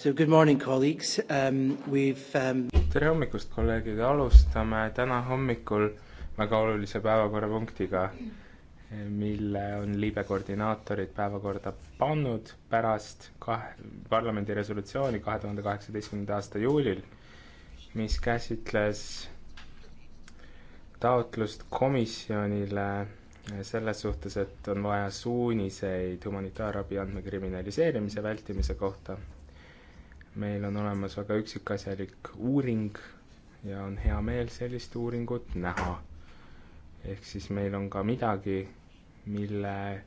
So good morning, colleagues um,, we've um... tere hommikust, kolleegid, alustame täna hommikul väga olulise päevakorrapunktiga, mille on liibe koordinaatorid päevakorda pannud pärast kahe, parlamendi resolutsiooni kahe tuhande kaheksateistkümnenda aasta juulil, mis käsitles taotlust komisjonile selles suhtes, et on vaja suuniseid humanitaarabi andmekriminaliseerimise vältimise kohta meil on olemas väga üksikasjalik uuring ja on hea meel sellist uuringut näha. ehk siis meil on ka midagi, mille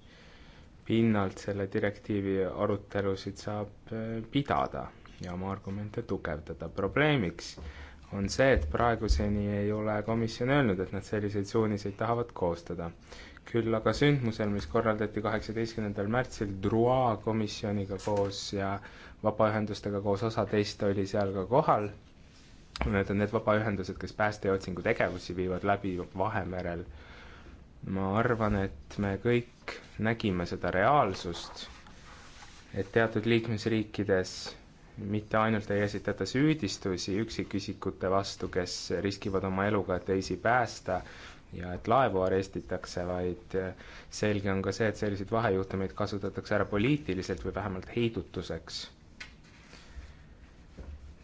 pinnalt selle direktiivi arutelusid saab äh, pidada ja oma argumente tugevdada. probleemiks on see, et praeguseni ei ole komisjon öelnud, et nad selliseid suuniseid tahavad koostada küll aga sündmusel, mis korraldati kaheksateistkümnendal märtsil Drua komisjoniga koos ja vabaühendustega koos, osa teist oli seal ka kohal, need on need vabaühendused, kes pääste- ja otsingutegevusi viivad läbi Vahemerel. ma arvan, et me kõik nägime seda reaalsust, et teatud liikmesriikides mitte ainult ei esitata süüdistusi üksikisikute vastu, kes riskivad oma eluga, et teisi päästa, ja et laevu arestitakse, vaid eh, selge on ka see, et selliseid vahejuhtumeid kasutatakse ära poliitiliselt või vähemalt heidutuseks.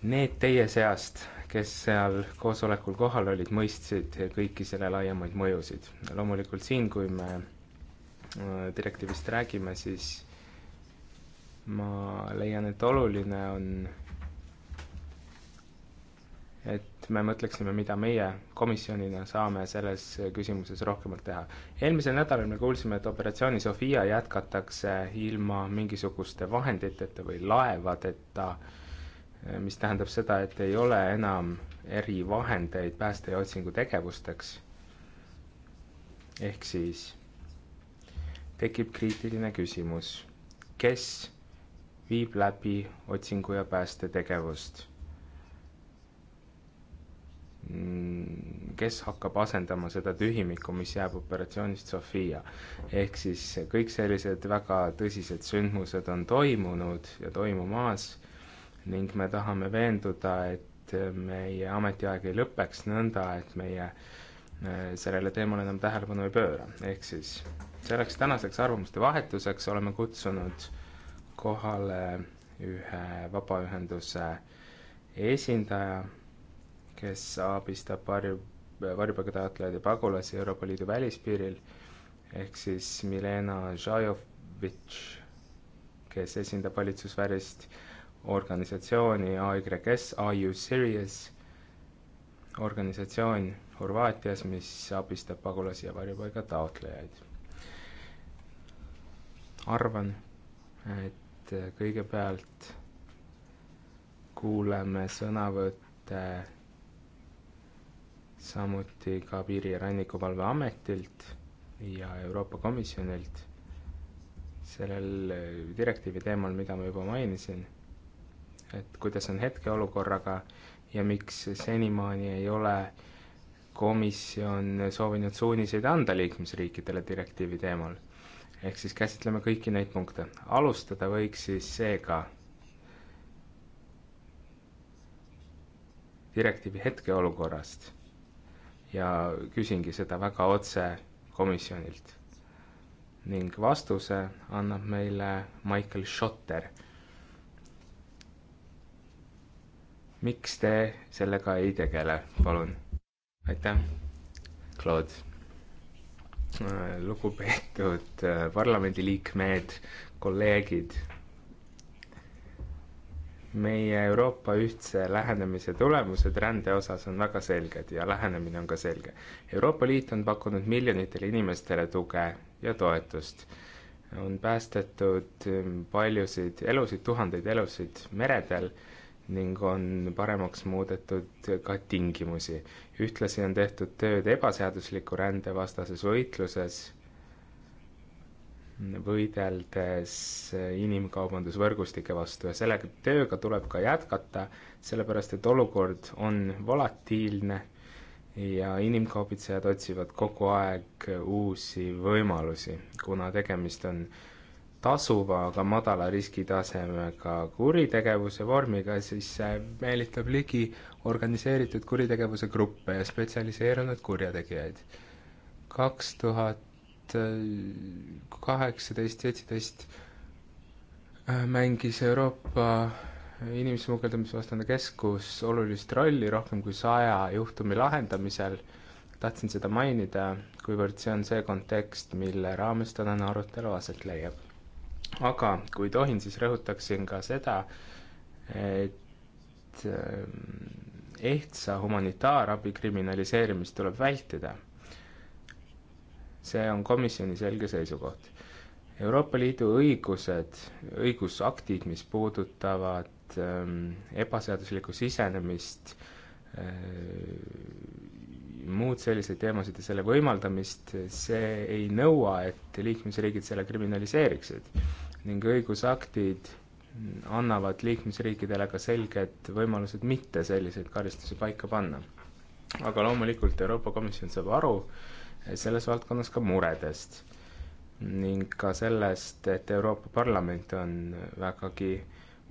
Need teie seast, kes seal koosolekul kohal olid, mõistsid kõiki selle laiemaid mõjusid. loomulikult siin, kui me eh, direktiivist räägime, siis ma leian, et oluline on et me mõtleksime, mida meie komisjonina saame selles küsimuses rohkemalt teha. eelmisel nädalal me kuulsime, et operatsiooni Sofia jätkatakse ilma mingisuguste vahenditeta või laevadeta, mis tähendab seda, et ei ole enam erivahendeid pääste- ja otsingutegevusteks. ehk siis tekib kriitiline küsimus, kes viib läbi otsingu- ja päästetegevust Mm, kes hakkab asendama seda tühimikku, mis jääb operatsioonist Sofia. ehk siis kõik sellised väga tõsised sündmused on toimunud ja toimumas ning me tahame veenduda, et meie ametiaeg ei lõpeks nõnda, et meie äh, sellele teemale enam tähelepanu ei pööra, ehk siis selleks tänaseks arvamuste vahetuseks oleme kutsunud kohale ühe vabaühenduse esindaja, kes abistab varju, varjupaigataotlejaid ja pagulasi Euroopa Liidu välispiiril, ehk siis Milena Žajovitš, kes esindab valitsusvälist organisatsiooni AYS, Are You Serious? organisatsioon Horvaatias, mis abistab pagulasi ja varjupaigataotlejaid. arvan, et kõigepealt kuuleme sõnavõtte samuti ka Piiri- ja Rannikuvalveametilt ja Euroopa Komisjonilt sellel äh, direktiivi teemal, mida ma juba mainisin, et kuidas on hetkeolukorraga ja miks senimaani ei ole komisjon soovinud suuniseid anda liikmesriikidele direktiivi teemal. ehk siis käsitleme kõiki neid punkte. alustada võiks siis seega direktiivi hetkeolukorrast ja küsingi seda väga otse komisjonilt. ning vastuse annab meile Michael Schotter. miks te sellega ei tegele, palun? aitäh, Claude. lugupeetud äh, parlamendiliikmed, kolleegid meie Euroopa ühtse lähenemise tulemused rände osas on väga selged ja lähenemine on ka selge. Euroopa Liit on pakkunud miljonitele inimestele tuge ja toetust. on päästetud paljusid elusid, tuhandeid elusid meredel ning on paremaks muudetud ka tingimusi. ühtlasi on tehtud tööd ebaseadusliku rände vastases võitluses võideldes inimkaubandusvõrgustike vastu ja selle tööga tuleb ka jätkata, sellepärast et olukord on volatiilne ja inimkaubitsejad otsivad kogu aeg uusi võimalusi, kuna tegemist on tasuva, aga madala riskitasemega kuritegevuse vormiga, siis see meelitab ligi organiseeritud kuritegevuse gruppe ja spetsialiseerunud kurjategijaid. kaks tuhat Äh, kaheksateist, seitseteist äh, mängis Euroopa inimsmugeldamisvastane keskus olulist rolli rohkem kui saja juhtumi lahendamisel. tahtsin seda mainida, kuivõrd see on see kontekst, mille raames tänane arutelu aset leiab. aga kui tohin, siis rõhutaksin ka seda, et ähm, ehtsa humanitaarabi kriminaliseerimist tuleb vältida see on komisjoni selge seisukoht. Euroopa Liidu õigused, õigusaktid, mis puudutavad ähm, ebaseaduslikku sisenemist äh,, muud selliseid teemasid ja selle võimaldamist, see ei nõua, et liikmesriigid selle kriminaliseeriksid. ning õigusaktid annavad liikmesriikidele ka selged võimalused mitte selliseid karistusi paika panna. aga loomulikult Euroopa Komisjon saab aru, selles valdkonnas ka muredest ning ka sellest, et Euroopa Parlament on vägagi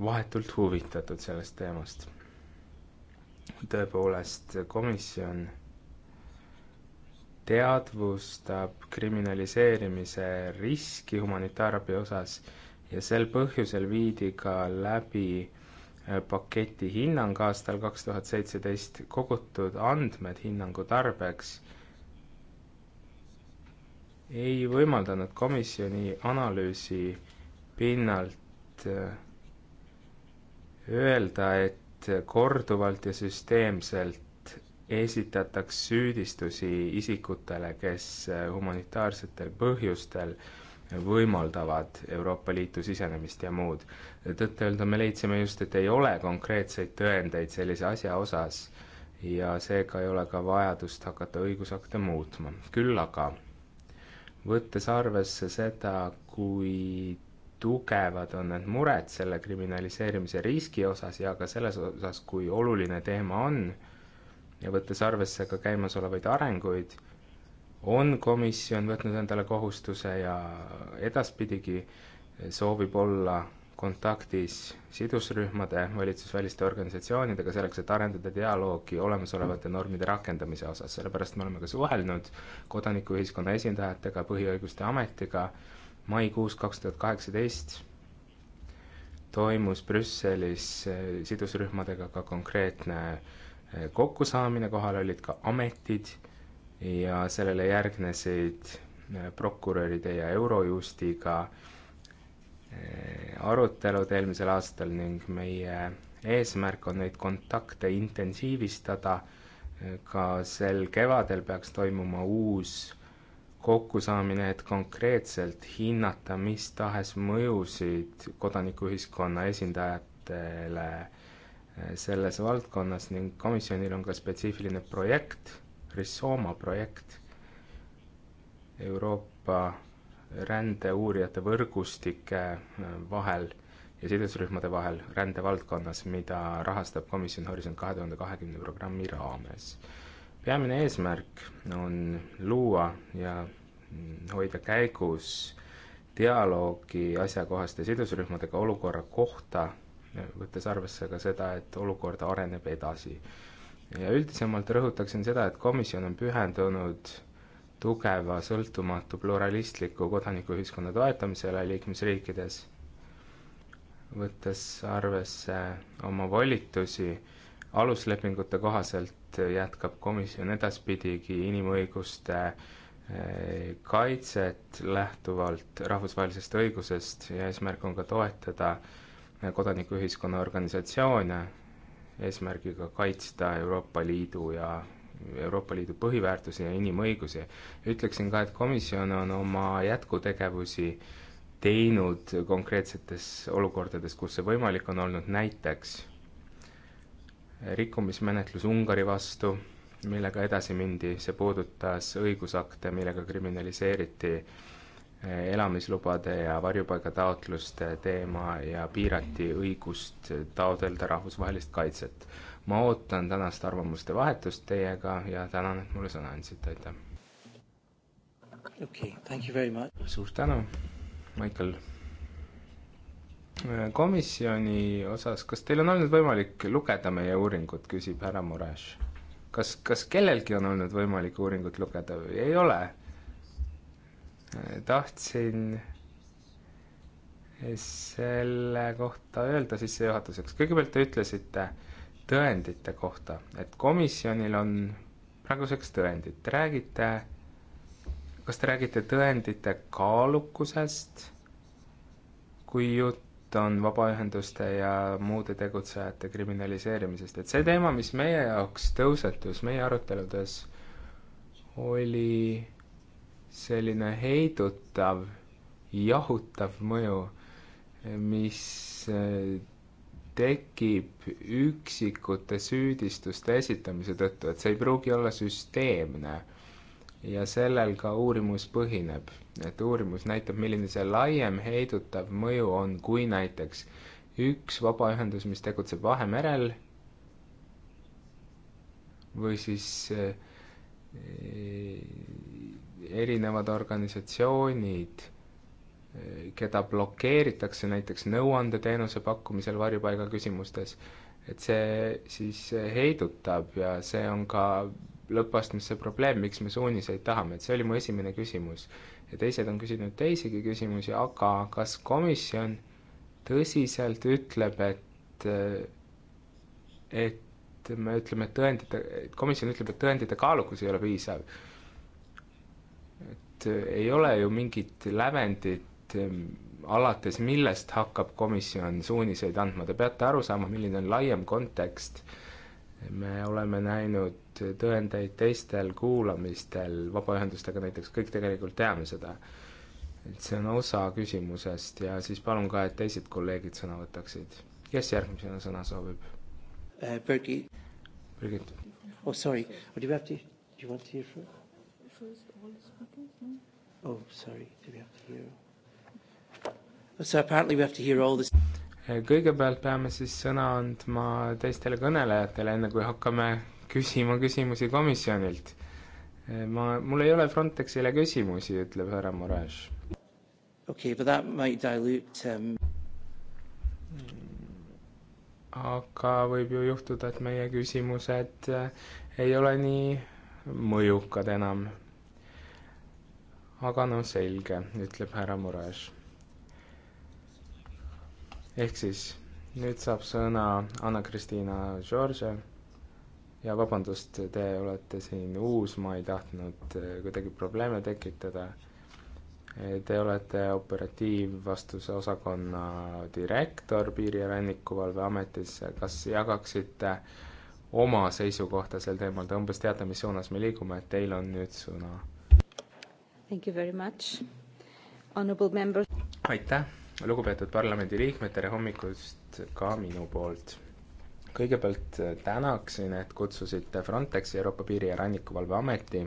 vahetult huvitatud sellest teemast. tõepoolest, komisjon teadvustab kriminaliseerimise riski humanitaarabi osas ja sel põhjusel viidi ka läbi äh, paketi hinnang aastal kaks tuhat seitseteist, kogutud andmed hinnangu tarbeks ei võimaldanud komisjoni analüüsi pinnalt äh, öelda, et korduvalt ja süsteemselt esitataks süüdistusi isikutele, kes äh, humanitaarsetel põhjustel võimaldavad Euroopa Liitu sisenemist ja muud. tõtt-öelda me leidsime just, et ei ole konkreetseid tõendeid sellise asja osas ja seega ei ole ka vajadust hakata õigusakte muutma. küll aga võttes arvesse seda, kui tugevad on need mured selle kriminaliseerimise riski osas ja ka selles osas, kui oluline teema on, ja võttes arvesse ka käimasolevaid arenguid, on komisjon võtnud endale kohustuse ja edaspidigi soovib olla kontaktis sidusrühmade, valitsusväliste organisatsioonidega selleks, et arendada dialoogi olemasolevate normide rakendamise osas, sellepärast me oleme ka suhelnud kodanikuühiskonna esindajatega, Põhiõiguste Ametiga, maikuus kaks tuhat kaheksateist toimus Brüsselis eh, sidusrühmadega ka konkreetne eh, kokkusaamine, kohal olid ka ametid ja sellele järgnesid eh, prokuröride ja Eurojustiga äh, Eh, arutelud eelmisel aastal ning meie eesmärk on neid kontakte intensiivistada. ka sel kevadel peaks toimuma uus kokkusaamine, et konkreetselt hinnata mis tahes mõjusid kodanikuühiskonna esindajatele eh, selles valdkonnas ning komisjonil on ka spetsiifiline projekt, Rizoma projekt, Euroopa rändeuurijate võrgustike äh, vahel ja sidusrühmade vahel rändevaldkonnas, mida rahastab komisjon Horisont kahe tuhande kahekümne programmi raames. peamine eesmärk on luua ja mm, hoida käigus dialoogi asjakohaste sidusrühmadega olukorra kohta, võttes arvesse ka seda, et olukord areneb edasi. ja üldisemalt rõhutaksin seda, et komisjon on pühendunud tugeva, sõltumatu, pluralistliku kodanikuühiskonna toetamisele liikmesriikides, võttes arvesse oma volitusi aluslepingute kohaselt jätkab komisjon edaspidigi inimõiguste eh, kaitset lähtuvalt rahvusvahelisest õigusest ja eesmärk on ka toetada eh, kodanikuühiskonna organisatsioone eesmärgiga kaitsta Euroopa Liidu ja Euroopa Liidu põhiväärtusi ja inimõigusi. ütleksin ka, et komisjon on oma jätkutegevusi teinud konkreetsetes olukordades, kus see võimalik on olnud, näiteks rikkumismenetlus Ungari vastu, millega edasi mindi, see puudutas õigusakte, millega kriminaliseeriti eh, elamislubade ja varjupaigataotluste teema ja piirati õigust taotleda rahvusvahelist kaitset ma ootan tänast arvamuste vahetust teiega ja tänan, et mulle sõna andsite, aitäh! okei okay,, thank you very much! suur tänu, Michael! Äh, komisjoni osas, kas teil on olnud võimalik lugeda meie uuringut, küsib härra Murash. kas, kas kellelgi on olnud võimalik uuringut lugeda või ei ole? Äh, tahtsin selle kohta öelda sissejuhatuseks, kõigepealt te ütlesite äh, tõendite kohta, et komisjonil on praeguseks tõendid, te räägite, kas te räägite tõendite kaalukusest, kui jutt on vabaühenduste ja muude tegutsejate kriminaliseerimisest, et see teema, mis meie jaoks tõusetus meie aruteludes, oli selline heidutav, jahutav mõju, mis tekib üksikute süüdistuste esitamise tõttu, et see ei pruugi olla süsteemne. ja sellel ka uurimus põhineb, et uurimus näitab, milline see laiem heidutav mõju on, kui näiteks üks vabaühendus, mis tegutseb Vahemerel või siis eh, erinevad organisatsioonid keda blokeeritakse näiteks nõuandeteenuse pakkumisel varjupaiga küsimustes, et see siis heidutab ja see on ka lõppastmes see probleem, miks me suuniseid tahame, et see oli mu esimene küsimus. ja teised on küsinud teisigi küsimusi, aga kas komisjon tõsiselt ütleb, et, et me ütleme, et tõendite, komisjon ütleb, et tõendite kaalukus ei ole piisav. et ei ole ju mingit lävendit et ähm, alates millest hakkab komisjon suuniseid andma, te peate aru saama, milline on laiem kontekst. me oleme näinud tõendeid teistel kuulamistel vabaühendustega näiteks, kõik tegelikult teame seda. et see on osa küsimusest ja siis palun ka, et teised kolleegid sõna võtaksid. kes järgmisena sõna soovib uh,? Birgit. Birgit. Oh sorry, oh, do you have to, do you want to hear first? First all speakers, no? Oh sorry, do we have to hear? So apparently we have to hear all this kõigepealt peame siis sõna andma teistele kõnelejatele, enne kui hakkame küsima küsimusi komisjonilt. ma, mul ei ole Frontexile küsimusi, ütleb härra Moraes. okei okay,, but that might dilute um.... aga võib ju juhtuda, et meie küsimused eh, ei ole nii mõjukad enam. aga no selge, ütleb härra Moraes ehk siis nüüd saab sõna Anna-Kristiina George ja vabandust, te olete siin uus, ma ei tahtnud eh, kuidagi probleeme tekitada. Eh, te olete operatiivvastuse osakonna direktor Piiri- ja Rannikuvalveametis, kas jagaksite oma seisukohta sel teemal, te umbes teate, mis suunas me liigume, et teil on nüüd sõna. Thank you very much, honorable members. aitäh lugupeetud parlamendiliikmed, tere hommikust ka minu poolt. kõigepealt äh, tänaksin, et kutsusite Frontexi, Euroopa Piiri- ja Rannikuvalveameti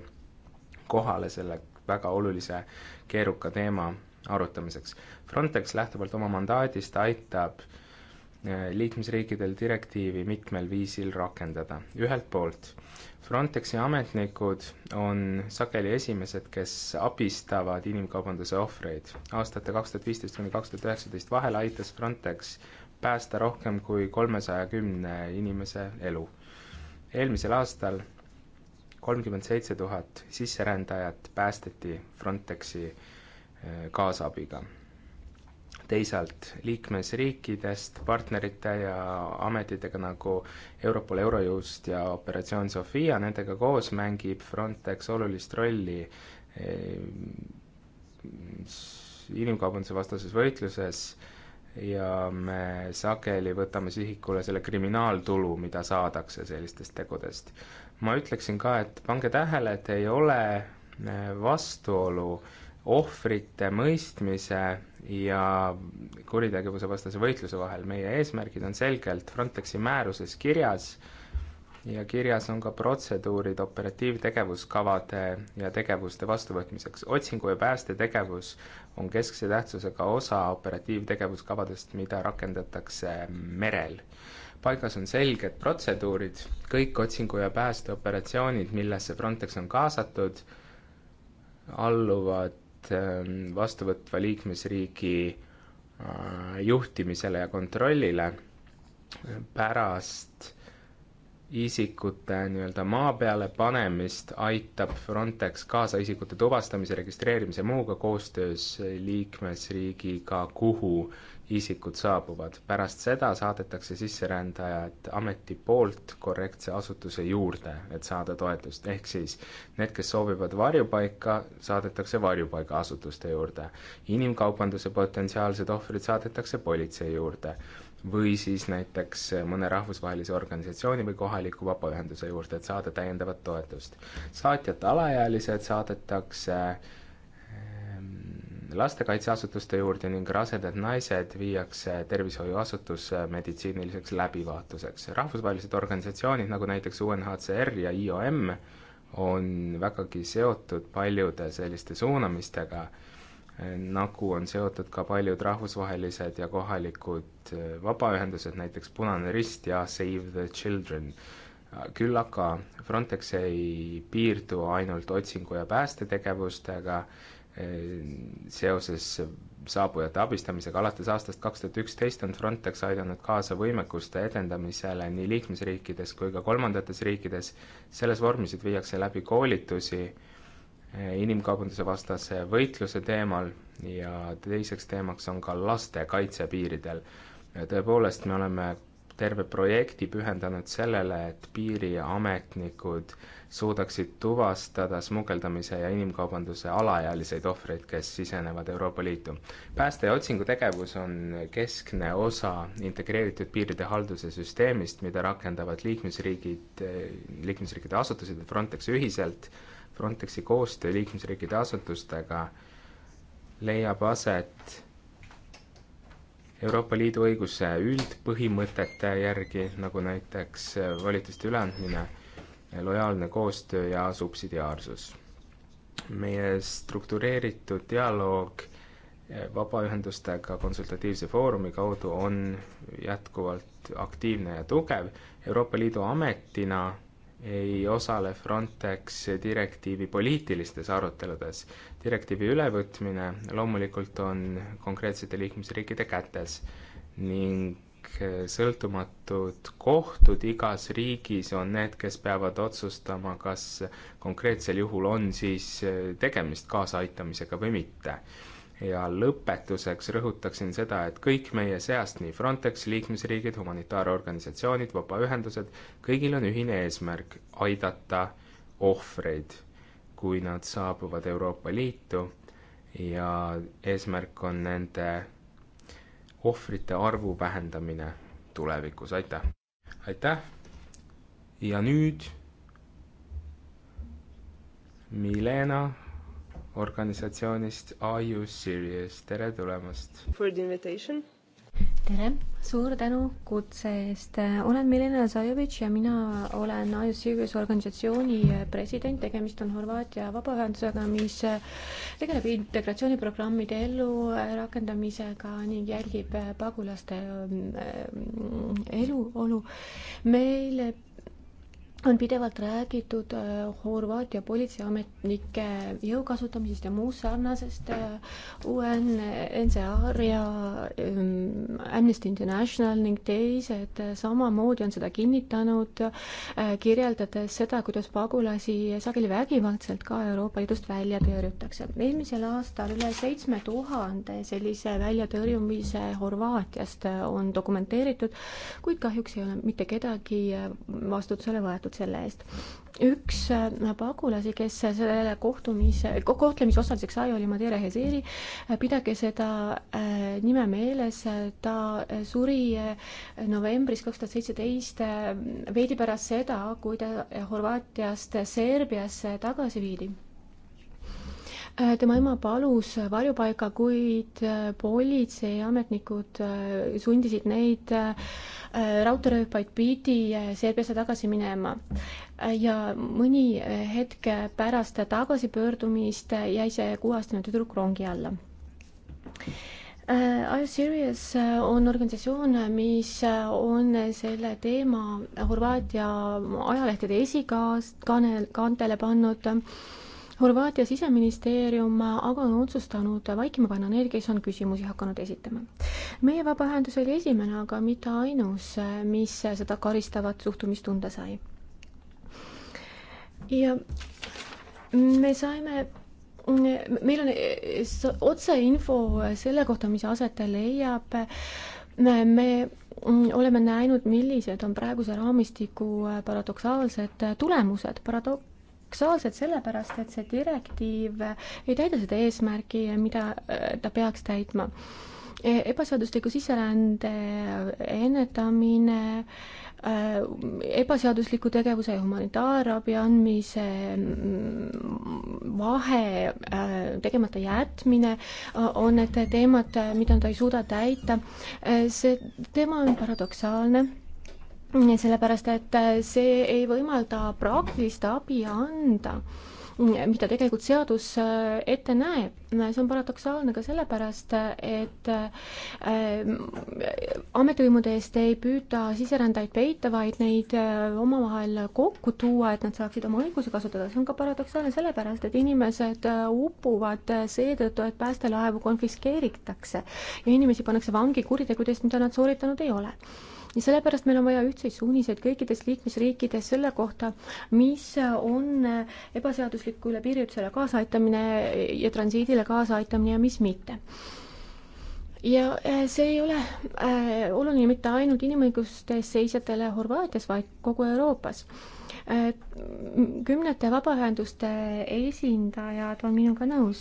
kohale selle väga olulise keeruka teema arutamiseks. Frontex lähtuvalt oma mandaadist aitab äh, liikmesriikidel direktiivi mitmel viisil rakendada. ühelt poolt Frontexi ametnikud on sageli esimesed, kes abistavad inimkaubanduse ohvreid. aastate kaks tuhat viisteist kuni kaks tuhat üheksateist vahel aitas Frontex päästa rohkem kui kolmesaja kümne inimese elu. eelmisel aastal kolmkümmend seitse tuhat sisserändajat päästeti Frontexi eh, kaasabiga teisalt liikmesriikidest partnerite ja ametitega nagu Europol, Eurojust ja Operatsioon Sofia, nendega koos mängib Frontex olulist rolli ehm, inimkaubanduse vastases võitluses ja me sageli võtame sihikule selle kriminaaltulu, mida saadakse sellistest tegudest. ma ütleksin ka, et pange tähele, et ei ole eh, vastuolu ohvrite mõistmise ja kuritegevuse vastase võitluse vahel. meie eesmärgid on selgelt Frontexi määruses kirjas ja kirjas on ka protseduurid operatiivtegevuskavade ja tegevuste vastuvõtmiseks. otsingu- ja päästetegevus on keskse tähtsusega osa operatiivtegevuskavadest, mida rakendatakse merel. paigas on selged protseduurid, kõik otsingu- ja päästeoperatsioonid, millesse Frontex on kaasatud, alluvad Ähm, vastuvõtva liikmesriigi äh, juhtimisele ja kontrollile pärast isikute nii-öelda maa peale panemist aitab Frontex kaasa isikute tuvastamise, registreerimise ja muuga koostöös liikmesriigiga, kuhu isikud saabuvad. pärast seda saadetakse sisserändajad ameti poolt korrektse asutuse juurde, et saada toetust, ehk siis need, kes soovivad varjupaika, saadetakse varjupaigaasutuste juurde. inimkaubanduse potentsiaalsed ohvrid saadetakse politsei juurde või siis näiteks mõne rahvusvahelise organisatsiooni või kohaliku vabaühenduse juurde, et saada täiendavat toetust. saatjate alaealised saadetakse ehm, lastekaitseasutuste juurde ning rasedad naised viiakse tervishoiuasutusse meditsiiniliseks läbivaatuseks. rahvusvahelised organisatsioonid, nagu näiteks UNHCR ja IOM, on vägagi seotud paljude selliste suunamistega nagu on seotud ka paljud rahvusvahelised ja kohalikud eh, vabaühendused, näiteks Punane Rist ja Save the Children. küll aga Frontex ei piirdu ainult otsingu- ja päästetegevustega eh, seoses saabujate abistamisega, alates aastast kaks tuhat üksteist on Frontex aidanud kaasa võimekuste edendamisele nii liikmesriikides kui ka kolmandates riikides, selles vormis, et viiakse läbi koolitusi, Eh, inimkaubanduse vastase võitluse teemal ja teiseks teemaks on ka lastekaitse piiridel. tõepoolest, me oleme terve projekti pühendanud sellele, et piiriametnikud suudaksid tuvastada smugeldamise ja inimkaubanduse alaealiseid ohvreid, kes sisenevad Euroopa Liitu. pääste- ja otsingutegevus on keskne osa integreeritud piiride halduse süsteemist, mida rakendavad liikmesriigid, liikmesriikide asutused ja Frontex ühiselt Frontexi koostöö liikmesriikide asutustega leiab aset Euroopa Liidu õiguse üldpõhimõtete järgi, nagu näiteks volituste üleandmine, lojaalne koostöö ja subsidiaarsus. meie struktureeritud dialoog vabaühendustega konsultatiivse foorumi kaudu on jätkuvalt aktiivne ja tugev. Euroopa Liidu ametina ei osale Frontex direktiivi poliitilistes aruteludes. direktiivi ülevõtmine loomulikult on konkreetsete liikmesriikide kätes ning äh, sõltumatud kohtud igas riigis on need, kes peavad otsustama, kas konkreetsel juhul on siis äh, tegemist kaasaaitamisega või mitte ja lõpetuseks rõhutaksin seda, et kõik meie seast, nii Frontex, liikmesriigid, humanitaarorganisatsioonid, vabaühendused, kõigil on ühine eesmärk aidata ohvreid, kui nad saabuvad Euroopa Liitu ja eesmärk on nende ohvrite arvu vähendamine tulevikus, aitäh! aitäh! ja nüüd Milena organisatsioonist Are You Serious, tere tulemast! For the invitation! tere, suur tänu kutse eest. olen Milena Zajovitš ja mina olen Are You Serious organisatsiooni president. tegemist on Horvaatia vabaühendusega, mis tegeleb integratsiooniprogrammide ellurakendamisega ning jälgib pagulaste mm, eluolu. meile on pidevalt räägitud äh, Horvaatia politseiametnike jõu kasutamisest ja muust sarnasest. Äh, UNHCR ja ähm, Amnesty International ning teised äh, samamoodi on seda kinnitanud, kirjeldades seda, kuidas pagulasi sageli vägivaldselt ka Euroopa Liidust välja tõrjutakse. eelmisel aastal üle seitsme tuhande sellise väljatõrjumise Horvaatiast on dokumenteeritud, kuid kahjuks ei ole mitte kedagi vastutusele võetud tänulikud selle eest. üks äh, pagulasi, kes sellele kohtumise, kohtlemise osaliseks sai, oli Madeira Hezeri. Äh, pidage seda äh, nime meeles, ta suri novembris kaks tuhat seitseteist, veidi pärast seda, kui ta Horvaatiast Serbiasse tagasi viidi tema ema palus varjupaika, kuid äh, politseiametnikud äh, sundisid neid äh, raudteerööpaid pidi Serbiasse tagasi minema. ja mõni hetk pärast tagasipöördumist jäi see kuueaastane tüdruk rongi alla. Are Serious on organisatsioon, mis on selle teema Horvaatia ajalehtede esikaas-, kaane-, kaantele pannud Horvaatia siseministeerium aga on otsustanud vaikima panna need, kes on küsimusi hakanud esitama. meie vabaühendus oli esimene, aga mitte ainus, mis seda karistavat suhtumist tunda sai. ja me saime meil on otseinfo selle kohta, mis aset leiab. me oleme näinud, millised on praeguse raamistiku paradoksaalsed tulemused. Parado-, paradoksaalsed, sellepärast et see direktiiv ei täida seda eesmärki, mida äh, ta peaks täitma. E, ebaseadusliku sisserände ennetamine, äh, ebaseadusliku tegevuse ja humanitaarabi andmise mm, vahe äh, tegemata jätmine on need teemad, mida ta ei suuda täita. see teema on paradoksaalne sellepärast et äh, see ei võimalda praktilist abi anda, mida tegelikult seadus äh, ette näeb. see on paradoksaalne ka sellepärast, et äh, ametivõimude eest ei püüta siserändajaid peita, vaid neid omavahel kokku tuua, et nad saaksid oma õigusi kasutada. see on ka paradoksaalne sellepärast, et inimesed upuvad seetõttu, et päästelaevu konfiskeeritakse ja inimesi pannakse vangi kuritegude eest, mida nad sooritanud ei ole ja sellepärast meil on vaja ühtseid suuniseid kõikides liikmesriikides selle kohta, mis on ebaseaduslikule piiriütusele kaasaaitamine ja transiidile kaasaaitamine ja mis mitte ja äh, see ei ole äh, oluline mitte ainult inimõiguste seisjatele Horvaatias, vaid kogu Euroopas äh, Äh, kümnete vabaühenduste esindajad on minuga nõus.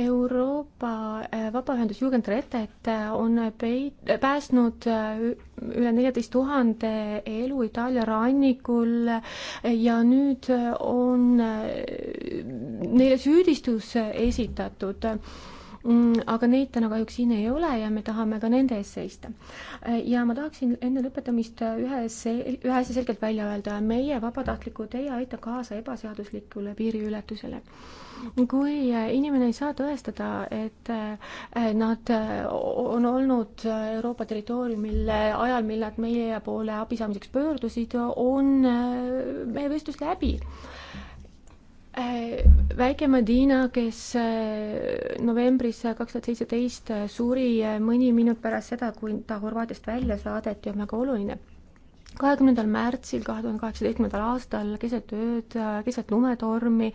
Euroopa äh, Vabaühendus Jugend Retet äh, on peit-, päästnud üle neljateist tuhande elu Itaalia rannikul ja nüüd on neile süüdistus esitatud Mm, aga neid täna kahjuks siin ei ole ja me tahame ka nende eest seista. Äh, ja ma tahaksin enne lõpetamist ühe sel-, ühe asja selgelt välja öelda, meie vabatahtlikud ei aita kaasa ebaseaduslikule piiriületusele kui äh, inimene ei saa tõestada, et äh, nad on olnud Euroopa territooriumil ajal, millal nad meie poole abi saamiseks pöördusid, on meie vestlus läbi Äh, väike Madina, kes äh, novembris kaks tuhat seitseteist äh, suri mõni minut pärast seda, kui ta Horvaatiast välja saadeti, on väga oluline kahekümnendal märtsil kahe tuhande kaheksateistkümnendal aastal keset ööd, keset lumetormi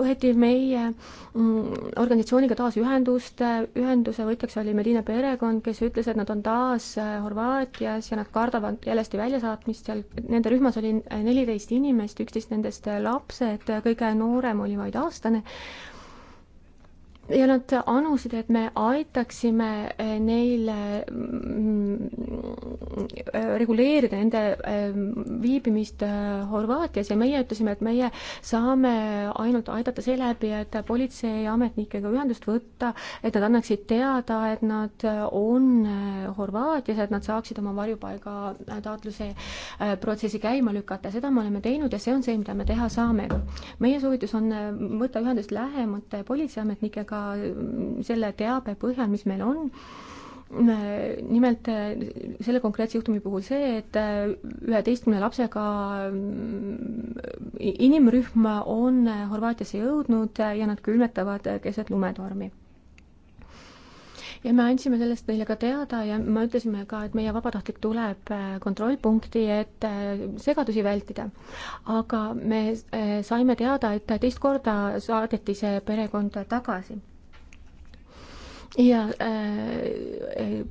võeti meie mm, organisatsiooniga taas ühendust, ühenduse võtjaks oli Medina perekond, kes ütles, et nad on taas Horvaatias ja nad kardavad jällesti väljasaatmist, seal nende rühmas oli neliteist inimest, üksteist nendest lapsed, kõige noorem oli vaid aastane ja nad anusid, et me aitaksime eh, neil mm, eh, reguleerida nende eh, viibimist Horvaatias ja meie ütlesime, et meie saame ainult aidata seeläbi, et politseiametnikega ühendust võtta, et nad annaksid teada, et nad on Horvaatias, et nad saaksid oma varjupaiga taotluse protsessi käima lükata, seda me oleme teinud ja see on see, mida me teha saame. meie soovitus on võtta ühendust lähemate politseiametnikega, ka selle teabe põhjal, mis meil on nimelt selle konkreetse juhtumi puhul see, et üheteistkümne lapsega inimrühm on Horvaatiasse jõudnud ja nad külmetavad keset lumetormi ja me andsime sellest neile ka teada ja me ütlesime ka, et meie vabatahtlik tuleb äh, kontrollpunkti, et äh, segadusi vältida. aga me äh, saime teada, et teist korda saadeti see perekond tagasi. ja äh,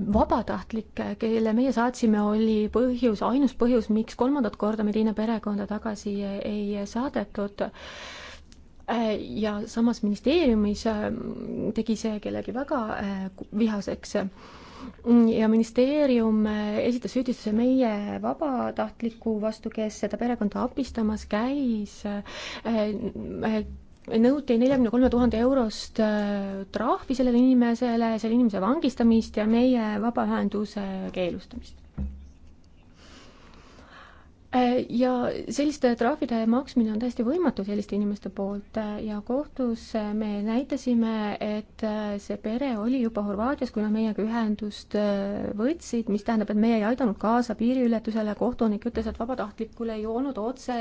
vabatahtlik, kelle meie saatsime, oli põhjus, ainus põhjus, miks kolmandat korda Medina perekonda tagasi ei saadetud Äh, ja samas ministeeriumis äh, tegi see kellegi väga äh, vihaseks. ja ministeerium esitas süüdistuse meie vabatahtliku vastu, kes seda perekonda abistamas käis nõuti neljakümne kolme tuhande eurost trahvi sellele inimesele, selle inimese vangistamist ja meie vabaühenduse keelustamist Äh, ja selliste trahvide maksmine on täiesti võimatu selliste inimeste poolt äh, ja kohtus äh, me näitasime, et see pere oli juba Horvaatias, kui nad meiega ühendust võtsid, mis tähendab, et meie ei aidanud kaasa piiriületusele, kohtunik ütles, et vabatahtlikul ei olnud otse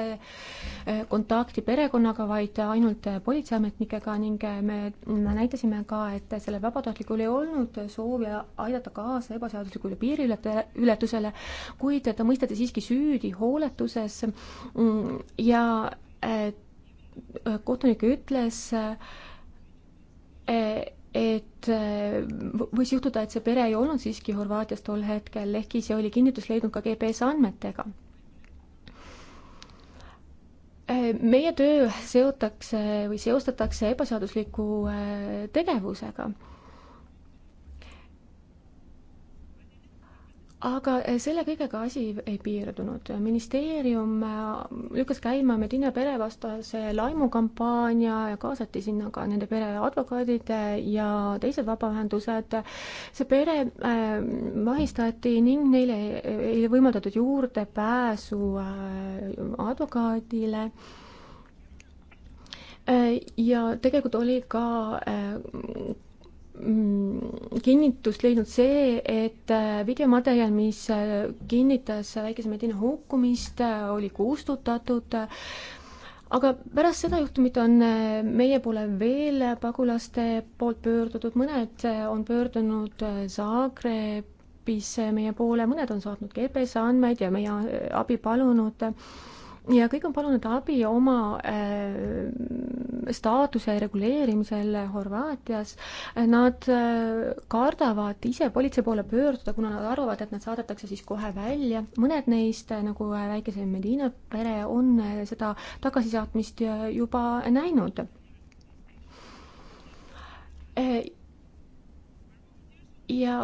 kontakti perekonnaga, vaid ainult politseiametnikega ning me, me näitasime ka, et sellel vabatahtlikul ei olnud soovi aidata kaasa ebaseaduslikule piiriületusele, kuid ta mõisteti siiski süüdi hoolimata kuuletuses ja äh, kohtunik ütles, äh, et äh, võis juhtuda, et see pere ei olnud siiski Horvaatias tol hetkel, ehkki see oli kinnitus leidnud ka GPS andmetega. meie töö seotakse või seostatakse ebaseadusliku tegevusega aga eh, selle kõigega asi ei piirdunud. ministeerium eh, lükkas käima Medina perevastase laimukampaania ja kaasati sinna ka nende pere advokaadid eh, ja teised vabaühendused. see pere vahistati ning neile ei võimaldatud juurdepääsu advokaadile ja tegelikult oli ka Mm, kinnitust leidnud see, et äh, videomaterjal, mis äh, kinnitas väikese Medina hukkumist, äh, oli kustutatud. aga pärast seda juhtumit on meie poole veel pagulaste poolt pöördutud, mõned on pöördunud Zagrebisse meie poole, mõned on saatnud GPS andmeid ja meie abi palunud ja kõik on palunud abi oma äh, staatuse reguleerimisel Horvaatias. Nad äh, kardavad ise politsei poole pöörduda, kuna nad arvavad, et nad saadetakse siis kohe välja. mõned neist äh,, nagu äh, väikese Medina pere, on äh, seda tagasisaatmist äh, juba näinud äh,. ja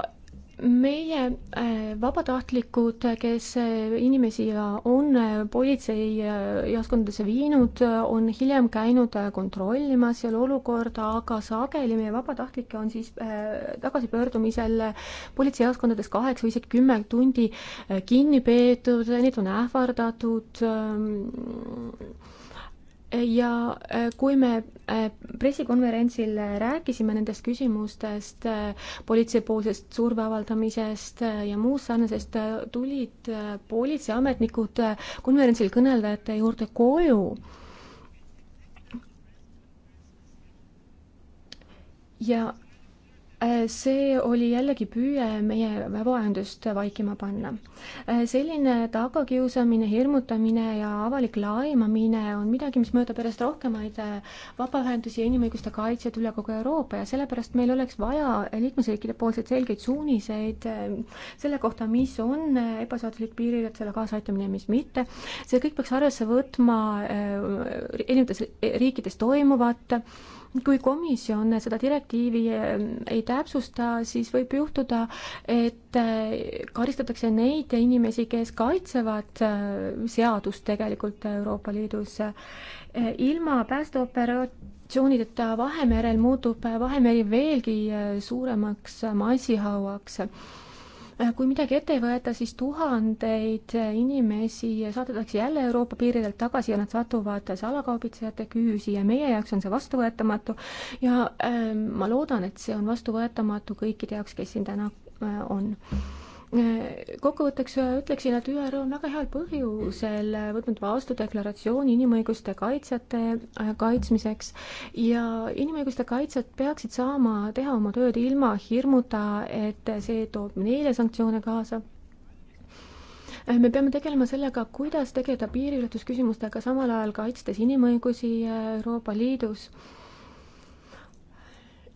meie äh, vabatahtlikud, kes äh, inimesi on äh, politseijaoskondadesse viinud, on hiljem käinud kontrollimas seal olukorda, aga sageli meie vabatahtlikke on siis tagasipöördumisel politseijaoskondades kaheksa või isegi kümme tundi kinni peetud, neid on ähvardatud ähm, ja äh, kui me äh, pressikonverentsil rääkisime nendest küsimustest, äh, politseipoolsest surve avaldamisest ja muust sarnasest, tulid politseiametnikud konverentsil kõnelejate juurde koju ja Äh, see oli jällegi püüe meie vabaühendust vaikima panna. Äh, selline tagakiusamine, hirmutamine ja avalik laimamine on midagi, mis mõjutab järjest rohkemaid äh, vabaühendusi ja inimõiguste kaitsjaid üle kogu Euroopa ja sellepärast meil oleks vaja liikmesriikide poolseid selgeid suuniseid selle kohta, mis on ebaseaduslik piiriületusele kaasaaitamine ja mis mitte. see kõik peaks arvesse võtma erinevates riikides toimuvat kui komisjon seda direktiivi eh, ei täpsusta, siis võib juhtuda, et eh, karistatakse neid inimesi, kes kaitsevad eh, seadust tegelikult Euroopa Liidus. ilma päästeoperatsioonideta Vahemerel muutub Vahemeri veelgi suuremaks massihauaks ma Äh, kui midagi ette ei võeta, siis tuhandeid äh, inimesi saadetakse jälle Euroopa piiridelt tagasi ja nad satuvad salakaubitsejate küüsi ja meie jaoks on see vastuvõetamatu ja äh, ma loodan, et see on vastuvõetamatu kõikide jaoks, kes siin täna äh, on kokkuvõtteks äh, ütleksin, et ÜRO on väga heal põhjusel äh, võtnud vastu deklaratsiooni inimõiguste kaitsjate äh, kaitsmiseks ja inimõiguste kaitsjad peaksid saama teha oma tööd ilma hirmuta, et see toob neile sanktsioone kaasa me peame tegelema sellega, kuidas tegeleda piiriületusküsimustega, samal ajal kaitstes inimõigusi Euroopa Liidus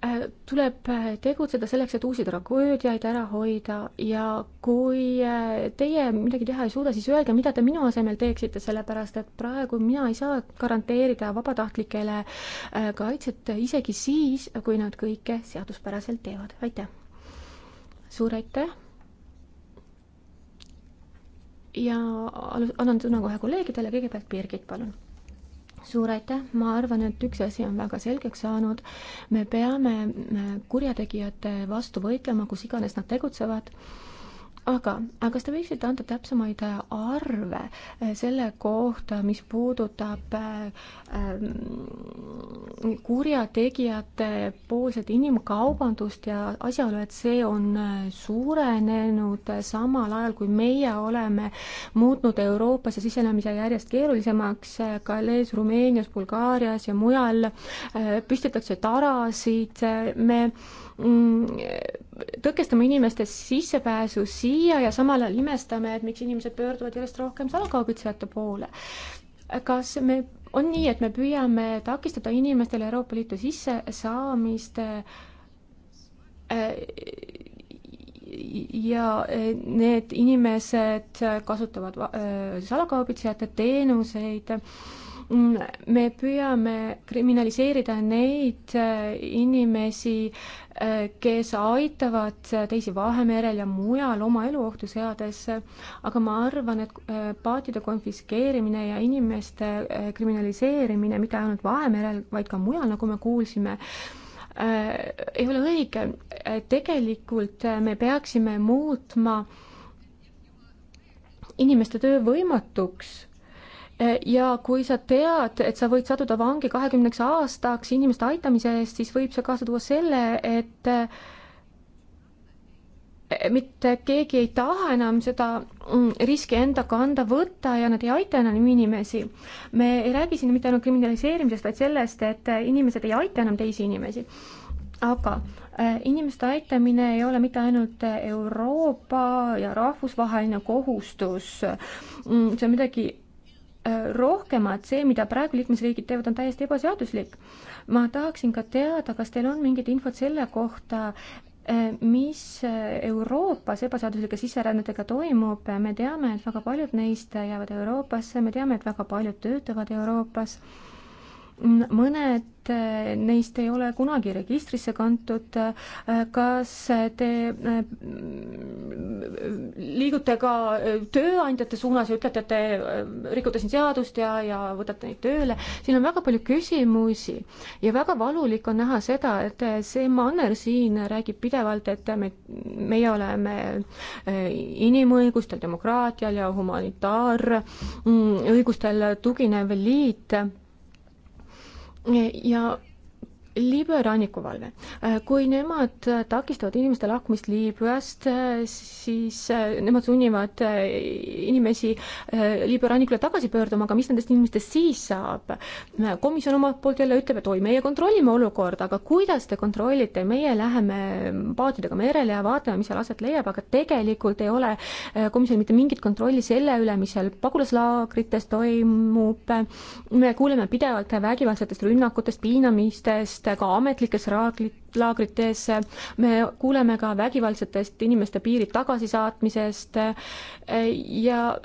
Äh, tuleb äh, tegutseda selleks, et uusi tragöödiaid ära hoida ja kui äh, teie midagi teha ei suuda, siis öelge, mida te minu asemel teeksite, sellepärast et praegu mina ei saa garanteerida vabatahtlikele kaitset isegi siis, kui nad kõike seaduspäraselt teevad. aitäh! suur aitäh! ja annan sõna kohe kolleegidele, kõigepealt Birgit, palun suur aitäh, ma arvan, et üks asi on väga selgeks saanud, me peame äh, kurjategijate vastu võitlema, kus iganes nad tegutsevad aga, aga kas te võiksite anda täpsemaid arve eh, selle kohta, mis puudutab eh, mm, kurjategijate poolset inimkaubandust ja asjaolu, et see on eh, suurenenud samal ajal, kui meie oleme muutnud Euroopasse sisenemise järjest keerulisemaks, Calais, Rumeenias, Bulgaarias ja mujal püstitatakse tarasid, me Mm, tõkestame inimeste sissepääsu siia ja samal ajal imestame, et miks inimesed pöörduvad järjest rohkem salakaubitsejate poole. kas me, on nii, et me püüame takistada inimestele Euroopa Liitu sissesaamist äh, ja äh, need inimesed kasutavad äh, salakaubitsejate teenuseid Mm, me püüame kriminaliseerida neid äh, inimesi, äh, kes aitavad äh, teisi Vahemerel ja mujal oma elu ohtu seades, aga ma arvan, et paatide konfiskeerimine ja inimeste kriminaliseerimine mitte ainult Vahemerel, vaid ka mujal, nagu me kuulsime, ei ole õige. tegelikult me peaksime muutma inimeste töö võimatuks ja kui sa tead, et sa võid sattuda vangi kahekümneks aastaks inimeste aitamise eest, siis võib see kaasa tuua selle, et eh, mitte keegi ei taha enam seda mm, riski enda kanda võtta ja nad ei aita enam inimesi. me ei räägi siin mitte ainult kriminaliseerimisest, vaid sellest, et eh, inimesed ei aita enam teisi inimesi. aga eh, inimeste aitamine ei ole mitte ainult Euroopa ja rahvusvaheline kohustus, mm, see on midagi Äh, rohkemat, see, mida praegu liikmesriigid teevad, on täiesti ebaseaduslik. ma tahaksin ka teada, kas teil on mingit infot selle kohta, äh, mis äh, Euroopas ebaseaduslike sisserännetega toimub, me teame, et väga paljud neist jäävad Euroopasse, me teame, et väga paljud töötavad Euroopas mõned äh, neist ei ole kunagi registrisse kantud. Äh, kas te äh, liigute ka tööandjate suunas ja ütlete, et te rikute siin seadust ja, ja võtate neid tööle? siin on väga palju küsimusi ja väga valulik on näha seda, et see manner siin räägib pidevalt, et me, meie oleme inimõigustel, demokraatial ja humanitaarõigustel mm, tuginev liit ja Liibüa rannikuvalve, äh, kui nemad äh, takistavad inimeste lahkumist Liibüast, äh, siis nemad sunnivad inimesi Liibüa rannikule tagasi pöörduma, aga mis nendest inimestest siis saab? komisjon omalt poolt jälle ütleb, et oi, meie kontrollime olukorda, aga kuidas te kontrollite, meie läheme paatidega merele ja vaatame, mis seal aset leiab, aga tegelikult ei ole komisjonil mitte mingit kontrolli selle üle, mis seal pagulaslaagrites toimub, me kuuleme pidevalt vägivaldsetest rünnakutest, piinamistest, inimest ka ametlikes laagrites, me kuuleme ka vägivaldsetest inimeste piiri tagasisaatmisest ja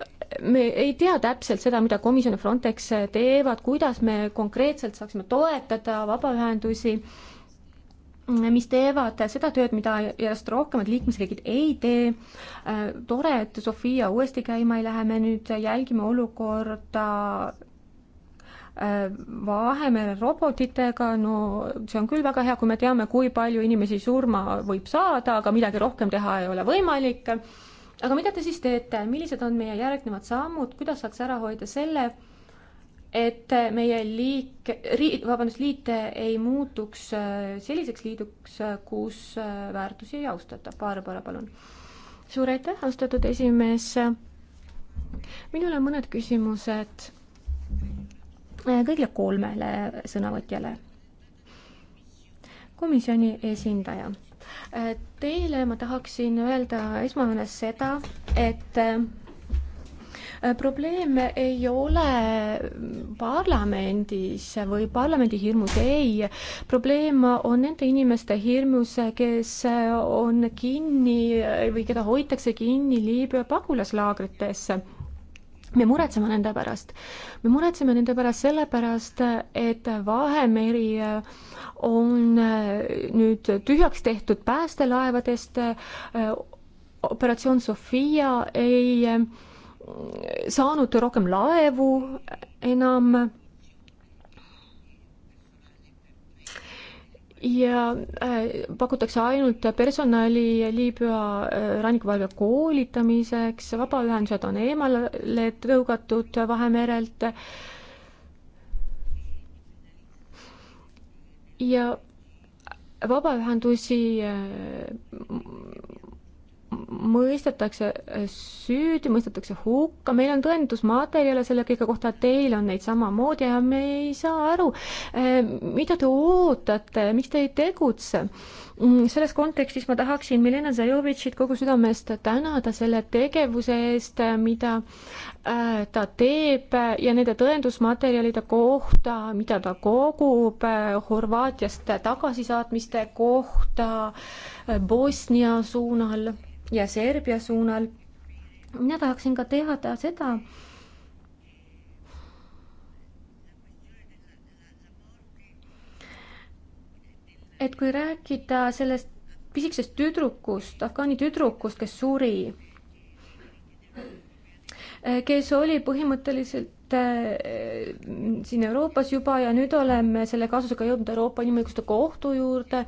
me ei tea täpselt seda, mida komisjon ja Frontex teevad, kuidas me konkreetselt saaksime toetada vabaühendusi, mis teevad seda tööd, mida järjest rohkemad liikmesriigid ei tee. tore, et Sofia uuesti käima ei lähe, me nüüd jälgime olukorda Äh, Vahemere robotitega, no see on küll väga hea, kui me teame, kui palju inimesi surma võib saada, aga midagi rohkem teha ei ole võimalik. aga mida te siis teete, millised on meie järgnevad sammud, kuidas saaks ära hoida selle, et meie liik, ri-, vabandust, liit ei muutuks äh, selliseks liiduks, äh, kus väärtusi ei austata. Barbara, palun. suur aitäh, austatud esimees. minul on mõned küsimused Äh, kõigile kolmele sõnavõtjale. komisjoni esindaja, äh, teile ma tahaksin öelda esmajoones seda, et äh, probleem ei ole parlamendis või parlamendi hirmus, ei. probleem on nende inimeste hirmus, kes on kinni või keda hoitakse kinni Liibüa pagulaslaagrites me muretseme nende pärast. me muretseme nende pärast sellepärast, et Vahemeri äh, on äh, nüüd tühjaks tehtud päästelaevadest, äh, operatsioon Sofia ei saanud rohkem laevu enam ja äh, pakutakse ainult personali Liibüa äh, rannikuvalve koolitamiseks, vabaühendused on eemale tõugatud Vahemerelt. ja vabaühendusi äh, mõistetakse süüdi, mõistetakse hukka, meil on tõendusmaterjale selle kõige kohta, teil on neid samamoodi ja me ei saa aru, eh, mida te ootate, miks te ei tegutse. Mm, selles kontekstis ma tahaksin Milena Zajovitšit kogu südamest tänada selle tegevuse eest, mida eh, ta teeb ja nende tõendusmaterjalide kohta, mida ta kogub eh, Horvaatiast tagasisaatmiste kohta Bosnia suunal ja Serbia suunal. mina tahaksin ka teada seda, et kui rääkida sellest pisikesest tüdrukust, afgaani tüdrukust, kes suri, kes oli põhimõtteliselt äh, siin Euroopas juba ja nüüd oleme selle kaasusega jõudnud Euroopa Inimõiguste Kohtu juurde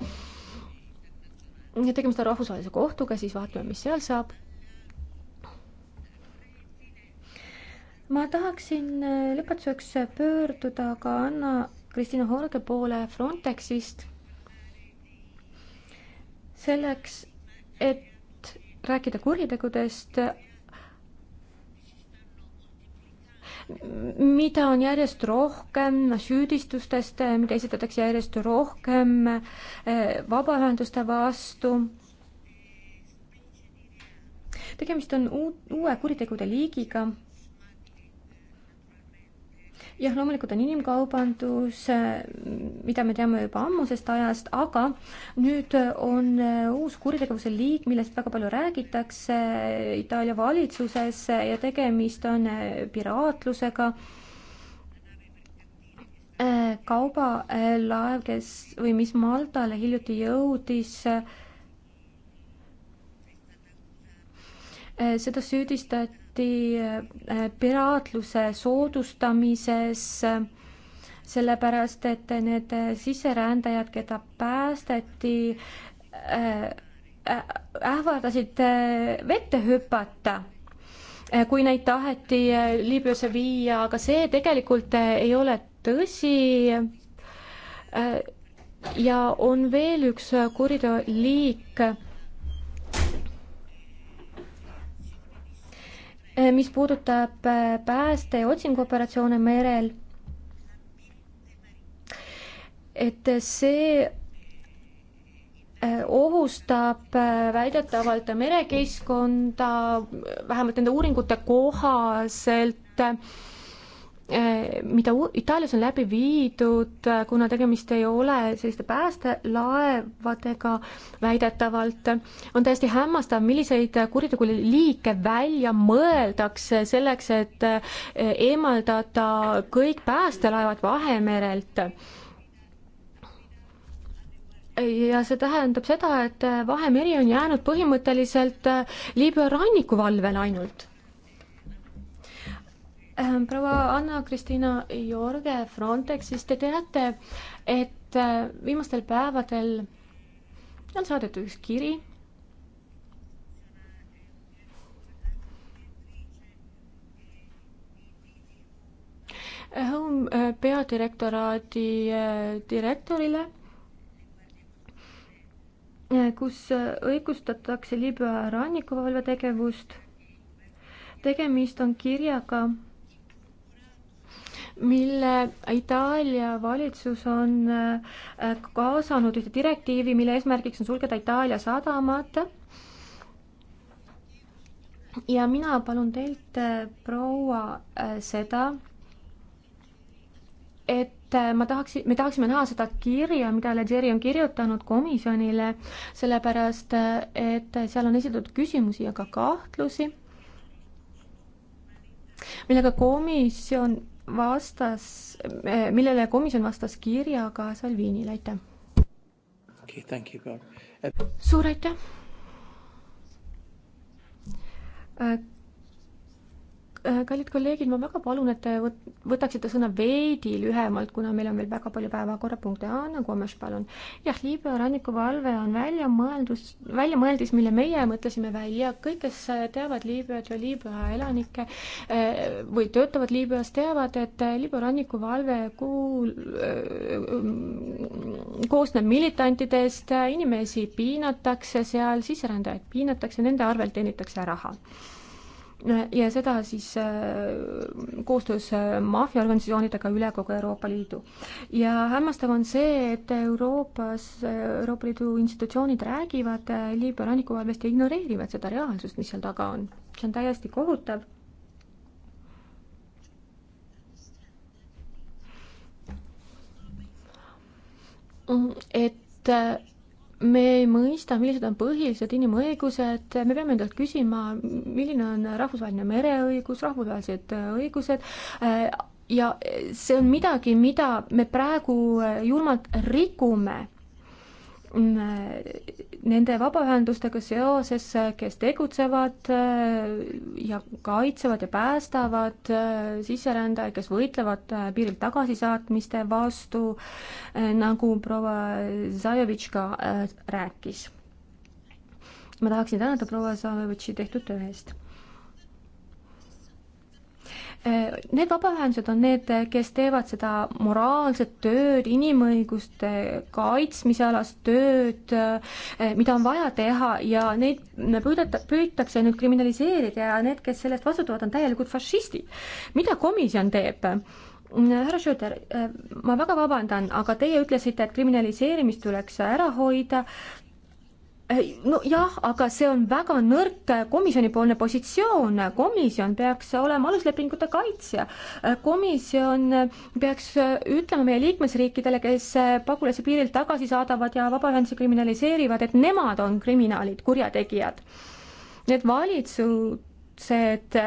tegemist on rahvusvahelise kohtuga, siis vaatame, mis seal saab. ma tahaksin äh, lõpetuseks pöörduda ka Anna-Kristina Horge poole Frontexist selleks, et rääkida kuritegudest, mida on järjest rohkem, süüdistustest, mida esitatakse järjest rohkem eh, vabaühenduste vastu. tegemist on uut, uue kuritegude liigiga jah, loomulikult on inimkaubandus, äh, mida me teame juba ammusest ajast, aga nüüd on äh, uus kuritegevuse liik, millest väga palju räägitakse äh, Itaalia valitsuses ja tegemist on piraatlusega kaubalaev, kes või mis Maltale hiljuti jõudis, seda süüdistati samuti eh, piraatluse soodustamises, sellepärast et need sisserändajad, keda päästeti, eh, eh, ähvardasid vette hüpata kui neid taheti Liibüasse viia, aga see tegelikult ei ole tõsi. ja on veel üks kuriteo liik, Eh, mis puudutab eh, pääste- ja otsinguoperatsioone merel, et see eh, ohustab väidetavalt merekeskkonda, vähemalt nende uuringute kohaselt äh, Äh, mida Itaalias on läbi viidud, äh, kuna tegemist ei ole selliste päästelaevadega väidetavalt, on täiesti hämmastav, milliseid kuriteguliike välja mõeldakse selleks, et äh, eemaldada kõik päästelaevad Vahemerelt. ja see tähendab seda, et Vahemeri on jäänud põhimõtteliselt Liibüa rannikuvalvele ainult Ehm, proua Anna-Kristiina Jorge Frontexist, te teate, et äh, viimastel päevadel on saadetud üks kiri Home äh, peadirektoraadi äh, direktorile, kus õigustatakse Liibüa rannikuvalve tegevust. tegemist on kirjaga, mille Itaalia valitsus on äh, kaasanud ühte direktiivi, mille eesmärgiks on sulgeda Itaalia sadamad. ja mina palun teilt, äh, proua, äh, seda, et et ma tahaksin, me tahaksime näha seda kirja, mida Leggeri on kirjutanud komisjonile, sellepärast et seal on esitatud küsimusi ja ka kahtlusi, millega komisjon vastas, millele komisjon vastas kirjaga Salvinile, aitäh okay,! suur aitäh! Äh, kallid kolleegid, ma väga palun, et te võt-, võtaksite sõna veidi lühemalt, kuna meil on veel väga palju päevakorrapunkte. Anna Komes, palun. jah, Liibüa rannikuvalve on väljamõeldus, väljamõeldis, mille meie mõtlesime välja. kõik, kes teavad Liibüat ja Liibüa elanikke äh, või töötavad Liibüas, teavad, et Liibüa rannikuvalve kuul-, äh, koosneb militantidest, inimesi piinatakse seal, sisserändajaid piinatakse, nende arvelt teenitakse raha ja seda siis äh, koostöös äh, maffiaorganisatsioonidega üle kogu Euroopa Liidu. ja hämmastav on see, et Euroopas, Euroopa Liidu institutsioonid räägivad äh, Liibüa rannikuvalvest ja ignoreerivad seda reaalsust, mis seal taga on. see on täiesti kohutav mm, et me ei mõista, millised on põhilised inimõigused, me peame endalt küsima, milline on rahvusvaheline mereõigus, rahvusvahelised õigused, ja see on midagi, mida me praegu julmalt rikume Mm, nende vabaühendustega seoses, kes tegutsevad äh, ja kaitsevad ja päästavad äh, sisserändajaid, kes võitlevad äh, piirilt tagasisaatmiste vastu, nagu proua Zajevitš ka rääkis. ma tahaksin tänada proua Zajevitši tehtud töö eest Need vabaühendused on need, kes teevad seda moraalset tööd, inimõiguste kaitsmise alast tööd, eh, mida on vaja teha ja neid püüdeta-, püütakse nüüd kriminaliseerida ja need, kes sellest vastutavad, on täielikult fašistid. mida komisjon teeb? härra Schöter, eh, ma väga vabandan, aga teie ütlesite, et kriminaliseerimist tuleks ära hoida, nojah, aga see on väga nõrk komisjonipoolne positsioon, komisjon peaks olema aluslepingute kaitsja. komisjon peaks ütlema meie liikmesriikidele, kes pagulasi piirilt tagasi saadavad ja vabaühendusi kriminaliseerivad, et nemad on kriminaalid, kurjategijad. Need valitsused,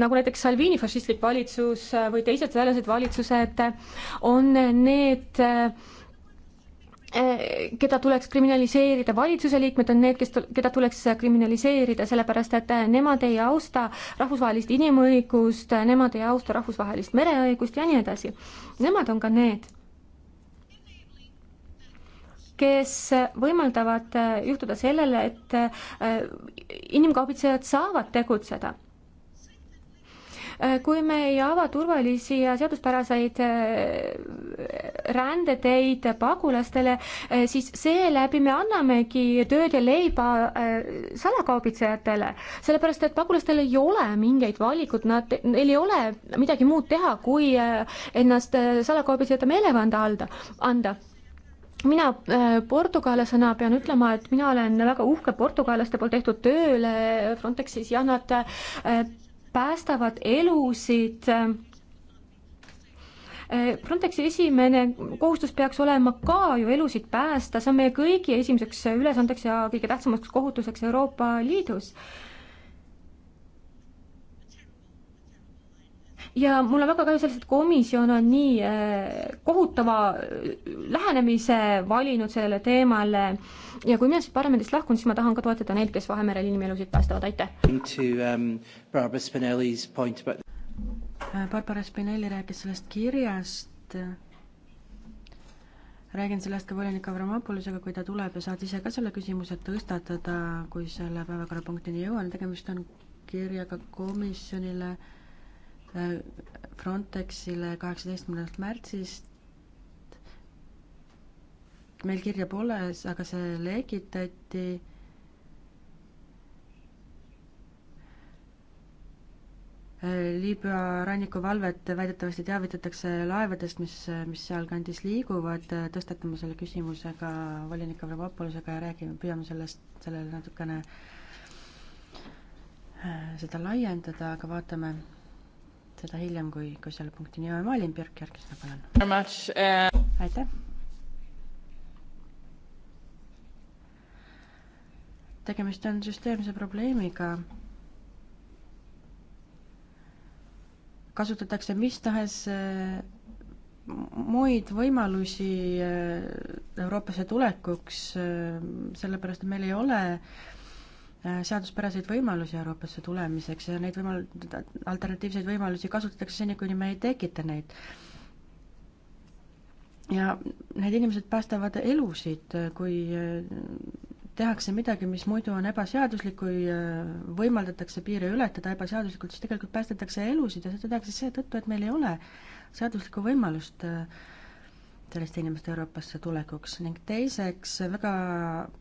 nagu näiteks Salvini fašistlik valitsus või teised sõjalised valitsused, on need Eh, keda tuleks kriminaliseerida, valitsuse liikmed on need, kes, keda tuleks kriminaliseerida, sellepärast et eh, nemad ei austa rahvusvahelist inimõigust, eh, nemad ei austa rahvusvahelist mereõigust ja nii edasi. Nemad on ka need, kes võimaldavad juhtuda sellele, et inimkaubitsejad saavad tegutseda Äh, kui me ei ava turvalisi ja seaduspäraseid äh, rändeteid pagulastele, äh, siis seeläbi me annamegi tööd ja leiba salakaubitsejatele, sellepärast et pagulastel ei ole mingeid valikuid, nad, neil ei ole midagi muud teha, kui ennast salakaubitsejate meelevanda alda, anda mina portugallasena pean ütlema, et mina olen väga uhke portugallaste poolt tehtud tööle Frontexis ja nad päästavad elusid. Frontexi esimene kohustus peaks olema ka ju elusid päästa, see on meie kõigi esimeseks ülesandeks ja kõige tähtsamaks kohutuseks Euroopa Liidus ja mul on väga kahju sellest, et komisjon on nii äh, kohutava äh, lähenemise valinud sellele teemale ja kui mina siit parlamendist lahkun, siis ma tahan ka toetada neid, kes Vahemerel inimelusid päästavad, aitäh! Um, äh, Barbara Spinelli rääkis sellest kirjast, räägin sellest ka volinik Avramopolisega, kui ta tuleb ja saad ise ka selle küsimuse tõstatada, kui selle päevakorrapunktini jõuan, tegemist on kirjaga komisjonile äh, Frontexile kaheksateistkümnendast märtsist. meil kirja pole, aga see lekitati. Liibüa rannikuvalvet väidetavasti teavitatakse laevadest, mis, mis sealkandis liiguvad, tõstatame selle küsimuse ka volinik Avramopolisega ja räägime, püüame sellest, sellele natukene äh, seda laiendada, aga vaatame seda hiljem, kui, kui selle punktini jõuame. Malin Björk järgmisena, palun. Eh. aitäh. tegemist on süsteemse probleemiga. kasutatakse mis tahes eh, muid võimalusi eh, Euroopasse tulekuks, sellepärast et meil ei ole äh, Äh, seaduspäraseid võimalusi Euroopasse tulemiseks ja neid võimal-, alternatiivseid võimalusi kasutatakse seni, kuni me ei tekita neid. ja need inimesed päästavad elusid, äh, kui äh, tehakse midagi, mis muidu on ebaseaduslik, kui võimaldatakse piire ületada ebaseaduslikult, siis tegelikult päästetakse elusid ja seda tehakse seetõttu, et meil ei ole seaduslikku võimalust äh, selliste inimeste Euroopasse tulekuks ning teiseks, väga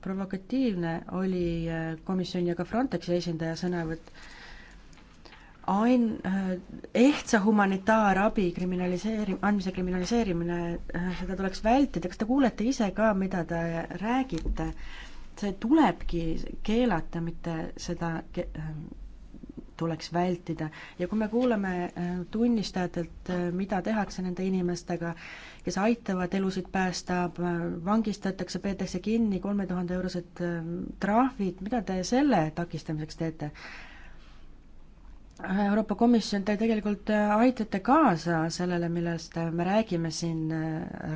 provokatiivne oli äh, komisjoni ja ka Frontexi esindaja sõnavõtt ain-, äh, ehtsa humanitaarabi kriminaliseeri-, andmise kriminaliseerimine, äh, seda tuleks vältida, kas te kuulete ise ka, mida te räägite? see tulebki keelata, mitte seda ke-, tuleks vältida. ja kui me kuuleme äh, tunnistajatelt, äh, mida tehakse nende inimestega, kes aitavad elusid päästa, äh, vangistatakse, peetakse kinni, kolme tuhande eurosed trahvid, mida te selle takistamiseks teete? Euroopa Komisjon, te tegelikult aitate kaasa sellele, millest me räägime siin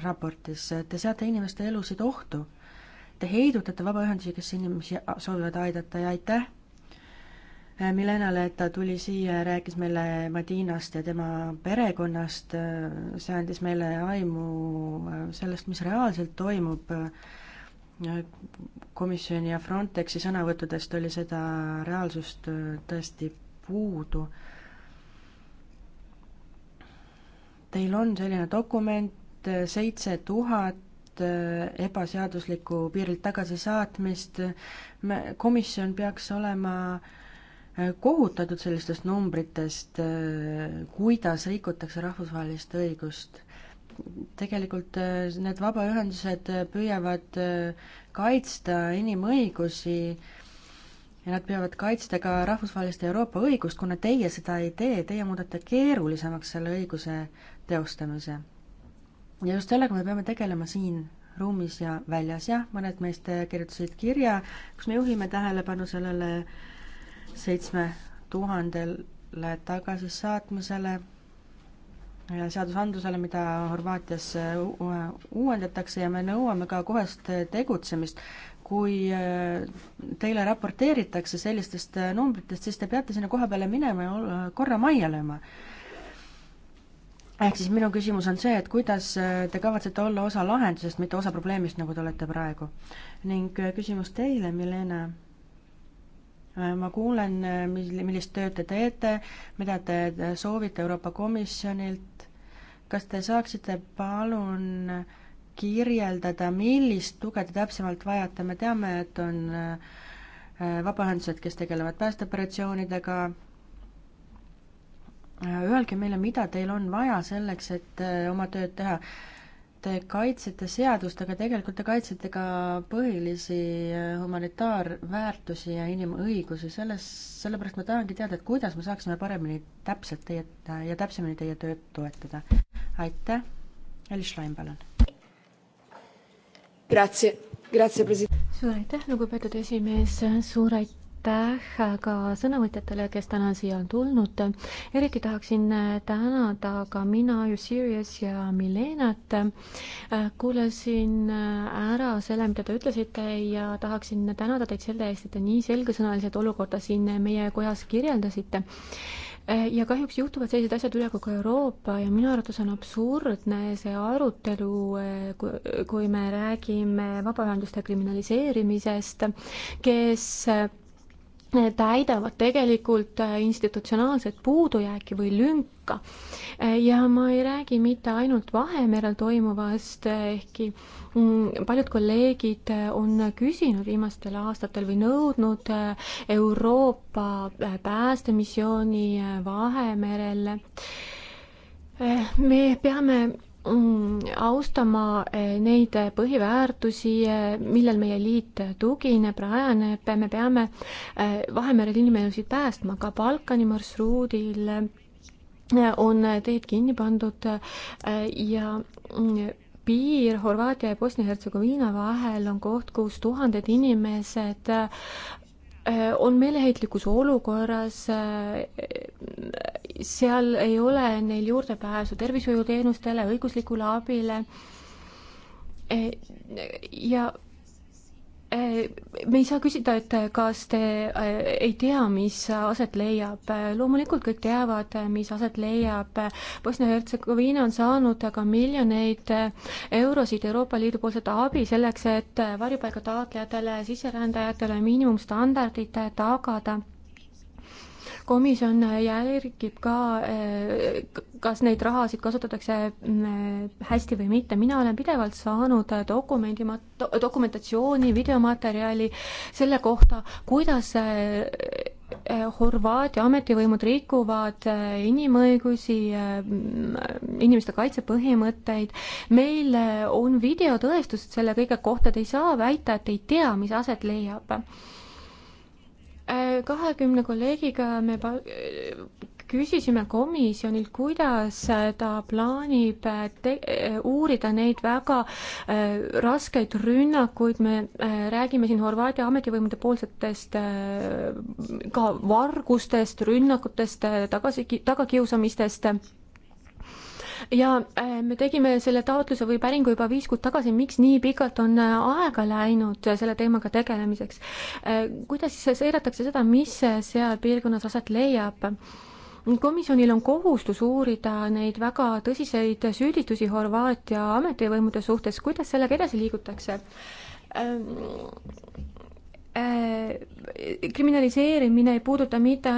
raportis, te seate inimeste elusid ohtu. Te heidutate vabaühendusi, kes inimesi soovivad aidata ja aitäh Äh, Milenale, et ta tuli siia ja rääkis meile Madinast ja tema perekonnast, äh, see andis meile aimu äh, sellest, mis reaalselt toimub, komisjoni ja Frontexi sõnavõttudest oli seda reaalsust tõesti puudu. Teil on selline dokument, seitse tuhat ebaseaduslikku piirilt tagasisaatmist, me, komisjon peaks olema äh, Äh, kohutatud sellistest numbritest, äh, kuidas rikutakse rahvusvahelist õigust. tegelikult äh, need vabaühendused püüavad kaitsta inimõigusi ja nad peavad kaitsta ka rahvusvahelist Euroopa õigust, kuna teie seda ei tee, teie muudate keerulisemaks selle õiguse teostamise. ja just sellega me peame tegelema siin ruumis ja väljas, jah, mõned meist kirjutasid kirja, kus me juhime tähelepanu sellele äh, seitsme tuhandele tagasisaatmisele seadusandlusele, mida Horvaatias äh, uuendatakse ja me nõuame ka kohest tegutsemist. kui äh, teile raporteeritakse sellistest äh, numbritest, siis te peate sinna koha peale minema ja korra majja lööma. ehk siis minu küsimus on see, et kuidas te kavatsete olla osa lahendusest, mitte osa probleemist, nagu te olete praegu. ning küsimus teile, Milena ma kuulen, mil-, millist tööd te teete, mida te soovite Euroopa Komisjonilt, kas te saaksite palun kirjeldada, millist tuge te täpsemalt vajate, me teame, et on äh, vabaühendused, kes tegelevad päästeoperatsioonidega, öelge meile, mida teil on vaja selleks, et äh, oma tööd teha te kaitsete seadust, aga tegelikult te kaitsete ka põhilisi äh, humanitaarväärtusi ja inimõigusi, selles, sellepärast ma tahangi teada, et kuidas me saaksime paremini täpselt teie äh, ja täpsemini teie tööd toetada. aitäh, Elis Schlein, palun. suur aitäh, lugupeetud esimees, suur aitäh aitäh ka sõnavõtjatele, kes täna siia on tulnud. eriti tahaksin tänada ka mina, Jussirius ja Milenat. kuulasin ära selle, mida te ütlesite ja tahaksin tänada teid selle eest, et te nii selgesõnaliselt olukorda siin meie kojas kirjeldasite ja kahjuks juhtuvad sellised asjad üle kogu Euroopa ja minu arvates on absurdne see arutelu, kui me räägime vabaühenduste kriminaliseerimisest, kes täidavad tegelikult äh, institutsionaalset puudujääki või lünka. Äh, ja ma ei räägi mitte ainult Vahemerel toimuvast, äh, ehkki mm, paljud kolleegid on küsinud viimastel aastatel või nõudnud Euroopa päästemissiooni Vahemerel. me peame Mm, austama eh, neid põhiväärtusi, eh, millel meie liit tugineb, rajaneb, me peame eh, Vahemerel inimelusid päästma, ka Balkani marsruudil on teed kinni pandud ja mm, piir Horvaatia ja Bosnia-Hertsegoviina vahel on koht, kus tuhanded inimesed Äh, on meeleheitlikus olukorras, äh, seal ei ole neil juurdepääsu tervishoiuteenustele, õiguslikule abile äh, ja Äh, me ei saa küsida, et äh, kas te äh, ei tea, mis aset leiab. loomulikult kõik teavad, mis aset leiab. Bosnia-Hertsegoviina on saanud aga miljoneid eurosid Euroopa Liidu poolset abi selleks, et varjupaigataotlejatele, sisserändajatele miinimumstandardid tagada komisjon järgib ka, eh, kas neid rahasid kasutatakse mm, hästi või mitte, mina olen pidevalt saanud dokumendi, dokumentatsiooni, videomaterjali selle kohta, kuidas eh, Horvaatia ametivõimud rikuvad eh, inimõigusi, inimeste kaitsepõhimõtteid. meil on videotõestused selle kõige kohta, te ei saa väita, et ei tea, mis aset leiab Äh, kahekümne kolleegiga me äh, küsisime komisjonilt, kuidas ta plaanib äh, te-, uurida neid väga äh, raskeid rünnakuid, me äh, räägime siin Horvaatia ametivõimude poolsetest äh, ka vargustest, rünnakutest, tagasi, tagakiusamistest äh,, ja äh, me tegime selle taotluse või päringu juba viis kuud tagasi, miks nii pikalt on äh, aega läinud äh, selle teemaga tegelemiseks? kuidas seiratakse seda, mis seal piirkonnas aset leiab? komisjonil on kohustus uurida neid väga tõsiseid süüdistusi Horvaatia ametivõimude suhtes, kuidas sellega edasi liigutakse? kriminaliseerimine ei puuduta mitte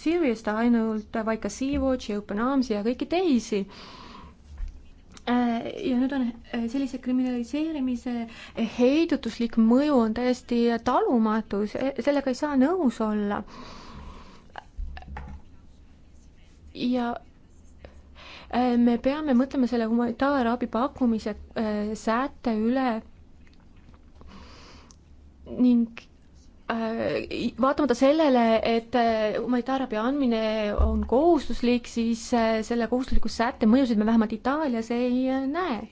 Serious ainult, vaid ka Sea-Watchi, Open Arms'i ja kõiki teisi äh, Äh, ja nüüd on äh, sellise kriminaliseerimise äh, heidutuslik mõju on täiesti talumatu, sellega ei saa nõus olla. ja me peame mõtlema selle humanitaarabi pakkumise sätte üle ning Äh, vaatamata sellele, et äh, humanitaarabi andmine on kohustuslik, siis äh, selle kohustusliku sätte mõjusid me vähemalt Itaalias ei näe.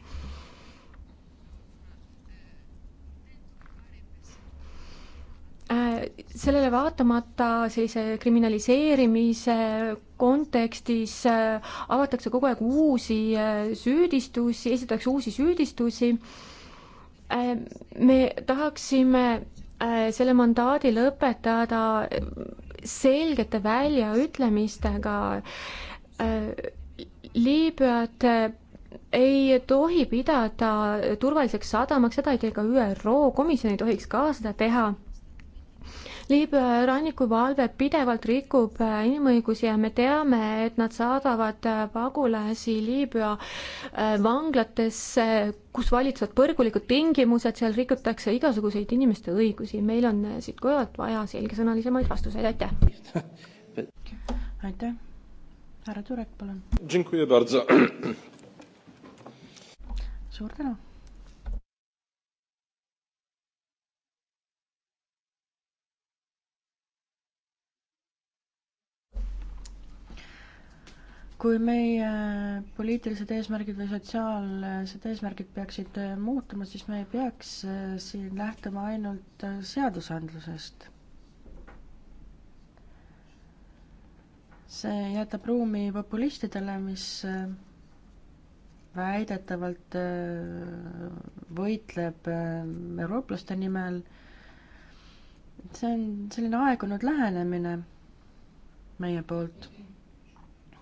sellele vaatamata sellise kriminaliseerimise kontekstis avatakse kogu aeg uusi süüdistusi, esitatakse uusi süüdistusi. me tahaksime Äh, selle mandaadi lõpetada äh, selgete väljaütlemistega. Äh, Liibüat ei tohi pidada turvaliseks sadamaks, seda ei tee ka ÜRO, komisjon ei tohiks ka seda teha Liibüa rannikuvalve pidevalt rikub äh, inimõigusi ja me teame, et nad saadavad äh, pagulasi Liibüa äh, vanglatesse, kus valitsevad põrgulikud tingimused, seal rikutakse igasuguseid inimeste õigusi. meil on siit kojalt vaja selgesõnalisemaid vastuseid, aitäh! aitäh! härra Turek, palun! suur tänu! kui meie poliitilised eesmärgid või sotsiaalsed eesmärgid peaksid muutuma, siis me ei peaks äh, siin lähtuma ainult äh, seadusandlusest. see jätab ruumi populistidele, mis äh, väidetavalt võitleb eurooplaste nimel. see on selline aegunud lähenemine meie poolt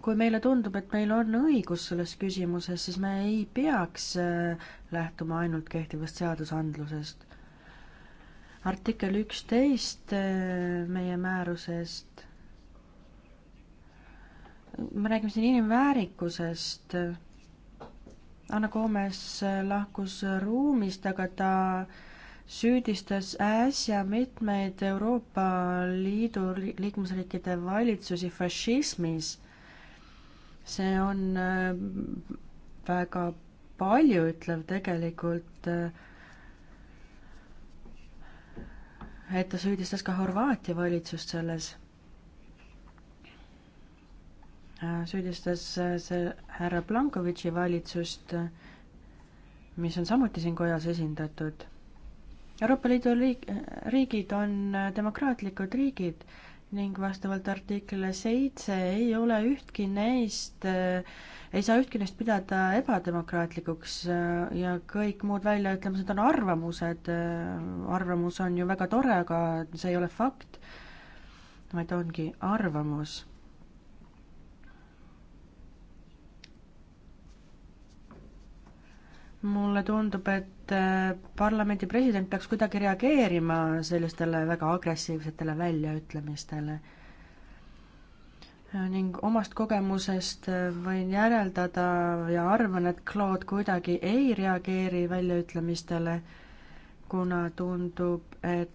kui meile tundub, et meil on õigus selles küsimuses, siis me ei peaks äh, lähtuma ainult kehtivast seadusandlusest. artikkel üksteist äh, meie määrusest, me räägime siin inimväärikusest, Anna Koomes äh, lahkus ruumist, aga ta süüdistas äsja mitmeid Euroopa Liidu liikmesriikide valitsusi fašismis see on äh, väga paljuütlev tegelikult, äh, et ta süüdistas ka Horvaatia valitsust selles. Äh, süüdistas see härra Plankovitši valitsust, mis on samuti siin kojas esindatud Euroopa Liidu liik-, riigid on demokraatlikud riigid ning vastavalt artiklile seitse ei ole ühtki neist, äh, ei saa ühtki neist pidada ebademokraatlikuks äh, ja kõik muud väljaütlemised on arvamused. Äh, arvamus on ju väga tore, aga see ei ole fakt, vaid ongi arvamus mulle tundub, et äh, parlamendi president peaks kuidagi reageerima sellistele väga agressiivsetele väljaütlemistele. Äh, ning omast kogemusest äh, võin järeldada ja arvan, et Claude kuidagi ei reageeri väljaütlemistele, kuna tundub, et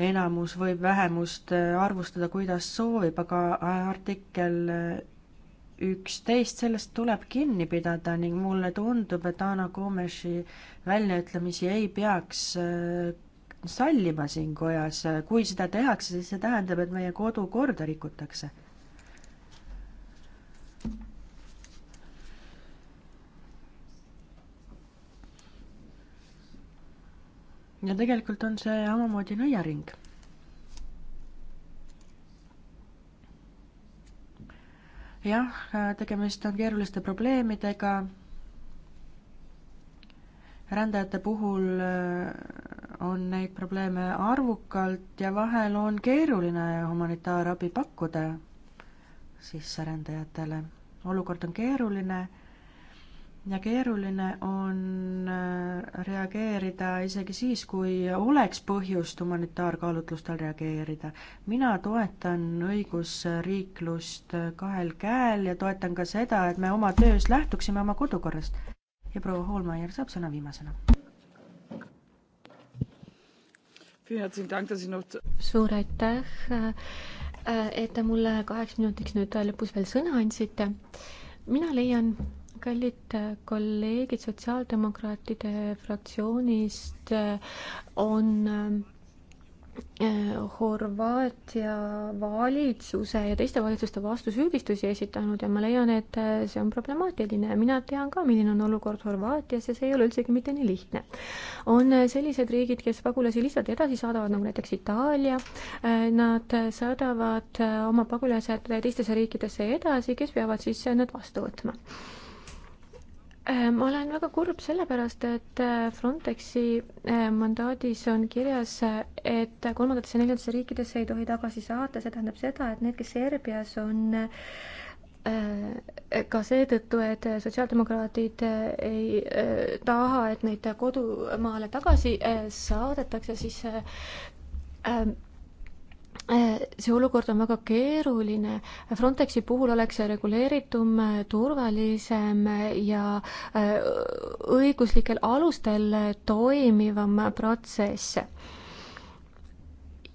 enamus võib vähemust arvustada, kuidas soovib, aga artikkel üksteist, sellest tuleb kinni pidada ning mulle tundub, et Ana Komeši väljaütlemisi ei peaks äh, sallima siin kojas, kui seda tehakse, siis see tähendab, et meie kodukorda rikutakse. ja tegelikult on see omamoodi nõiaring jah, tegemist on keeruliste probleemidega, rändajate puhul äh, on neid probleeme arvukalt ja vahel on keeruline humanitaarabi pakkuda sisserändajatele. olukord on keeruline ja keeruline on äh, reageerida isegi siis, kui oleks põhjust humanitaarkaalutlustel reageerida. mina toetan õigusriiklust äh, kahel käel ja toetan ka seda, et me oma töös lähtuksime oma kodukorrast. ja proua Hoolmeier saab sõna viimasena. suur aitäh, äh, et te mulle kaheks minutiks nüüd lõpus veel sõna andsite. mina leian, kallid äh, kolleegid Sotsiaaldemokraatide fraktsioonist äh, on äh, Horvaatia valitsuse ja teiste valitsuste vastu süüdistusi esitanud ja ma leian, et see on problemaatiline. mina tean ka, milline on olukord Horvaatias ja see ei ole üldsegi mitte nii lihtne. on sellised riigid, kes pagulasi lihtsalt edasi saadavad, nagu näiteks Itaalia. Nad saadavad oma pagulased teistesse riikidesse edasi, kes peavad siis nad vastu võtma Äh, ma olen väga kurb sellepärast, et äh, Frontexi äh, mandaadis on kirjas, et kolmandatesse ja neljandatesse riikidesse ei tohi tagasi saata, see tähendab seda, et need, kes Serbias on ka seetõttu, et sotsiaaldemokraadid ei taha, et neid kodumaale tagasi saadetakse, siis Äh, see olukord on väga keeruline. Frontexi puhul oleks see reguleeritum, äh, turvalisem ja äh, õiguslikel alustel toimivam protsess.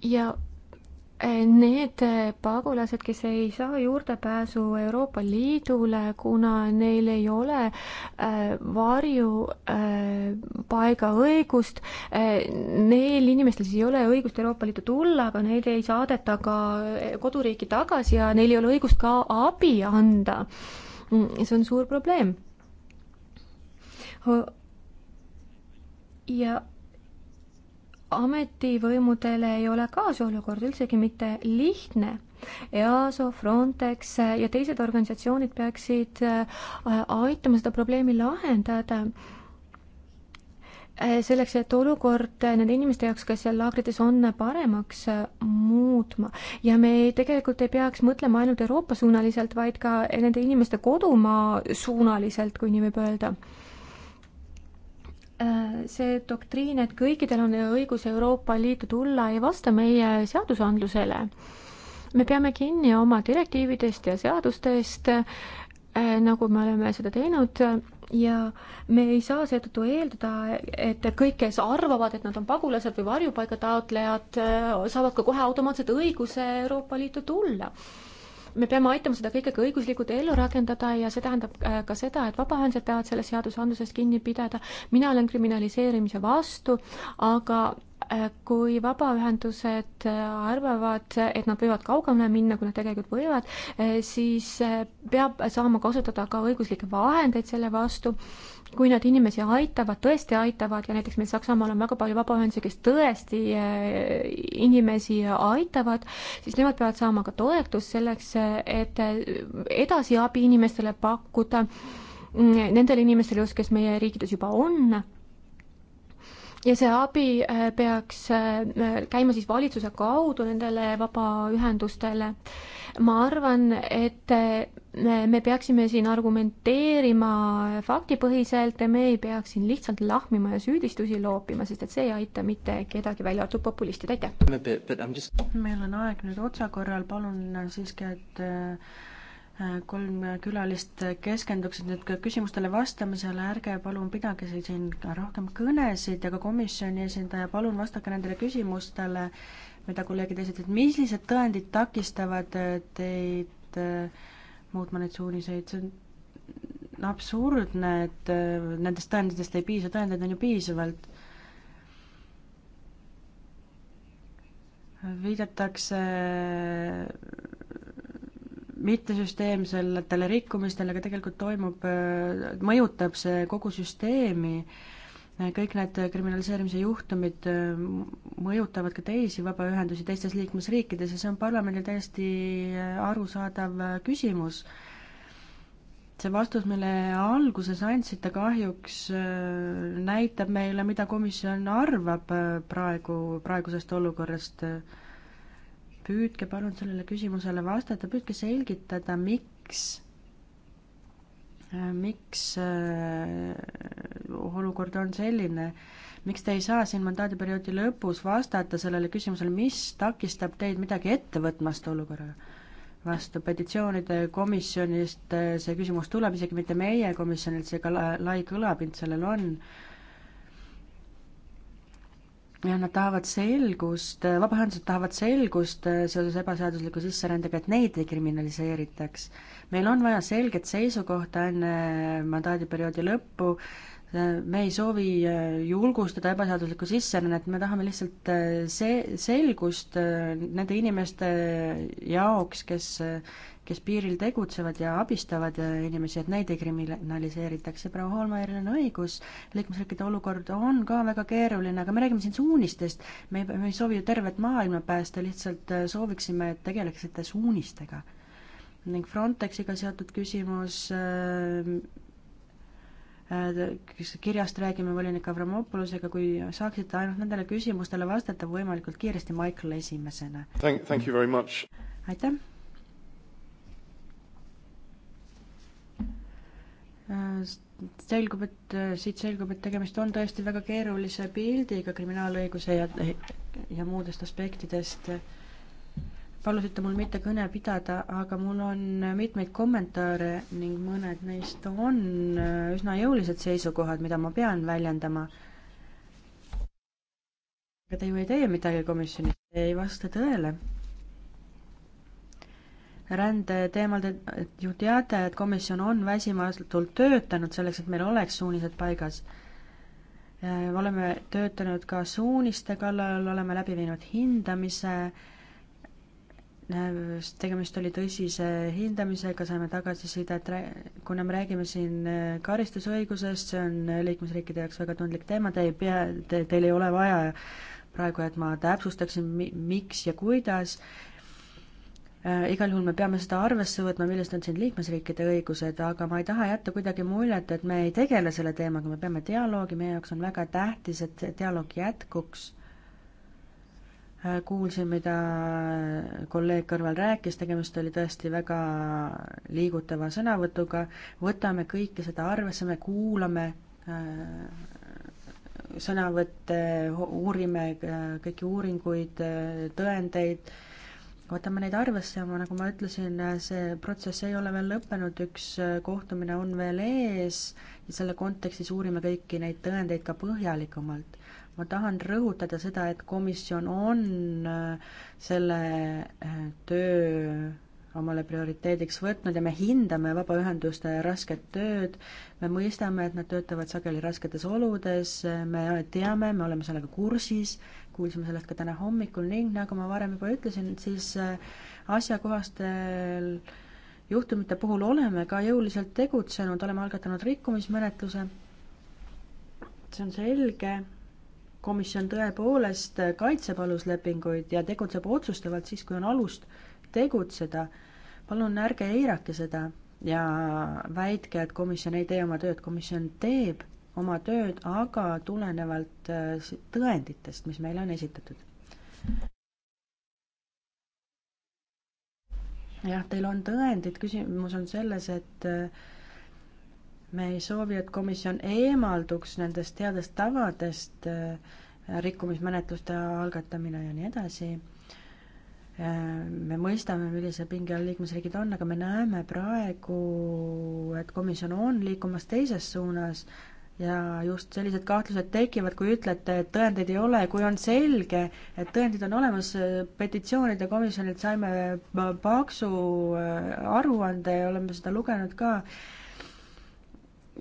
ja Need pagulased, kes ei saa juurdepääsu Euroopa Liidule, kuna neil ei ole äh, varjupaiga äh, õigust, äh, neil inimestel siis ei ole õigust Euroopa Liitu tulla, aga neid ei saadeta ka koduriiki tagasi ja neil ei ole õigust ka abi anda. see on suur probleem ja ametivõimudele ei ole ka see olukord üldsegi mitte lihtne. EASO, Frontex ja teised organisatsioonid peaksid äh, aitama seda probleemi lahendada äh, selleks, et olukord nende inimeste jaoks, kes seal laagrites on, paremaks äh, muutma. ja me ei, tegelikult ei peaks mõtlema ainult Euroopa suunaliselt, vaid ka nende inimeste kodumaa suunaliselt, kui nii võib öelda Äh, see doktriin, et kõikidel on õigus Euroopa Liitu tulla, ei vasta meie seadusandlusele. me peame kinni oma direktiividest ja seadustest, äh, nagu me oleme seda teinud ja me ei saa seetõttu eeldada, et kõik, kes arvavad, et nad on pagulased või varjupaigataotlejad, äh, saavad ka kohe automaatselt õiguse Euroopa Liitu tulla me peame aitama seda kõike ka õiguslikult ellu rakendada ja see tähendab äh, ka seda, et vabaühendused peavad sellest seadusandlusest kinni pidada. mina olen kriminaliseerimise vastu, aga äh, kui vabaühendused äh, arvavad, et nad võivad kaugemale minna, kui nad tegelikult võivad, siis peab saama kasutada ka õiguslikke vahendeid selle vastu kui nad inimesi aitavad, tõesti aitavad ja näiteks meil Saksamaal on väga palju vabaühendusi, kes tõesti äh, inimesi aitavad, siis nemad peavad saama ka toetust selleks, et edasi abi inimestele pakkuda, mm, nendele inimestele just, kes meie riikides juba on ja see abi äh, peaks äh, käima siis valitsuse kaudu nendele vabaühendustele. ma arvan, et me peaksime siin argumenteerima faktipõhiselt ja me ei peaks siin lihtsalt lahmima ja süüdistusi loopima, sest et see ei aita mitte kedagi, välja arvatud populistid, aitäh! meil on aeg nüüd otsakorral, palun siiski, et äh, kolm külalist keskenduksid nüüd küsimustele vastamisele, ärge palun pidage siin rohkem kõnesid ja ka komisjoni esindaja, palun vastake nendele küsimustele, mida kolleegid esitasid, millised tõendid takistavad teid äh, muutma neid suuniseid, see on absurdne, et äh, nendest tõenditest ei piisa, tõendeid on ju piisavalt. viidatakse äh, mittesüsteemsetele rikkumistele, aga tegelikult toimub, äh, mõjutab see kogu süsteemi äh, kõik need kriminaliseerimise juhtumid äh, mõjutavad ka teisi vabaühendusi teistes liikmesriikides ja see on parlamendil täiesti äh, arusaadav äh, küsimus. see vastus, mille alguses andsite, kahjuks näitab meile, mida komisjon arvab praegu, praegusest olukorrast. püüdke palun sellele küsimusele vastata, püüdke selgitada, miks Äh, miks äh, olukord on selline, miks te ei saa siin mandaadiperioodi lõpus vastata sellele küsimusele, mis takistab teid midagi ette võtmast olukorraga? vastu petitsioonide komisjonist äh, see küsimus tuleb, isegi mitte meie komisjonilt, seega lai kõlapind sellel on ja nad tahavad selgust, äh, vabaühendused tahavad selgust äh, seoses ebaseadusliku sisserändega, et neid ei kriminaliseeritaks. meil on vaja selget seisukohta enne äh, mandaadiperioodi lõppu, me ei soovi julgustada ebaseaduslikku sisserännet, me tahame lihtsalt see, selgust nende inimeste jaoks, kes kes piiril tegutsevad ja abistavad äh, inimesi, et neid ei kriminaliseeritakse. proua Holmaeril on õigus, liikmesriikide olukord on ka väga keeruline, aga me räägime siin suunistest. me ei, me ei soovi ju tervet maailma päästa, lihtsalt äh, sooviksime, et tegeleksite suunistega. ning Frontexiga seotud küsimus äh, äh kirjast räägime volinik Avramopoulosega, kui saaksite ainult nendele küsimustele vastata võimalikult kiiresti Michael esimesena. aitäh! Äh, selgub, et äh, siit selgub, et tegemist on tõesti väga keerulise pildiga kriminaalõiguse ja, ja muudest aspektidest. palusite mul mitte kõne pidada, aga mul on mitmeid kommentaare ning mõned neist on äh, üsna jõulised seisukohad, mida ma pean väljendama. aga te ju ei tee midagi komisjonis, ei vasta tõele rände teemal te ju teate, et komisjon on väsimatult töötanud selleks, et meil oleks suunised paigas. Äh, oleme töötanud ka suuniste kallal, oleme läbi viinud hindamise, äh, tegemist oli tõsise hindamisega, saime tagasisidet, kuna me räägime siin äh, karistusõigusest, see on liikmesriikide jaoks väga tundlik teema, te ei pea, te, teil ei ole vaja praegu, et ma täpsustaksin, miks ja kuidas, Äh, igal juhul me peame seda arvesse võtma, millised on siin liikmesriikide õigused, aga ma ei taha jätta kuidagi muljet, et me ei tegele selle teemaga, me peame dialoogi, meie jaoks on väga tähtis, et see dialoog jätkuks. Äh, kuulsin, mida kolleeg kõrval rääkis, tegemist oli tõesti väga liigutava sõnavõtuga, võtame kõike seda arvesse, me kuulame äh, sõnavõtte, uurime kõiki uuringuid, tõendeid võtame neid arvesse, aga nagu ma ütlesin, see protsess ei ole veel lõppenud, üks äh, kohtumine on veel ees ja selle kontekstis uurime kõiki neid tõendeid ka põhjalikumalt. ma tahan rõhutada seda, et komisjon on äh, selle äh, töö omale prioriteediks võtnud ja me hindame vabaühenduste rasket tööd, me mõistame, et nad töötavad sageli rasketes oludes, me teame, me oleme sellega kursis, kuulsime sellest ka täna hommikul ning nagu ma varem juba ütlesin, siis äh, asjakohastel juhtumite puhul oleme ka jõuliselt tegutsenud, oleme algatanud rikkumismenetluse. see on selge, komisjon tõepoolest kaitseb aluslepinguid ja tegutseb otsustavalt siis, kui on alust tegutseda. palun ärge eirake seda ja väitke, et komisjon ei tee oma tööd, komisjon teeb oma tööd, aga tulenevalt äh, tõenditest, mis meile on esitatud. jah, teil on tõendid, küsimus on selles, et äh, me ei soovi, et komisjon eemalduks nendest headest tavadest, äh, rikkumismenetluste algatamine ja nii edasi me mõistame, millise pinge all liikmesriigid on, aga me näeme praegu, et komisjon on liikumas teises suunas, ja just sellised kahtlused tekivad, kui ütlete, et tõendeid ei ole, kui on selge, et tõendid on olemas, petitsioonide komisjonilt saime paksu äh, aruande ja oleme seda lugenud ka,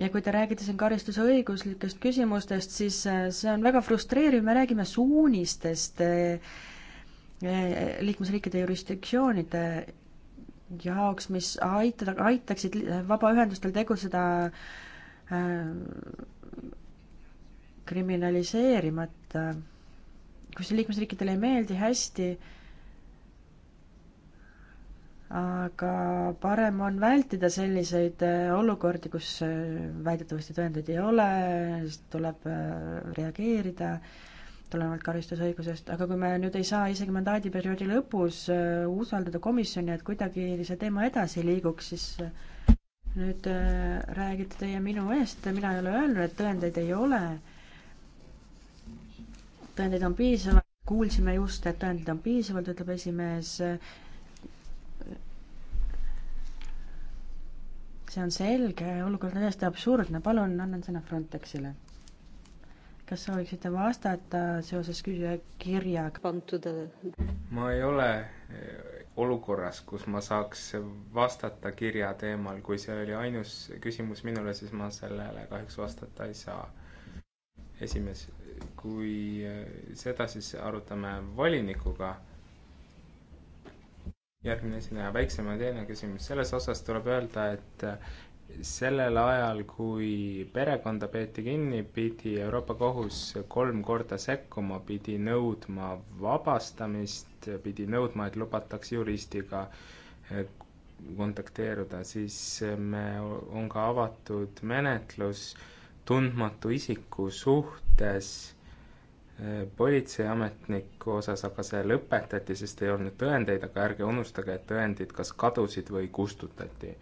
ja kui te räägite siin karistusõiguslikest küsimustest, siis äh, see on väga frustreeriv, me räägime suunistest äh, liikmesriikide jurisdiktsioonide jaoks, mis aitada, aitaksid vabaühendustel tegutseda äh, Äh, kriminaliseerimata. kui see liikmesriikidele ei meeldi, hästi, aga parem on vältida selliseid äh, olukordi, kus äh, väidetavasti tõendeid ei ole, tuleb reageerida tulenevalt karistusõigusest, aga kui me nüüd ei saa isegi mandaadiperioodi lõpus usaldada komisjoni, et kuidagi see teema edasi liiguks, siis nüüd äh, räägite teie minu eest, mina ei ole öelnud, et tõendeid ei ole. tõendeid on piisavalt, kuulsime just, et tõendeid on piisavalt, ütleb esimees. see on selge, olukord on täiesti absurdne, palun annan sõna Frontexile. kas sooviksite vastata seoses küsija kirjaga? ma ei ole olukorras, kus ma saaks vastata kirja teemal, kui see oli ainus küsimus minule, siis ma sellele kahjuks vastata ei saa. esimees, kui eh, seda siis arutame volinikuga, järgmine esineja, väiksema teine küsimus, selles osas tuleb öelda, et eh, sellel ajal, kui perekonda peeti kinni, pidi Euroopa Kohus kolm korda sekkuma, pidi nõudma vabastamist, pidi nõudma, et lubataks juristiga eh, kontakteeruda, siis eh, me, on ka avatud menetlus tundmatu isiku suhtes eh, politseiametniku osas, aga see lõpetati, sest ei olnud tõendeid, aga ärge unustage, et tõendid kas kadusid või kustutati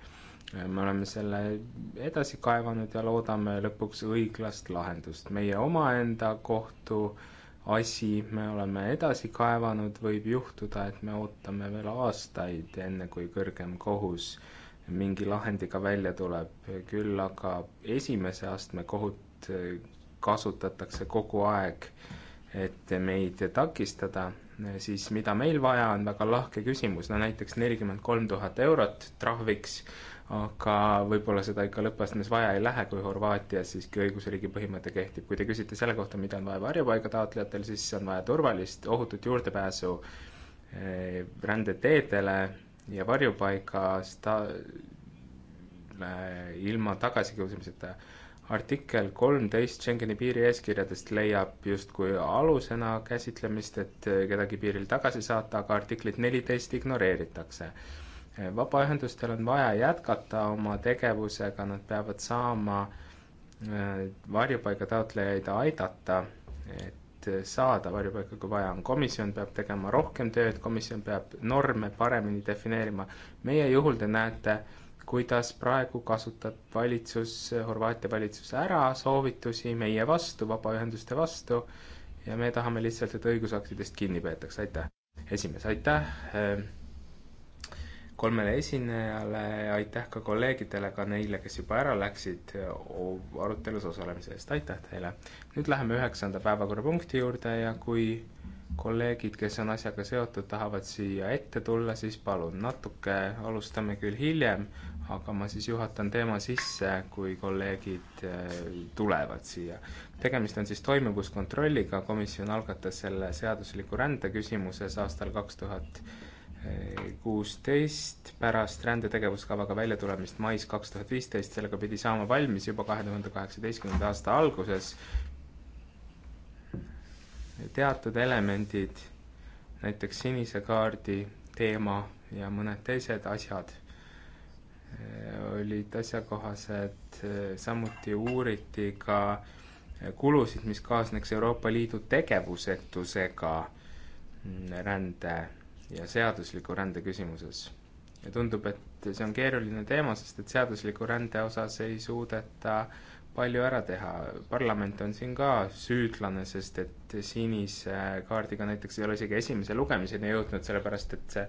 me oleme selle edasi kaevanud ja loodame lõpuks õiglast lahendust. meie omaenda kohtu asi me oleme edasi kaevanud, võib juhtuda, et me ootame veel aastaid, enne kui kõrgem kohus mingi lahendiga välja tuleb, küll aga esimese astme kohut kasutatakse kogu aeg, et meid takistada siis mida meil vaja, on väga lahke küsimus, no näiteks nelikümmend kolm tuhat eurot trahviks aga võib-olla seda ikka lõppastmes vaja ei lähe, kui Horvaatias siiski õigusriigi põhimõte kehtib. kui te küsite selle kohta, mida on vaja varjupaiga taotlejatel, siis on vaja turvalist, ohutut juurdepääsu eh, rändeteedele ja varjupaigast ilma tagasikiusamiseta artikkel kolmteist Schengeni piirieeskirjadest leiab justkui alusena käsitlemist, et kedagi piiril tagasi saata, aga artiklit neliteist ignoreeritakse vabaühendustel on vaja jätkata oma tegevusega, nad peavad saama äh, varjupaiga taotlejaid aidata, et saada varjupaika, kui vaja on. komisjon peab tegema rohkem tööd, komisjon peab norme paremini defineerima. meie juhul te näete, kuidas praegu kasutab valitsus, Horvaatia valitsus ära soovitusi meie vastu, vabaühenduste vastu, ja me tahame lihtsalt, et õigusaktidest kinni peetakse, aitäh. esimees, aitäh äh, kolmele esinejale ja aitäh ka kolleegidele, ka neile, kes juba ära läksid, eh, arutelus osalemise eest, aitäh teile! nüüd läheme üheksanda päevakorrapunkti juurde ja kui kolleegid, kes on asjaga seotud, tahavad siia ette tulla, siis palun, natuke alustame küll hiljem, aga ma siis juhatan teema sisse, kui kolleegid eh, tulevad siia. tegemist on siis toimuvuskontrolliga, komisjon algatas selle seadusliku rände küsimuses aastal kaks tuhat kuusteist pärast rändetegevuskavaga väljatulemist mais kaks tuhat viisteist, sellega pidi saama valmis juba kahe tuhande kaheksateistkümnenda aasta alguses. teatud elemendid, näiteks sinise kaardi teema ja mõned teised asjad eh, olid asjakohased, eh, samuti uuriti ka eh, kulusid, mis kaasneks Euroopa Liidu tegevusetusega mm, rände ja seadusliku rände küsimuses. ja tundub, et see on keeruline teema, sest et seadusliku rände osas ei suudeta palju ära teha, parlament on siin ka süüdlane, sest et sinise kaardiga näiteks ei ole isegi esimese lugemiseni jõudnud, sellepärast et see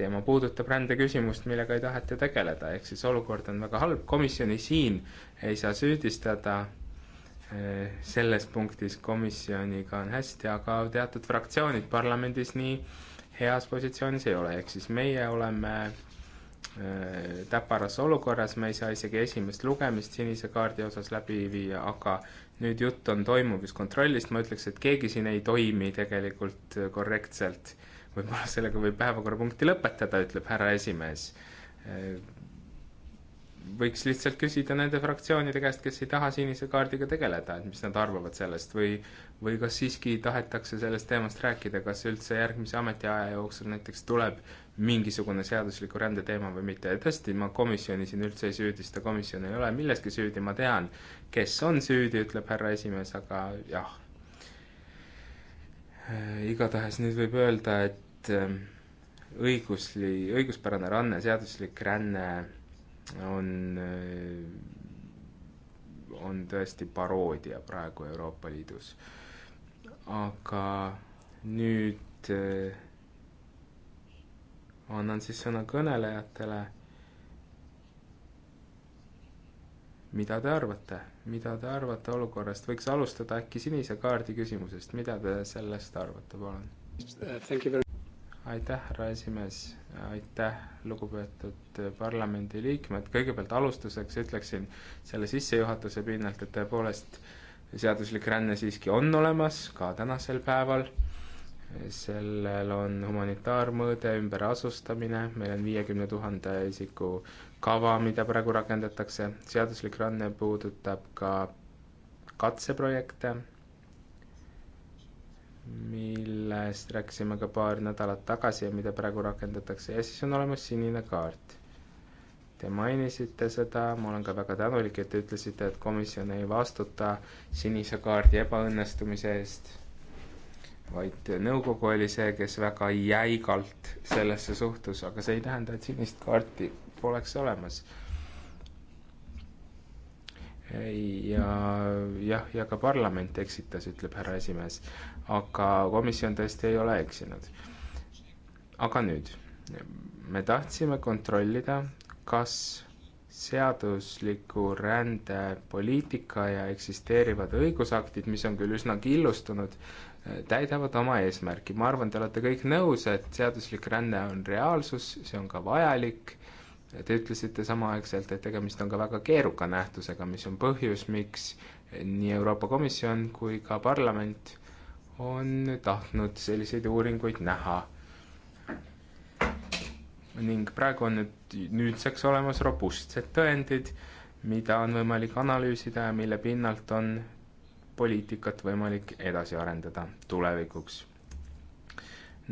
teema puudutab rändeküsimust, millega ei taheta tegeleda, ehk siis olukord on väga halb, komisjoni siin ei saa süüdistada, selles punktis komisjoniga on hästi, aga teatud fraktsioonid parlamendis nii äh, heas positsioonis ei ole, ehk siis meie oleme äh, täparas olukorras, me ei saa isegi esimest lugemist sinise kaardi osas läbi viia, aga nüüd jutt on toimumiskontrollist, ma ütleks, et keegi siin ei toimi tegelikult korrektselt. võib-olla sellega võib päevakorrapunkti lõpetada, ütleb härra esimees äh, võiks lihtsalt küsida nende fraktsioonide käest, kes ei taha sinise kaardiga tegeleda, et mis nad arvavad sellest või, või kas siiski tahetakse sellest teemast rääkida, kas üldse järgmise ametiaja jooksul näiteks tuleb mingisugune seadusliku rände teema või mitte ja tõesti, ma komisjoni siin üldse ei süüdista, komisjon ei ole milleski süüdi, ma tean, kes on süüdi, ütleb härra esimees, aga jah. igatahes nüüd võib öelda, et ähm, õigusli, õiguspärane ranne, seaduslik ränne on, äh, on tõesti paroodia praegu Euroopa Liidus. aga nüüd äh, annan siis sõna kõnelejatele. mida te arvate, mida te arvate olukorrast, võiks alustada äkki sinise kaardi küsimusest, mida te sellest arvate, palun? aitäh, härra esimees aitäh, lugupeetud parlamendiliikmed, kõigepealt alustuseks ütleksin selle sissejuhatuse pinnalt, et tõepoolest seaduslik ränne siiski on olemas ka tänasel päeval, sellel on humanitaarmõõde, ümberasustamine, meil on viiekümne tuhande isiku kava, mida praegu rakendatakse, seaduslik ränne puudutab ka katseprojekte millest rääkisime ka paar nädalat tagasi ja mida praegu rakendatakse, ja siis on olemas sinine kaart. Te mainisite seda, ma olen ka väga tänulik, et te ütlesite, et komisjon ei vastuta sinise kaardi ebaõnnestumise eest, vaid nõukogu oli see, kes väga jäigalt sellesse suhtus, aga see ei tähenda, et sinist kaarti poleks olemas ja jah, ja ka parlament eksitas, ütleb härra esimees aga komisjon tõesti ei ole eksinud. aga nüüd, me tahtsime kontrollida, kas seadusliku rändepoliitika ja eksisteerivad õigusaktid, mis on küll üsna killustunud, täidavad oma eesmärki. ma arvan, te olete kõik nõus, et seaduslik ränne on reaalsus, see on ka vajalik. Te ütlesite samaaegselt, et tegemist on ka väga keeruka nähtusega, mis on põhjus, miks nii Euroopa Komisjon kui ka parlament on tahtnud selliseid uuringuid näha. ning praegu on nüüd, nüüdseks olemas robustsed tõendid, mida on võimalik analüüsida ja mille pinnalt on poliitikat võimalik edasi arendada tulevikuks.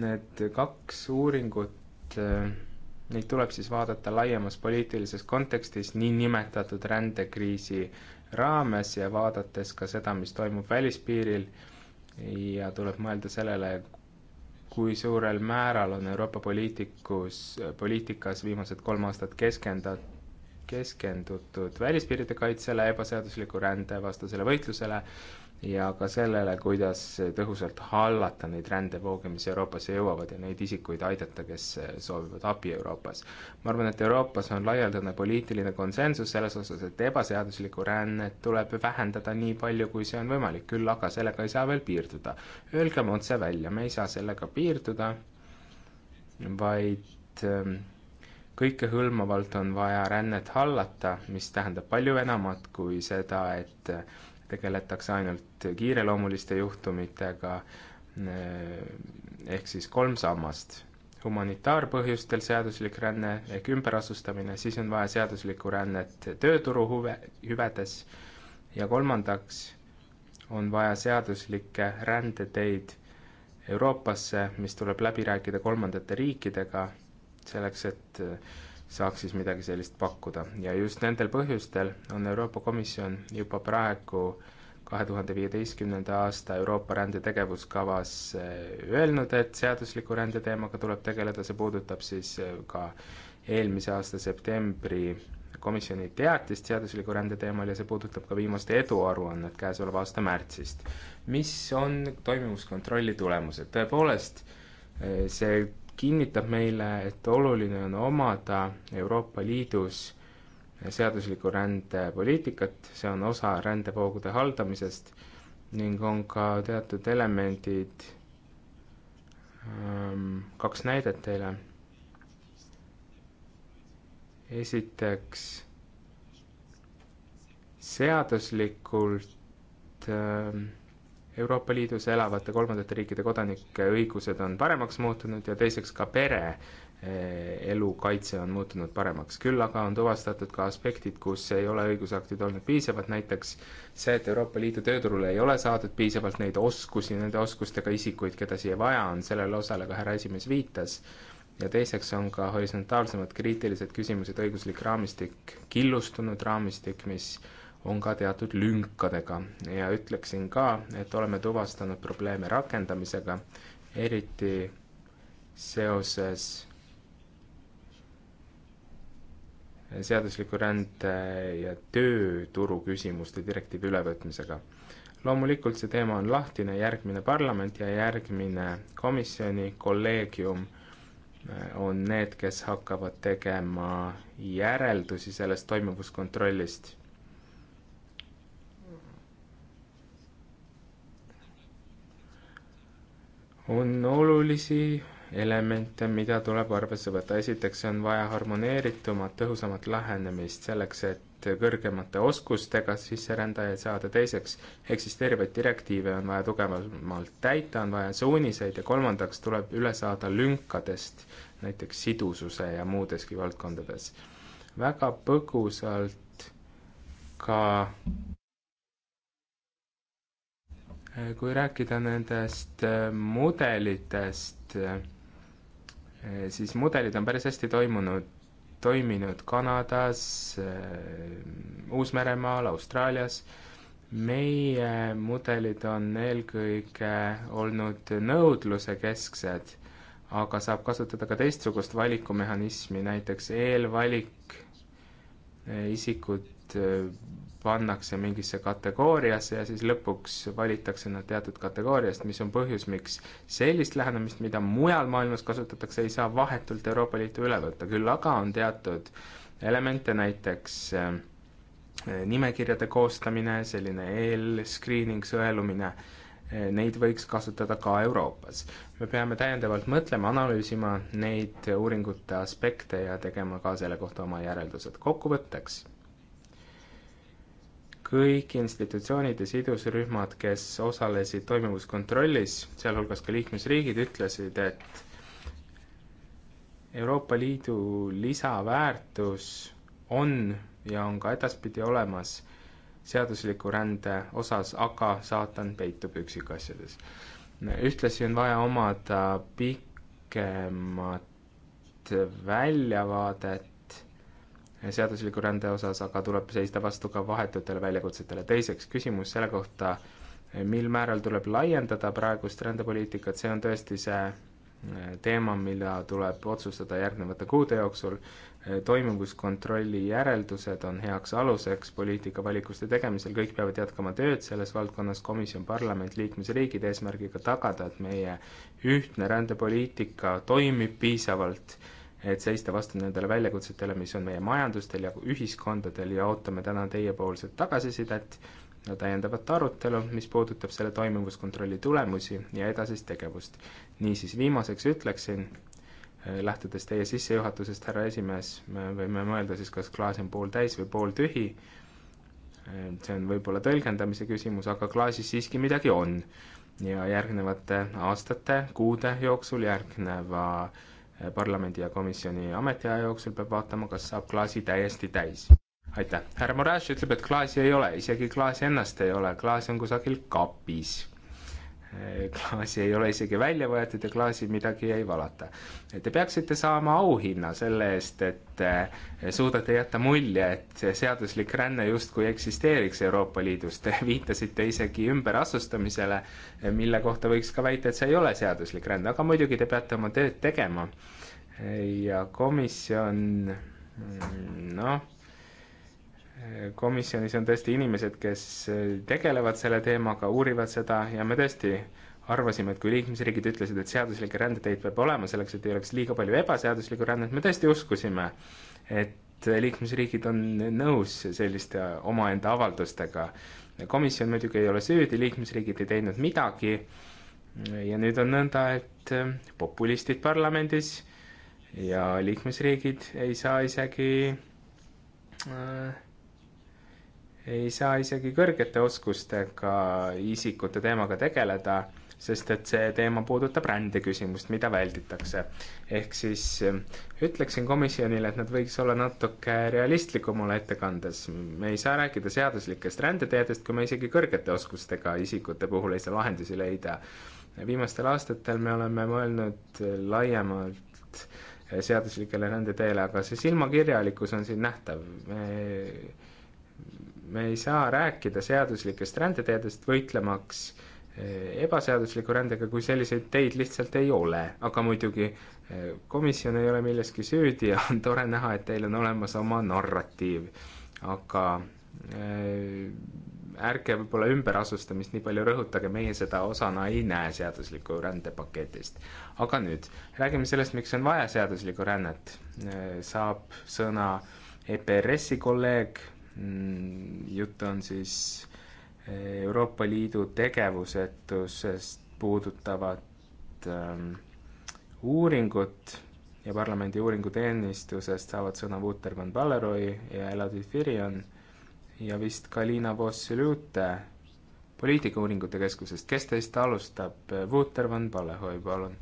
Need kaks uuringut, eh, neid tuleb siis vaadata laiemas poliitilises kontekstis niinimetatud rändekriisi raames ja vaadates ka seda, mis toimub välispiiril ja tuleb mõelda sellele, kui suurel määral on Euroopa poliitikus, poliitikas viimased kolm aastat keskenda-, keskendutud välispiiride kaitsele, ebaseadusliku rände vastasele võitlusele ja ka sellele, kuidas tõhusalt hallata neid rändevooge, mis Euroopasse jõuavad ja neid isikuid aidata, kes äh, soovivad abi Euroopas. ma arvan, et Euroopas on laialdane poliitiline konsensus selles osas, et ebaseaduslikku rännet tuleb vähendada nii palju, kui see on võimalik, küll aga sellega ei saa veel piirduda. Öelgem otse välja, me ei saa sellega piirduda, vaid ähm, kõikehõlmavalt on vaja rännet hallata, mis tähendab palju enamat kui seda, et äh, tegeletakse ainult kiireloomuliste juhtumitega, eh, ehk siis kolm sammast. humanitaarpõhjustel seaduslik ränne ehk ümberasustamine, siis on vaja seaduslikku rännet tööturu huve, hüvedes ja kolmandaks on vaja seaduslikke rändeteid Euroopasse, mis tuleb läbi rääkida kolmandate riikidega, selleks et äh, saaks siis midagi sellist pakkuda ja just nendel põhjustel on Euroopa Komisjon juba praegu kahe tuhande viieteistkümnenda aasta Euroopa rändetegevuskavas eh, öelnud, et seadusliku rände teemaga tuleb tegeleda, see puudutab siis eh, ka eelmise aasta septembri komisjoni teatist seadusliku rände teemal ja see puudutab ka viimast eduaruannet käesoleva aasta märtsist. mis on toimumuskontrolli tulemused, tõepoolest eh, see kinnitab meile, et oluline on omada Euroopa Liidus seaduslikku rändepoliitikat, see on osa rändevoogude haldamisest ning on ka teatud elemendid, ähm, kaks näidet teile. esiteks, seaduslikult äh, Euroopa Liidus elavate kolmandate riikide kodanike õigused on paremaks muutunud ja teiseks ka pere eh, elukaitse on muutunud paremaks. küll aga on tuvastatud ka aspektid, kus ei ole õigusaktid olnud piisavad, näiteks see, et Euroopa Liidu tööturule ei ole saadud piisavalt neid oskusi, nende oskustega isikuid, keda siia vaja on, sellele osale ka härra esimees viitas, ja teiseks on ka horisontaalsemad kriitilised küsimused, õiguslik raamistik, killustunud raamistik, mis on ka teatud lünkadega ja ütleksin ka, et oleme tuvastanud probleeme rakendamisega, eriti seoses seadusliku rände ja tööturu küsimuste direktiivi ülevõtmisega. loomulikult see teema on lahtine, järgmine parlament ja järgmine komisjoni kolleegium eh, on need, kes hakkavad tegema järeldusi sellest toimuvuskontrollist on olulisi elemente, mida tuleb arvesse võtta. esiteks on vaja harmoneeritumat, tõhusamat lähenemist selleks, et kõrgemate oskustega sisserändajaid saada, teiseks eksisteerivaid direktiive on vaja tugevamalt täita, on vaja suuniseid ja kolmandaks tuleb üle saada lünkadest, näiteks sidususe ja muudeski valdkondades. väga põgusalt ka kui rääkida nendest äh, mudelitest, äh, siis mudelid on päris hästi toimunud, toiminud Kanadas, äh, Uus-Meremaal, Austraalias. meie mudelid on eelkõige olnud nõudlusekesksed, aga saab kasutada ka teistsugust valikumehhanismi, näiteks eelvalik, isikud pannakse mingisse kategooriasse ja siis lõpuks valitakse nad teatud kategooriast, mis on põhjus, miks sellist lähenemist, mida mujal maailmas kasutatakse, ei saa vahetult Euroopa Liitu üle võtta, küll aga on teatud elemente, näiteks eh, nimekirjade koostamine, selline eelscreening, sõelumine, eh, neid võiks kasutada ka Euroopas. me peame täiendavalt mõtlema, analüüsima neid uuringute aspekte ja tegema ka selle kohta oma järeldused. kokkuvõtteks kõik institutsioonid ja sidusrühmad, kes osalesid toimuvuskontrollis, sealhulgas ka liikmesriigid, ütlesid, et Euroopa Liidu lisaväärtus on ja on ka edaspidi olemas seadusliku rände osas, aga saatan peitub üksikasjades. ühtlasi on vaja omada pikemat väljavaadet seadusliku rände osas, aga tuleb seista vastu ka vahetutele väljakutsetele. teiseks küsimus selle kohta, mil määral tuleb laiendada praegust rändepoliitikat, see on tõesti see eh, teema, mida tuleb otsustada järgnevate kuude jooksul. Eh, toimuvuskontrolli järeldused on heaks aluseks poliitikavalikuste tegemisel, kõik peavad jätkama tööd selles valdkonnas, komisjon, parlament, liikmesriigid, eesmärgiga tagada, et meie ühtne rändepoliitika toimib piisavalt et seista vastu nendele väljakutsetele, mis on meie majandustel ja ühiskondadel ja ootame täna teiepoolset tagasisidet ja täiendavat arutelu, mis puudutab selle toimuvuskontrolli tulemusi ja edasist tegevust. niisiis, viimaseks ütleksin, eh, lähtudes teie sissejuhatusest, härra esimees, me võime mõelda siis, kas klaas on pooltäis või pooltühi, eh, see on võib-olla tõlgendamise küsimus, aga klaasis siiski midagi on. ja järgnevate aastate, kuude jooksul järgneva äh, Eh, parlamendi ja komisjoni ametiaja jooksul peab vaatama, kas saab klaasi täiesti täis. aitäh, härra Moraes ütleb, et klaasi ei ole, isegi klaasi ennast ei ole, klaas on kusagil kapis klaasi ei ole isegi välja võetud ja klaasi midagi ei valata. Te peaksite saama auhinna selle eest, et eh, suudate jätta mulje, et seaduslik ränne justkui eksisteeriks Euroopa Liidus. Te viitasite isegi ümberasustamisele, mille kohta võiks ka väita, et see ei ole seaduslik ränne, aga muidugi te peate oma tööd tegema. ja komisjon mm, noh komisjonis on tõesti inimesed, kes eh, tegelevad selle teemaga, uurivad seda ja me tõesti arvasime, et kui liikmesriigid ütlesid, et seaduslikke rändeteid peab olema selleks, et ei oleks liiga palju ebaseaduslikku rännet, me tõesti uskusime, et liikmesriigid on nõus selliste omaenda avaldustega. komisjon muidugi ei ole süüdi, liikmesriigid ei teinud midagi ja nüüd on nõnda, et eh, populistid parlamendis ja liikmesriigid ei saa isegi äh, ei saa isegi kõrgete oskustega isikute teemaga tegeleda, sest et see teema puudutab rändeküsimust, mida välditakse. ehk siis ähm, ütleksin komisjonile, et nad võiks olla natuke realistlikum oma ettekandes. me ei saa rääkida seaduslikest rändeteedest, kui me isegi kõrgete oskustega isikute puhul ei saa lahendusi leida. viimastel aastatel me oleme mõelnud laiemalt äh, seaduslikele rändeteele, aga see silmakirjalikkus on siin nähtav me me ei saa rääkida seaduslikest rändeteedest võitlemaks eh, ebaseadusliku rändega, kui selliseid teid lihtsalt ei ole, aga muidugi eh, komisjon ei ole milleski süüdi ja on tore näha, et teil on olemas oma narratiiv, aga eh, ärge võib-olla ümberasustamist nii palju rõhutage, meie seda osana ei näe seadusliku rändepaketist. aga nüüd, räägime sellest, miks on vaja seaduslikku rännet. saab sõna EPRS-i kolleeg Mm, jutt on siis eh, Euroopa Liidu tegevusetusest puudutavat ähm, uuringut ja parlamendi uuringuteenistusest saavad sõna Wouter von Balleroi ja Eladi Firion ja vist ka Liina Voss-Lüüte poliitikauuringute keskusest. kes teist alustab? Wouter von Balleroi, palun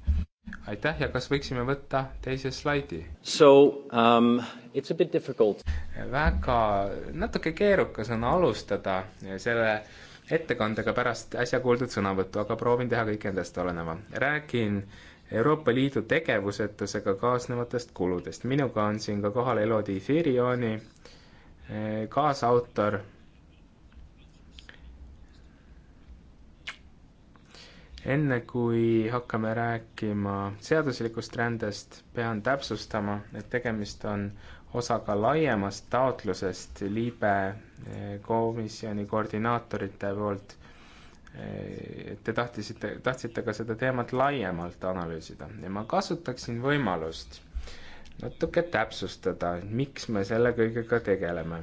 aitäh ja kas võiksime võtta teise slaidi? So um, it's a bit difficult. väga, natuke keerukas on alustada selle ettekandega pärast äsja kuuldud sõnavõttu, aga proovin teha kõik endast oleneva. räägin Euroopa Liidu tegevusetusega kaasnevatest kuludest. minuga on siin ka kohal Elodi Firioni, eh, kaasautor enne kui hakkame rääkima seaduslikust rändest, pean täpsustama, et tegemist on osaga laiemast taotlusest liibe eh, komisjoni koordinaatorite poolt. Eh, te tahtisite, tahtsite ka seda teemat laiemalt analüüsida ja ma kasutaksin võimalust natuke täpsustada, miks me selle kõigega tegeleme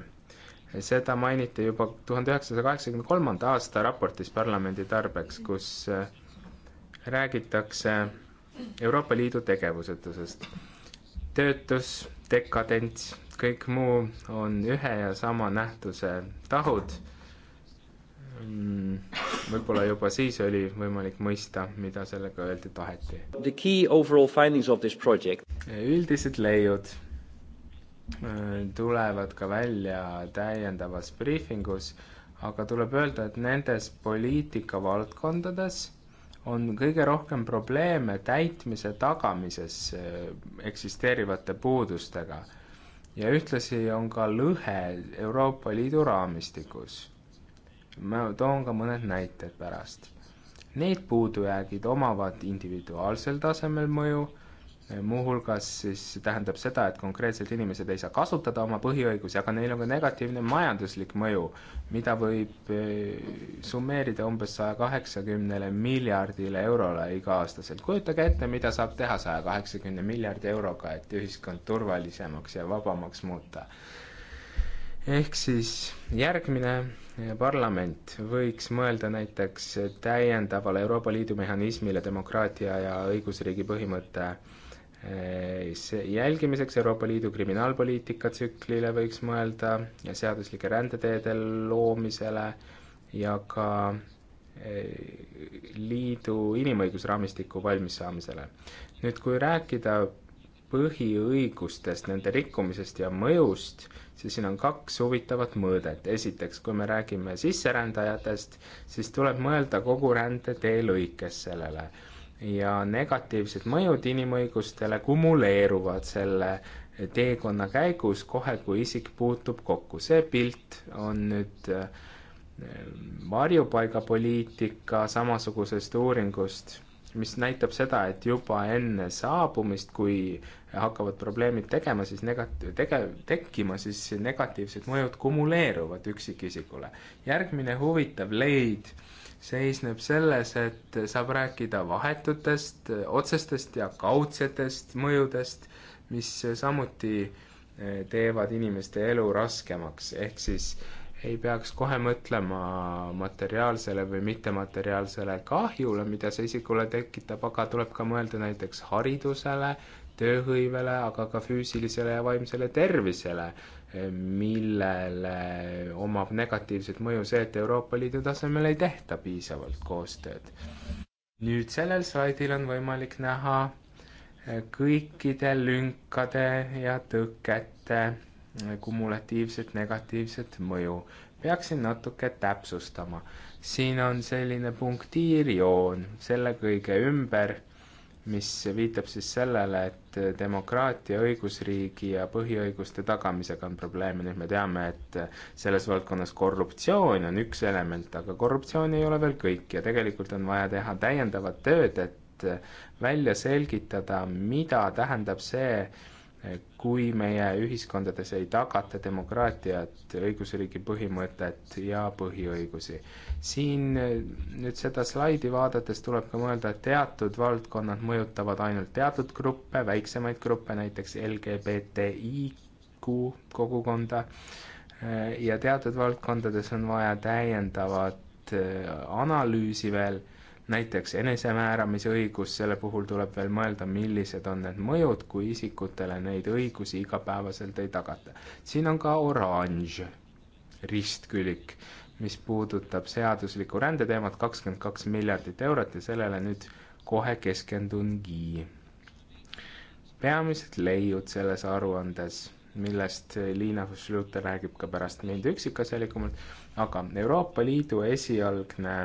seda mainiti juba tuhande üheksasaja kaheksakümne kolmanda aasta raportis parlamendi tarbeks, kus eh, räägitakse Euroopa Liidu tegevusetusest. töötus, dekadents, kõik muu on ühe ja sama nähtuse tahud. Mm, võib-olla juba siis oli võimalik mõista, mida sellega öeldi taheti. The key overall findings of this project. üldised leiud äh, tulevad ka välja täiendavas briifingus, aga tuleb öelda, et nendes poliitikavaldkondades on kõige rohkem probleeme täitmise tagamises äh, eksisteerivate puudustega ja ühtlasi on ka lõhe Euroopa Liidu raamistikus. ma toon ka mõned näited pärast. Need puudujäägid omavad individuaalsel tasemel mõju muuhulgas siis tähendab seda, et konkreetselt inimesed ei saa kasutada oma põhiõigusi, aga neil on ka negatiivne majanduslik mõju, mida võib eh, summeerida umbes saja kaheksakümnele miljardile eurole iga-aastaselt. kujutage ette, mida saab teha saja kaheksakümne miljardi euroga, et ühiskond turvalisemaks ja vabamaks muuta. ehk siis järgmine eh, parlament võiks mõelda näiteks täiendavale Euroopa Liidu mehhanismile demokraatia ja õigusriigi põhimõtte jälgimiseks Euroopa Liidu kriminaalpoliitika tsüklile võiks mõelda ja seaduslike rändeteede loomisele ja ka liidu inimõigusraamistiku valmissaamisele. nüüd, kui rääkida põhiõigustest, nende rikkumisest ja mõjust, siis siin on kaks huvitavat mõõdet. esiteks, kui me räägime sisserändajatest, siis tuleb mõelda kogu rändetee lõikes sellele ja negatiivsed mõjud inimõigustele kumuleeruvad selle teekonna käigus kohe, kui isik puutub kokku. see pilt on nüüd eh, varjupaigapoliitika samasugusest uuringust, mis näitab seda, et juba enne saabumist, kui hakkavad probleemid tegema, siis negat-, tege-, tekkima, siis negatiivsed mõjud kumuleeruvad üksikisikule. järgmine huvitav leid äh, seisneb selles, et saab rääkida vahetutest, otsestest ja kaudsetest mõjudest, mis samuti eh, teevad inimeste elu raskemaks, ehk siis ei peaks kohe mõtlema materiaalsele või mittemateriaalsele kahjule, mida see isikule tekitab, aga tuleb ka mõelda näiteks haridusele, tööhõivele, aga ka füüsilisele ja vaimsele tervisele, millele omab negatiivset mõju see, et Euroopa Liidu tasemel ei tehta piisavalt koostööd. nüüd sellel slaidil on võimalik näha eh, kõikide lünkade ja tõkete eh, kumulatiivset negatiivset mõju. peaksin natuke täpsustama. siin on selline punktiirjoon, selle kõige ümber mis viitab siis sellele, et demokraatia, õigusriigi ja põhiõiguste tagamisega on probleeme, nüüd me teame, et selles valdkonnas korruptsioon on üks element, aga korruptsioon ei ole veel kõik ja tegelikult on vaja teha täiendavat tööd, et välja selgitada, mida tähendab see, kui meie ühiskondades ei tagata demokraatiat, õigusriigi põhimõtet ja põhiõigusi. siin nüüd seda slaidi vaadates tuleb ka mõelda, et teatud valdkonnad mõjutavad ainult teatud gruppe, väiksemaid gruppe, näiteks LGBTIQ kogukonda, ja teatud valdkondades on vaja täiendavat eh, analüüsi veel näiteks enesemääramise õigus, selle puhul tuleb veel mõelda, millised on need mõjud, kui isikutele neid õigusi igapäevaselt ei tagata. siin on ka oranž ristkülik, mis puudutab seaduslikku rändeteemat, kakskümmend kaks miljardit eurot ja sellele nüüd kohe keskendungi. peamised leiud selles aruandes millest Liina Schlüter räägib ka pärast mind üksikasjalikumalt, aga Euroopa Liidu esialgne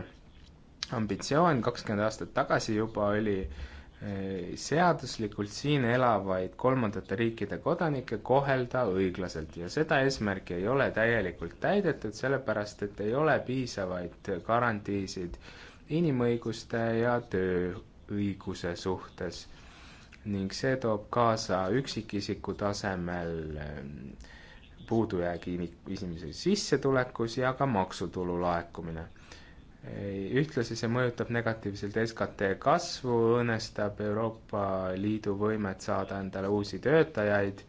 ambitsioon kakskümmend aastat tagasi juba oli eh, seaduslikult siin elavaid kolmandate riikide kodanikke kohelda õiglaselt ja seda eesmärki ei ole täielikult täidetud, sellepärast et ei ole piisavaid garantiisid inimõiguste ja tööõiguse suhtes. ning see toob kaasa üksikisiku tasemel ehm, puudujäägi inimese sissetulekus ja ka maksutulu laekumine ühtlasi see mõjutab negatiivselt SKT kasvu, õõnestab Euroopa Liidu võimet saada endale uusi töötajaid.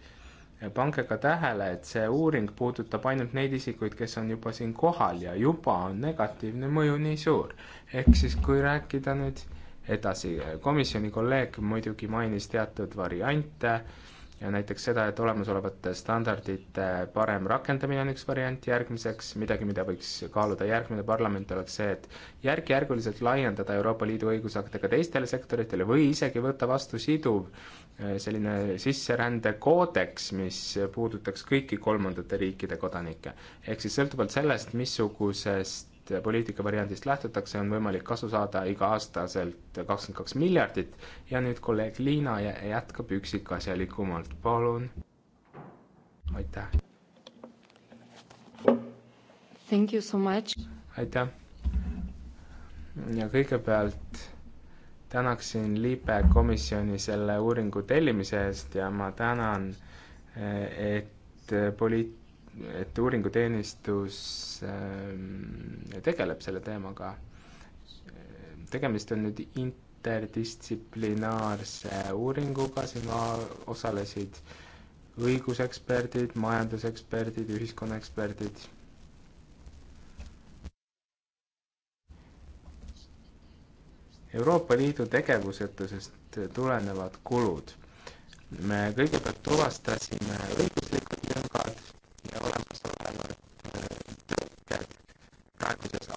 pange ka tähele, et see uuring puudutab ainult neid isikuid, kes on juba siin kohal ja juba on negatiivne mõju nii suur. ehk siis, kui rääkida nüüd edasi, komisjoni kolleeg muidugi mainis teatud variante äh,, ja näiteks seda, et olemasolevate standardite parem rakendamine on üks variant, järgmiseks midagi, mida võiks kaaluda järgmine parlament, oleks see, et järk-järguliselt laiendada Euroopa Liidu õigusakte ka teistele sektoritele või isegi võtta vastu siduv eh, selline sisserändekoodeks, mis puudutaks kõiki kolmandate riikide kodanikke. ehk siis sõltuvalt sellest, missugusest millisest poliitikavariandist lähtutakse, on võimalik kasu saada iga-aastaselt kakskümmend kaks miljardit ja nüüd kolleeg Liina jätkab üksikasjalikumalt, palun. aitäh. Thank you so much. aitäh. ja kõigepealt tänaksin Liibe komisjoni selle uuringu tellimise eest ja ma tänan, eh, et poliit-, et uuringuteenistus ähm, tegeleb selle teemaga. tegemist on nüüd interdistsiplinaarse uuringuga, siin osalesid õiguseksperdid, majanduseksperdid, ühiskonnaeksperdid. Euroopa Liidu tegevusetusest tulenevad kulud. me kõigepealt tuvastasime õiguslikud lüngad, olemas, aga äh, äh, praeguses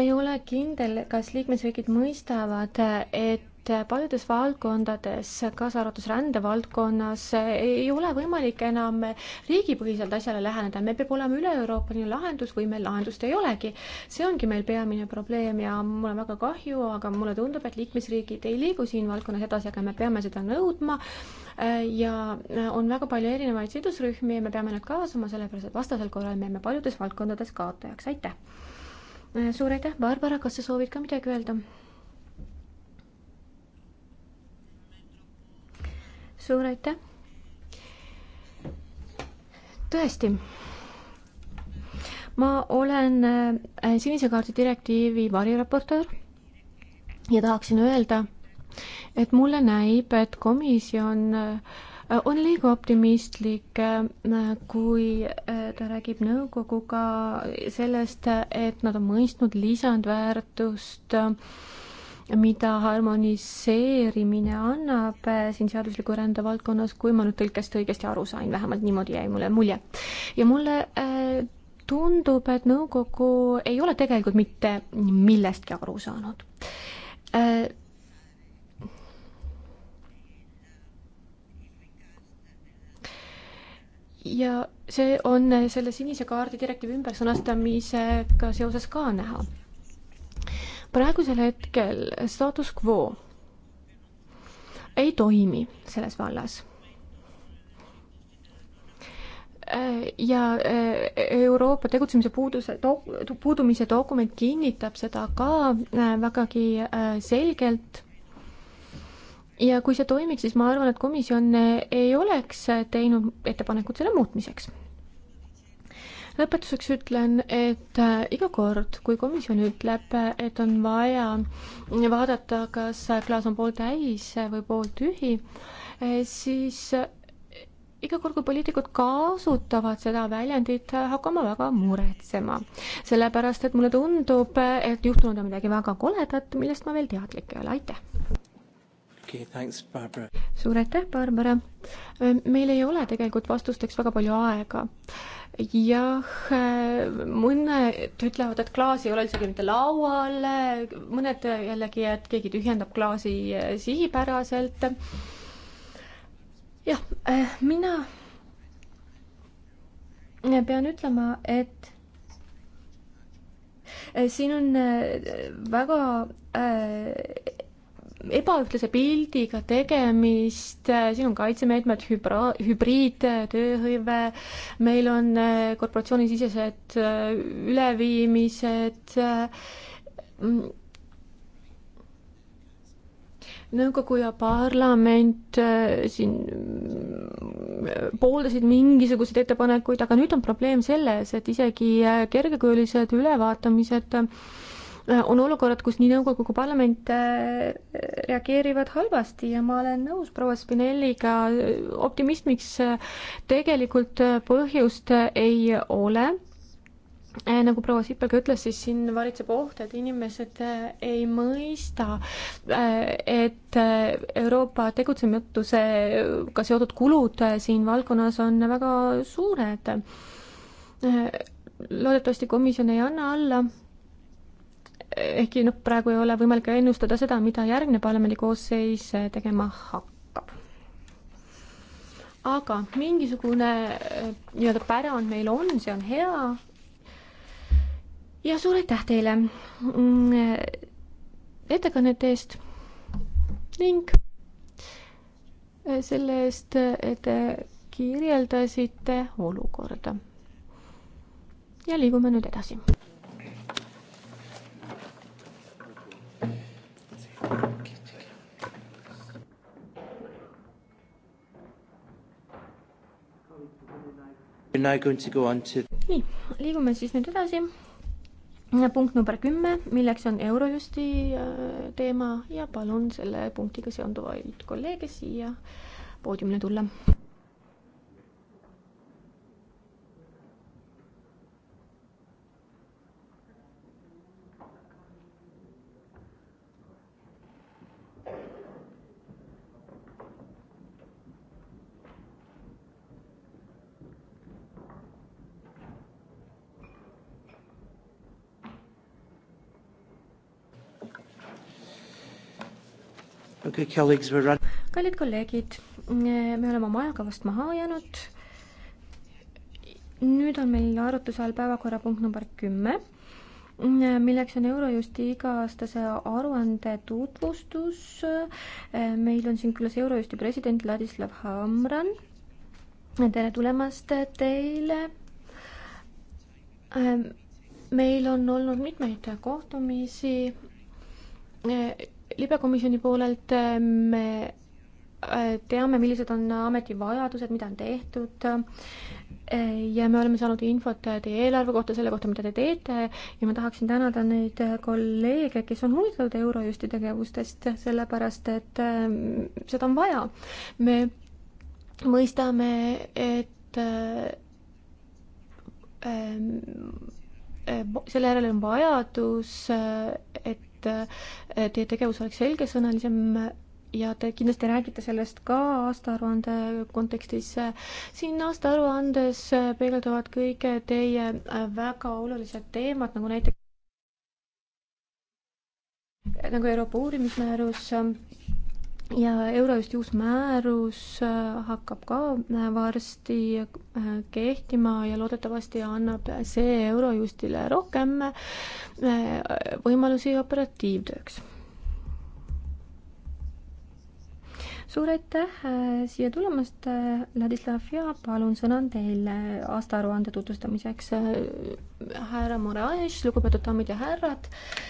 ei ole kindel, kas liikmesriigid mõistavad, et paljudes valdkondades, kaasa arvatud rändevaldkonnas, ei ole võimalik enam riigipõhiselt asjale läheneda, meil peab olema üle-euroopaline lahendus või meil lahendust ei olegi. see ongi meil peamine probleem ja mul on väga kahju, aga mulle tundub, et liikmesriigid ei liigu siin valdkonnas edasi, aga me peame seda nõudma ja on väga palju erinevaid sidusrühmi ja me peame nad kaasama, sellepärast et vastasel korral me jääme paljudes valdkondades kaotajaks, aitäh! Eh, suur aitäh, Barbara, kas sa soovid ka midagi öelda? suur aitäh. tõesti, ma olen eh, sinise kaardi direktiivi variraportöör ja tahaksin öelda, et mulle näib, et komisjon äh, Äh, on liiga optimistlik, äh, kui äh, ta räägib nõukoguga sellest, et nad on mõistnud lisandväärtust, mida harmoniseerimine annab siin seadusliku rände valdkonnas, kui ma nüüd tõlkest õigesti aru sain, vähemalt niimoodi jäi mulle mulje. ja mulle tundub, et nõukogu ei ole tegelikult mitte millestki aru saanud ja see on selle sinise kaardi direktiivi ümbersõnastamisega seoses ka näha. praegusel hetkel status quo ei toimi selles vallas. ja äh, Euroopa tegutsemise puuduse dok-, puudumise dokument kinnitab seda ka äh, vägagi äh, selgelt ja kui see toimiks, siis ma arvan, et komisjon eh, ei oleks eh, teinud ettepanekut selle muutmiseks. lõpetuseks ütlen, et eh, iga kord, kui komisjon ütleb, et on vaja vaadata, kas klaas on pooltäis või pooltühi, siis iga kord, kui poliitikud kasutavad seda väljendit, hakkan ma väga muretsema. sellepärast, et mulle tundub, et juhtunud on midagi väga koledat, millest ma veel teadlik ei ole, aitäh! okay,. suur aitäh, Barbara. Äh, meil ei ole tegelikult vastusteks väga palju aega. jah, äh, mõned ütlevad, et klaas ei ole isegi mitte laual, mõned jällegi, et keegi tühjendab klaasi äh, sihipäraselt. jah, mina pean ütlema, et siin on väga äh, ebaühtlase pildiga tegemist, siin on kaitsemeetmed, hübra-, hübriid, tööhõive, meil on eh, korporatsioonisisesed eh, üleviimised, mm. nõukogu ja parlament eh, siin mm, pooldasid mingisuguseid ettepanekuid, aga nüüd on probleem selles, et isegi kergekujulised ülevaatamised äh, Äh, on olukorrad, kus nii nõukogu kui parlament äh, reageerivad halvasti ja ma olen nõus proua Spinelliga, optimismiks äh, tegelikult põhjust ei ole nagu proua Sippel ka ütles, siis siin valitseb oht, et inimesed ei mõista, et Euroopa tegutsemisega seotud kulud siin valdkonnas on väga suured. loodetavasti komisjon ei anna alla ehkki noh, praegu ei ole võimalik ennustada seda, mida järgmine parlamendikoosseis äh, tegema hakkab. aga mingisugune äh, nii-öelda pärand meil on, see on hea. ja suur aitäh teile mm, äh, ettekannete eest ning selle eest, et te kirjeldasite olukorda. ja liigume nüüd edasi nii, liigume siis nüüd edasi. punkt number kümme, milleks on Eurojusti äh, teema ja palun selle punktiga seonduvaid kolleege siia poodiumile tulla. okay,. kallid kolleegid, me oleme oma ajakavast maha jäänud. nüüd on meil arutluse all päevakorrapunkt number kümme, milleks on Eurojusti iga-aastase aruande tutvustus. meil on siin külas Eurojusti president Ladislav Hamran. tere tulemast teile meil on olnud mitmeid kohtumisi libekomisjoni poolelt äh, me äh, teame, millised on ameti vajadused, mida on tehtud äh, ja me oleme saanud infot teie eelarve kohta, selle kohta, mida te teete ja ma tahaksin tänada neid kolleege, kes on huvitatud Eurojusti tegevustest, sellepärast et seda on vaja. me mõistame, et selle järele on vajadus, et et teie tegevus oleks selgesõnalisem ja te kindlasti räägite sellest ka aastaaruande kontekstis. siin aastaaruandes peegelduvad kõik teie äh, väga olulised teemad, nagu näiteks nagu Euroopa uurimismäärus ja Eurojust uus määrus äh, hakkab ka äh, varsti äh, kehtima ja loodetavasti annab see Eurojustile rohkem võimalusi operatiivtööks suur aitäh äh, siia tulemast, äh, Ladislav ja palun, sõna on teil äh, aastaaruande tutvustamiseks. härra Moraes, lugupeetud daamid ja härrad,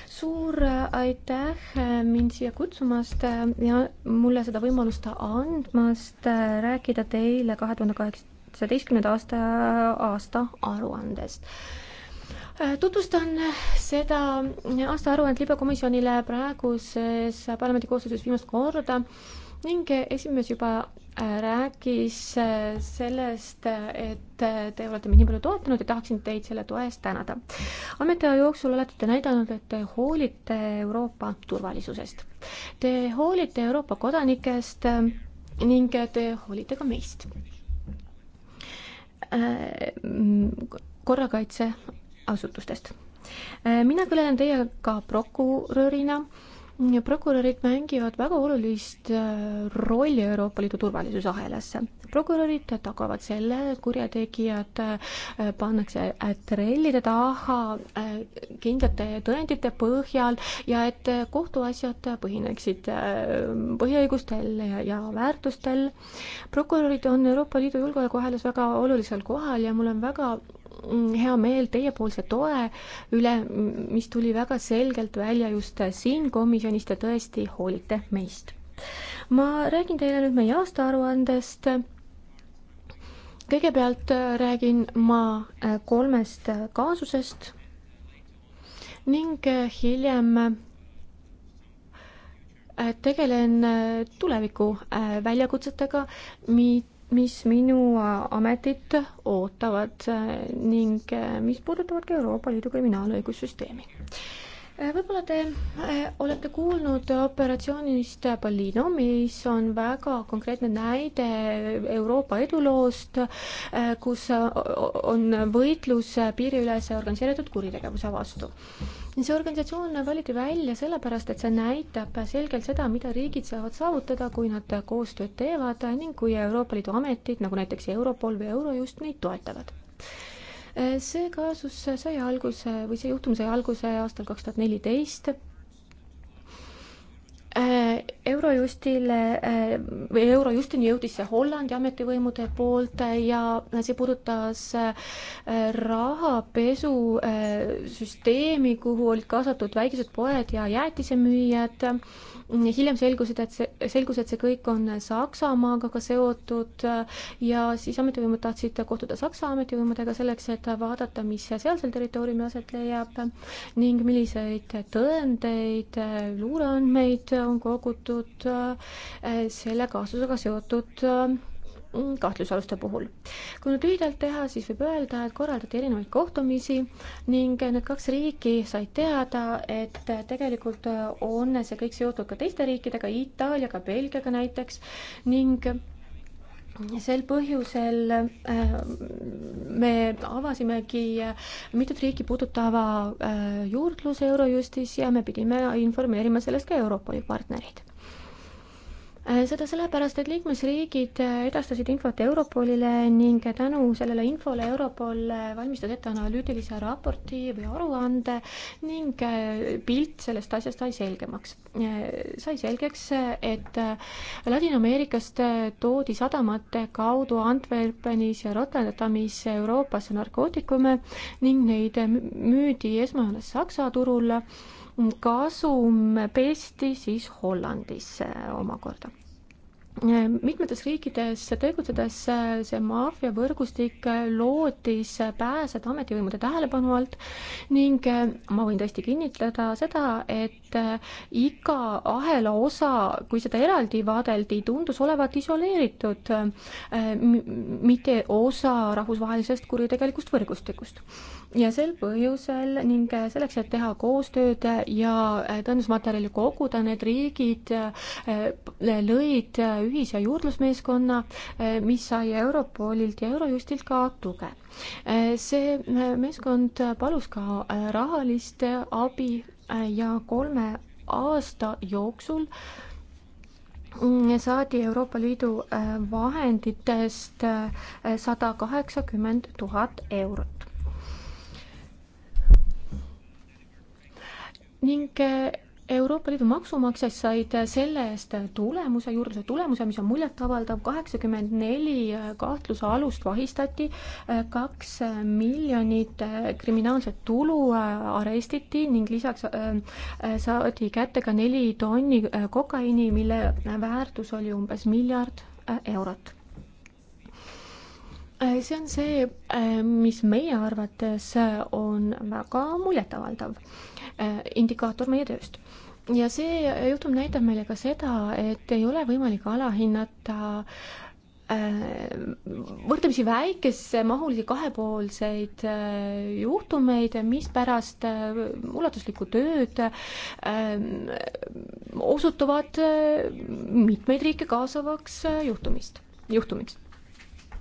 suur aitäh mind siia kutsumast ja mulle seda võimalust andmast rääkida teile kahe tuhande kaheksateistkümnenda aasta aastaaruandest tutvustan seda aastaaruannet libekomisjonile praeguses parlamendi koosseisus viimast korda ning esimees juba äh, rääkis äh, sellest, et äh, te olete mind nii palju toetanud ja tahaksin teid selle toe eest tänada. ametiaja jooksul olete te näidanud, et te hoolite Euroopa turvalisusest. Te hoolite Euroopa kodanikest ning te hoolite ka meist. Mm, korrakaitseasutustest. mina kõnelen teiega prokurörina prokurörid mängivad väga olulist äh, rolli Euroopa Liidu turvalisuse ahelas. prokurörid tagavad selle, et kurjategijad äh, pannakse äh, trellide taha kindlate tõendite põhjal ja et kohtuasjad põhineksid põhiõigustel ja väärtustel. prokurörid on Euroopa Liidu julgeolekuahelas väga olulisel kohal ja mul on väga Mm, hea meel teiepoolse toe üle, mm, mis tuli väga selgelt välja just siin komisjonis, te tõesti hoolite meist. ma räägin teile nüüd meie aastaaruandest. kõigepealt räägin ma äh, kolmest kaasusest ning äh, hiljem äh, tegelen tuleviku väljakutsetega, mida mis minu äh, ametit ootavad äh, ning äh, mis puudutavad ka Euroopa Liidu kriminaalõigussüsteemi. võib-olla te olete kuulnud operatsioonist Ballino, mis on väga konkreetne näide Euroopa eduloost, kus on võitlus piiriülese organiseeritud kuritegevuse vastu see organisatsioon valiti välja sellepärast, et see näitab selgelt seda, mida riigid saavad saavutada, kui nad koostööd teevad ning kui Euroopa Liidu ametid, nagu näiteks Europol või Eurojust, neid toetavad. see kaasus sai alguse või see juhtum sai alguse aastal kaks tuhat neliteist Äh, Eurojustile äh, või Eurojustini jõudis see Hollandi ametivõimude poolt äh, ja see puudutas rahapesusüsteemi, kuhu olid kaasatud väikesed poed ja jäätisemüüjad hiljem selgusid, et see, selgus, et see kõik on Saksamaaga ka seotud äh, ja siis ametivõimud tahtsid kohtuda Saksa ametivõimudega selleks, et vaadata, mis sealsel territooriumil aset leiab ning milliseid tõendeid, äh, luureandmeid on kogutud äh, selle kaasusega seotud Mm, kahtlusaluste puhul. kui nüüd lühidalt teha, siis võib öelda, et korraldati erinevaid kohtumisi ning need kaks riiki said teada, et tegelikult on see kõik seotud ka teiste riikidega, Itaaliaga, Belgiaga näiteks ning sel põhjusel äh, me avasimegi mitut riiki puudutava äh, juurdluse Eurojustis ja me pidime informeerima sellest ka Euroopa partnerid Äh, seda sellepärast, et liikmesriigid äh, edastasid infot Europolile ning tänu sellele infole Europol äh, valmistas ette analüütilise raporti või aruande ning pilt sellest asjast sai selgemaks. sai selgeks, et Ladina-Ameerikast toodi sadamate kaudu Antwerpenis ja Rotterdamis Euroopasse narkootikume ning neid müüdi esmajoones Saksa turul kasum pesti siis Hollandisse omakorda mitmetes riikides tegutsedes see maffiavõrgustik lootis pääsed ametivõimude tähelepanu alt ning ma võin tõesti kinnitada seda, et iga ahela osa, kui seda eraldi vaadeldi, tundus olevat isoleeritud, mitte osa rahvusvahelisest kuritegelikust võrgustikust ja sel põhjusel ning selleks, et teha koostööd ja tõendusmaterjali koguda, need riigid eh, lõid ühise juurdlusmeeskonna, eh, mis sai Europolilt ja Eurojustilt ka tuge. Eh, see eh, meeskond palus ka rahalist abi ja kolme aasta jooksul mm, saadi Euroopa Liidu vahenditest sada kaheksakümmend tuhat eurot. ning Euroopa Liidu maksumaksjad said selle eest tulemuse, juurdluse tulemuse, mis on muljetavaldav, kaheksakümmend neli kahtluse alust vahistati, kaks miljonit kriminaalset tulu arestiti ning lisaks äh, saadi kätte ka neli tonni kokaiini, mille väärtus oli umbes miljard äh, eurot äh, see on see, mis meie arvates on väga muljetavaldav indikaator meie tööst. ja see juhtum näitab meile ka seda, et ei ole võimalik alahinnata äh, võrdlemisi väikesemahulisi kahepoolseid äh, juhtumeid, mispärast äh, ulatuslikku tööd osutuvad mitmeid riike kaasavaks juhtumist, juhtumiks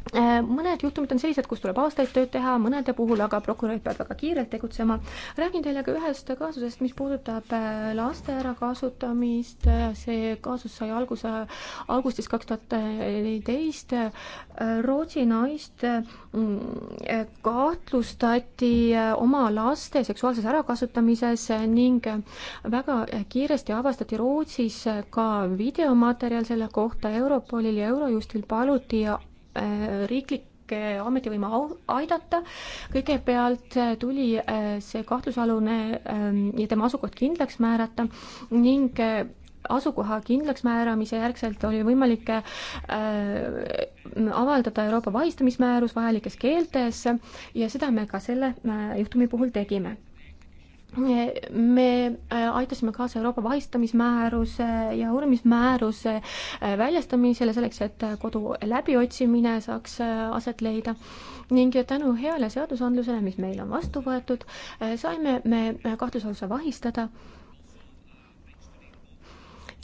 Äh, mõned juhtumid on sellised, kus tuleb aastaid tööd teha, mõnede puhul aga prokurörid peavad väga kiirelt tegutsema. räägin teile ka ühest kaasusest, mis puudutab äh, laste ärakasutamist. Äh, see kaasus sai alguse augustis kaks tuhat neliteist. Rootsi naist kahtlustati oma laste seksuaalses ärakasutamises ning väga kiiresti avastati Rootsis ka videomaterjal selle kohta. Europolil ja Eurojustil paluti Äh, riiklikke ametivõime aidata. kõigepealt äh, tuli äh, see kahtlusalune ähm, ja tema asukoht kindlaks määrata ning asukoha kindlaksmääramise järgselt oli võimalik äh, avaldada Euroopa vahistamismäärus vajalikes keeltes ja seda me ka selle äh, juhtumi puhul tegime me äh, aitasime kaasa Euroopa vahistamismääruse ja uurimismääruse äh, väljastamisele selleks, et äh, kodu läbiotsimine saaks aset leida ning tänu heale seadusandlusele, mis meil on vastu võetud, saime me kahtlusaluse vahistada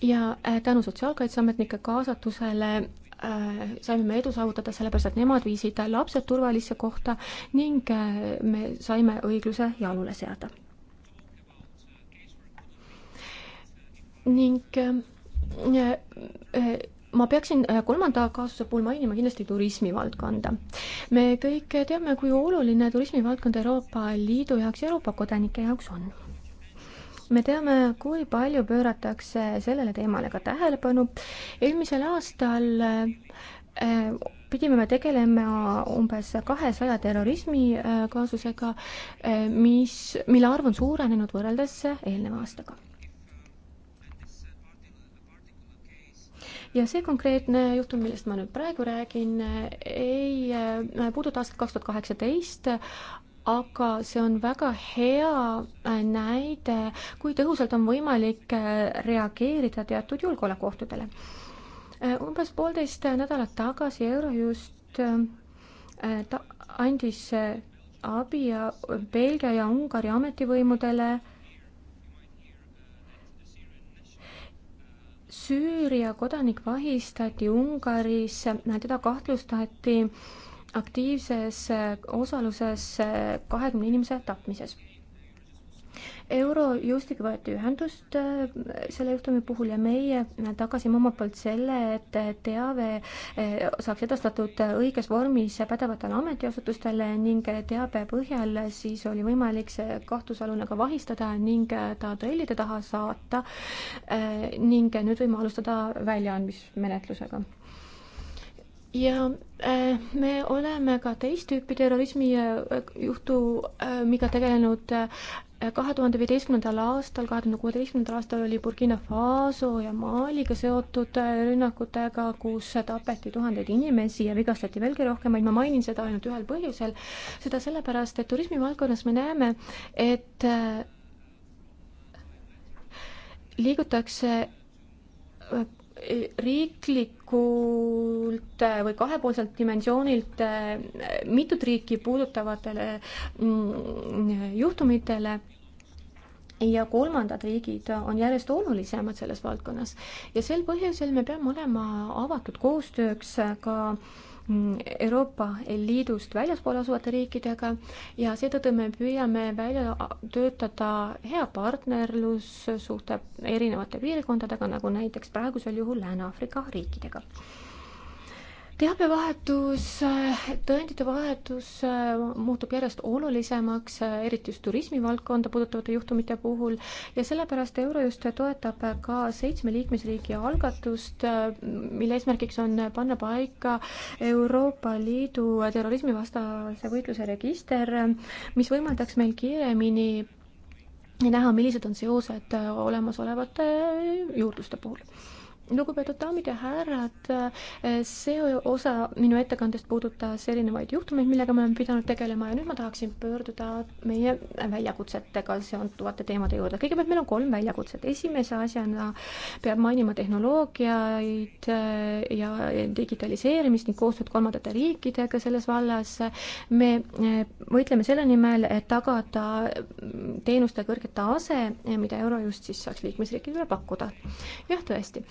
ja tänu sotsiaalkaitseametnike kaasatusele saime me edu saavutada, sellepärast et nemad viisid lapsed turvalisse kohta ning me saime õigluse jalule seada ning äh, äh, äh, ma peaksin kolmanda kaasuse puhul mainima kindlasti turismivaldkonda. me kõik teame, kui oluline turismivaldkond Euroopa Liidu jaoks, Euroopa kodanike jaoks on me teame, kui palju pööratakse sellele teemale ka tähelepanu. eelmisel aastal äh, pidime me tegelema umbes kahesaja terrorismi äh, kaasusega äh,, mis, mille arv on suurenenud võrreldes eelneva aastaga ja see konkreetne juhtum, millest ma nüüd praegu räägin, ei äh, puuduta aastat kaks tuhat kaheksateist, aga see on väga hea äh, näide, kui tõhusalt on võimalik äh, reageerida teatud julgeolekuohtudele. umbes poolteist nädalat tagasi Eurojust ta andis abi ja Belgia ja Ungari ametivõimudele Süüria kodanik vahistati Ungaris, teda kahtlustati aktiivses osaluses kahekümne inimese tapmises euro jõustik võeti ühendust äh, selle juhtumi puhul ja meie tagasime omalt poolt selle, et teave äh, saaks edastatud õiges vormis pädevatele ametiasutustele ning teabe põhjal siis oli võimalik see kahtlusalune ka vahistada ning ta trellide taha saata. Äh, ning nüüd võime alustada väljaandmismenetlusega ja me oleme ka teist tüüpi terrorismi juhtumiga tegelenud kahe tuhande viieteistkümnendal aastal, kahe tuhande kuueteistkümnendal aastal oli Burkina Faso ja Maliga seotud äh, rünnakutega, kus tapeti tuhandeid inimesi ja vigastati veelgi rohkemaid, ma mainin seda ainult ühel põhjusel, seda sellepärast, et turismivaldkonnas me näeme, et äh, liigutakse äh, riiklikult või kahepoolselt dimensioonilt eh, mitut riiki puudutavatele mm, juhtumitele ja kolmandad riigid on järjest olulisemad selles valdkonnas. ja sel põhjusel me peame olema avatud koostööks ka äh, Mm, Euroopa Liidust väljaspool asuvate riikidega ja seetõttu me püüame välja töötada hea partnerlussuhte erinevate piirkondadega, nagu näiteks praegusel juhul Lääne-Aafrika riikidega teabevahetus, tõendite vahetus äh, muutub järjest olulisemaks, äh, eriti just turismivaldkonda puudutavate juhtumite puhul ja sellepärast Eurojust toetab ka seitsme liikmesriigi algatust, äh, mille eesmärgiks on panna paika Euroopa Liidu terrorismivastase võitluse register, mis võimaldaks meil kiiremini näha, millised on seosed olemasolevate juurdluste puhul lugupeetud daamid ja härrad, see osa minu ettekandest puudutas erinevaid juhtumeid, millega me oleme pidanud tegelema ja nüüd ma tahaksin pöörduda meie väljakutsetega seonduvate teemade juurde. kõigepealt meil on kolm väljakutset. esimese asjana peab mainima tehnoloogiaid äh, ja digitaliseerimist ning koostööd kolmandate riikidega selles vallas. me äh, võitleme selle nimel, et tagada teenuste kõrge tase, mida Eurojust siis saaks liikmesriikidele pakkuda. jah, tõesti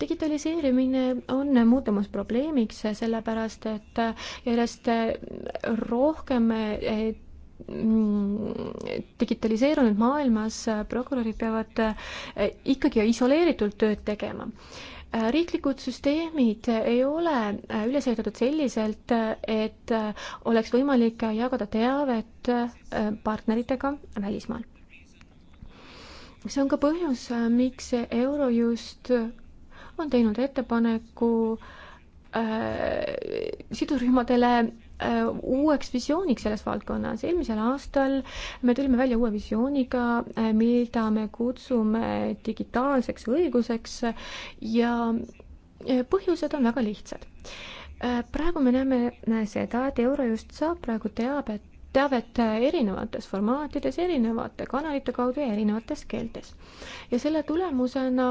digitaliseerimine on muutumas probleemiks, sellepärast et järjest rohkem mm, digitaliseerunud maailmas prokurörid peavad eh, ikkagi isoleeritult tööd tegema eh, riiklikud süsteemid ei ole eh, üles ehitatud selliselt, et oleks võimalik jagada teavet partneritega välismaal. see on ka põhjus, miks Eurojust on teinud ettepaneku äh, sidusrühmadele äh, uueks visiooniks selles valdkonnas. eelmisel aastal me tulime välja uue visiooniga äh,, mida me kutsume digitaalseks õiguseks ja äh, põhjused on väga lihtsad äh,. praegu me näeme seda, et Eurojust saab praegu teabet teavet äh, erinevates formaatides, erinevate kanalite kaudu ja erinevates keeltes. ja selle tulemusena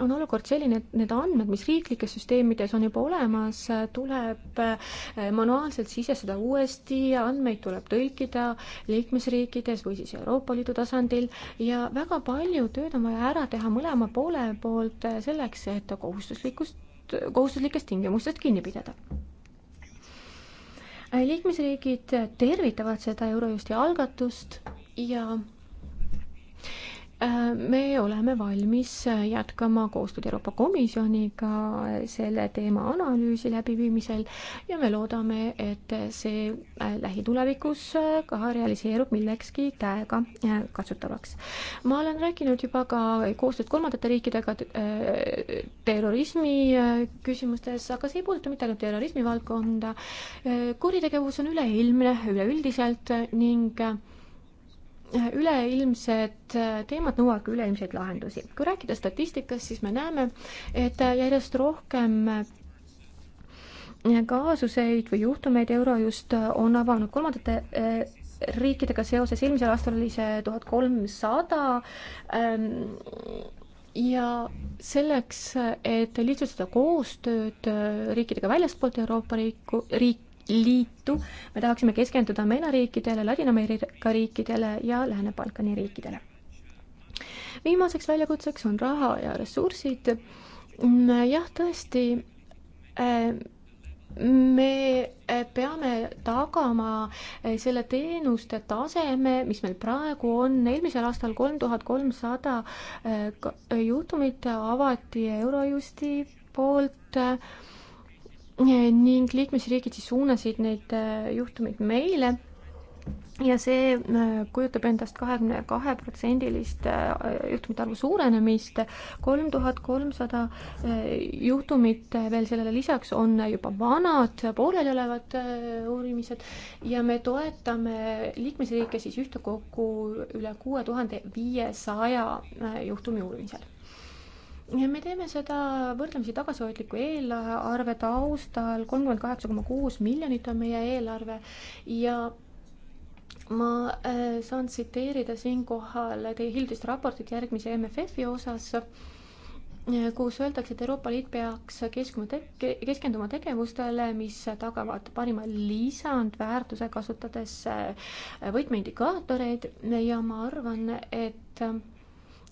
on olukord selline, et need andmed, mis riiklikes süsteemides on juba olemas, tuleb eh, manuaalselt sisestada uuesti, andmeid tuleb tõlkida liikmesriikides või siis Euroopa Liidu tasandil ja väga palju tööd on vaja ära teha mõlema poole poolt eh, selleks, et kohustuslikust, kohustuslikest tingimustest kinni pidada liikmesriigid tervitavad seda Eurojusti algatust ja me oleme valmis jätkama koostööd Euroopa Komisjoniga selle teema analüüsi läbiviimisel ja me loodame, et see lähitulevikus ka realiseerub millekski käega katsutavaks. ma olen rääkinud juba ka koostööd kolmandate riikidega äh, terrorismi äh, küsimustes, aga see ei puuduta mitte ainult terrorismi valdkonda, äh, kuritegevus on üleilmne üleüldiselt ning üleilmsed äh, teemad nõuavad ka üleilmseid lahendusi. kui rääkida statistikast, siis me näeme, et äh, järjest rohkem äh, kaasuseid või juhtumeid Eurojust on avanud kolmandate riikidega seoses, eelmisel aastal oli see tuhat kolmsada ähm, ja selleks, et lihtsustada koostööd riikidega väljastpoolt Euroopa riiku, riik, liitu. me tahaksime keskenduda MENA riikidele, Ladina-Ameerika riikidele ja Lääne-Balkani riikidele. viimaseks väljakutseks on raha ja ressursid. Mm, jah, tõesti, äh, me äh, peame tagama äh, selle teenuste taseme, mis meil praegu on, eelmisel aastal kolm tuhat kolmsada juhtumit avati Eurojusti poolt ning liikmesriigid siis suunasid neid äh, juhtumeid meile ja see äh, kujutab endast kahekümne kahe protsendilist äh, juhtumite arvu suurenemist, kolm tuhat kolmsada juhtumit veel sellele lisaks on juba vanad pooleliolevad uurimised ja me toetame liikmesriike siis ühtekokku üle kuue tuhande viiesaja juhtumi uurimisel me teeme seda võrdlemisi tagasihoidliku eelarve taustal, kolmkümmend kaheksa koma kuus miljonit on meie eelarve ja ma äh, saan tsiteerida siinkohal teie hiljutist raportit järgmise MFF-i osas äh, kus öeldakse, et Euroopa Liit peaks keskuma te-, keskenduma tegevustele, mis tagavad parima lisandväärtuse, kasutades äh, võtmeindikaatoreid ja ma arvan, et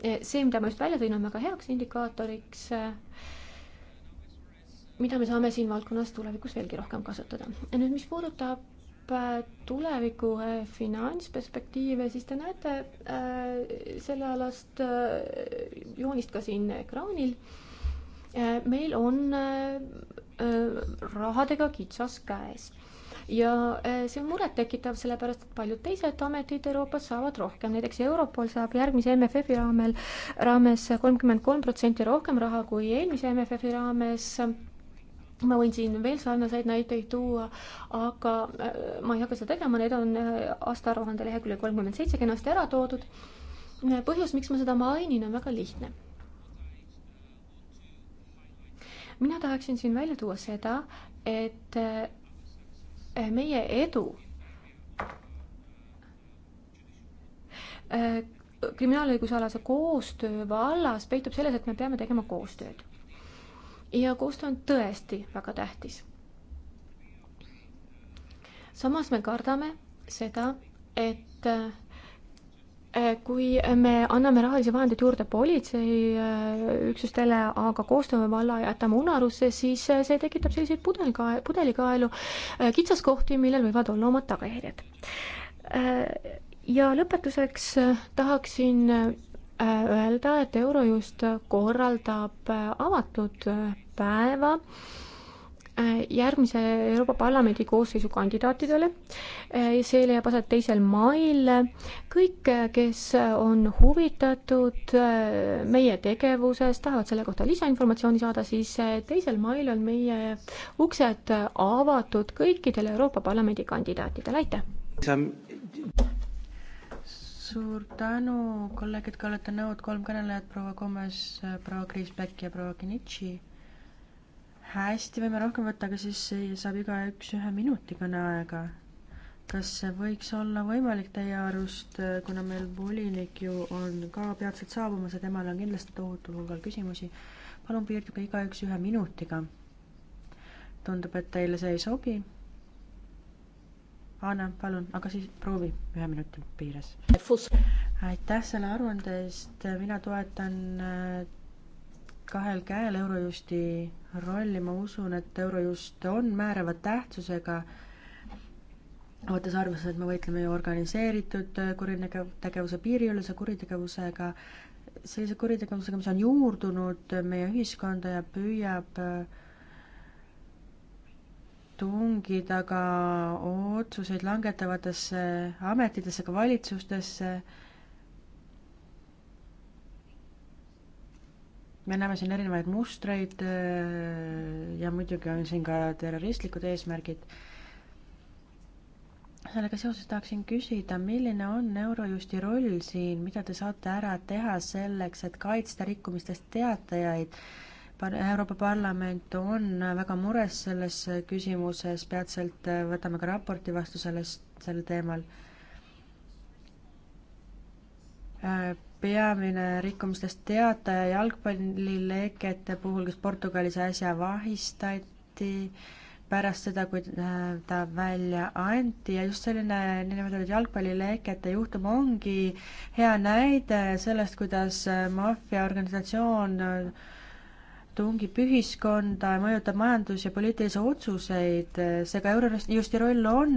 Eh, see, mida ma just välja tõin, on väga heaks indikaatoriks, eh, mida me saame siin valdkonnas tulevikus veelgi rohkem kasutada. ja nüüd, mis puudutab eh, tuleviku finantsperspektiive, siis te näete sellealast joonist ka siin ekraanil. meil on rahadega kitsas käes ja eh, see on murettekitav, sellepärast et paljud teised ametid Euroopas saavad rohkem, näiteks Europol saab järgmise MFF-i raamel, raames kolmkümmend kolm protsenti rohkem raha kui eelmise MFF-i raames ma võin siin veel sarnaseid näiteid tuua, aga eh, ma ei hakka seda tegema, need on eh, aastaaruande leheküljel kolmkümmend seitse kenasti ära toodud. põhjus, miks ma seda mainin, on väga lihtne. mina tahaksin siin välja tuua seda, et Eh, meie edu eh, kriminaalõigusalase koostöö vallas peitub selles, et me peame tegema koostööd. ja koostöö on tõesti väga tähtis. samas me kardame seda, et eh, Eh, kui me anname rahalisi vahendeid juurde politseiüksustele, eh, aga koostame valla ja jätame unarusse, siis eh, see tekitab selliseid pudelikae-, pudelikaelu, kitsaskohti, millel võivad olla omad tagajärjed. ja lõpetuseks tahaksin öelda, et Eurojust korraldab avatud päeva Äh, järgmise Euroopa Parlamendi koosseisu kandidaatidele. Äh, see leiab aset teisel mail. kõik, äh, kes on huvitatud meie tegevusest, tahavad selle kohta lisainformatsiooni saada, siis teisel mail on meie uksed avatud kõikidele Euroopa Parlamendi kandidaatidele, aitäh! suur tänu, kolleegid, kui olete nõud, kolm kõnelejat, proua Komes, proua Kriis Päkk ja proua Genitši hästi, võime rohkem võtta, aga siis saab igaüks ühe minuti kõneaega. kas see võiks olla võimalik teie arust, kuna meil volinik ju on ka peatselt saabumas ja temal on kindlasti tohutul hulgal küsimusi. palun piirduge igaüks ühe minutiga. tundub, et teile see ei sobi. Anna, palun, aga siis proovi ühe minuti piires. aitäh selle aruande eest, mina toetan äh, kahel käel Eurojusti rolli, ma usun, et Eurojust on määrava tähtsusega, võttes arvesse, et me võitleme ju organiseeritud äh, kuritegevuse, piiriülese kuritegevusega, sellise kuritegevusega, mis on juurdunud meie ühiskonda ja püüab äh, tungida ka otsuseid langetavatesse äh, ametitesse, ka valitsustesse me näeme siin erinevaid mustreid äh, ja muidugi on siin ka terroristlikud eesmärgid. sellega seoses tahaksin küsida, milline on Eurojusti roll siin, mida te saate ära teha selleks, et kaitsta rikkumistest teatajaid? Euroopa Parlament on väga mures selles küsimuses, peatselt äh, võtame ka raporti vastu sellest, sel teemal äh, peamine rikkumistest teataja jalgpallileekete puhul, kes Portugalis äsja vahistati pärast seda, kui ta välja anti ja just selline niinimetatud jalgpallileekete juhtum ongi hea näide sellest, kuidas maffiaorganisatsioon tungib ühiskonda ja mõjutab majandus- ja poliitilisi otsuseid, seega Eurojusti roll on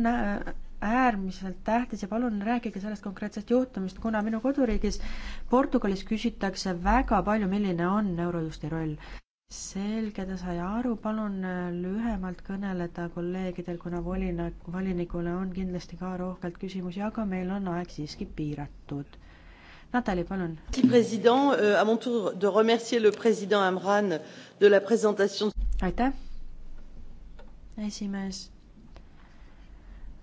äärmiselt tähtis ja palun rääkige sellest konkreetsest juhtumist, kuna minu koduriigis Portugalis küsitakse väga palju, milline on Eurojusti roll. selge, ta sai aru, palun äh, lühemalt kõneleda kolleegidel, kuna volinik, volinikule on kindlasti ka rohkelt küsimusi, aga meil on aeg siiski piiratud. Nathalie, palun. Euh, aitäh, esimees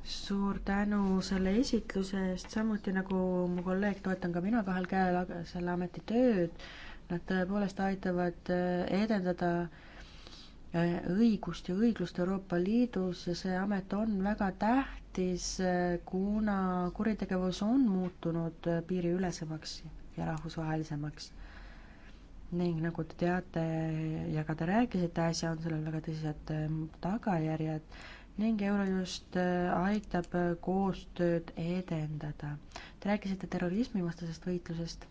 suur tänu selle esitluse eest, samuti nagu mu kolleeg, toetan ka mina kahel käel selle ameti tööd. Nad tõepoolest aitavad eh, edendada eh, õigust ja õiglust Euroopa Liidus ja see amet on väga tähtis, eh, kuna kuritegevus on muutunud piiriülesemaks ja rahvusvahelisemaks. ning nagu te teate ja ka te rääkisite äsja, on sellel väga tõsised tagajärjed ning Eurojust äh, aitab äh, koostööd edendada. Te rääkisite terrorismivastasest võitlusest.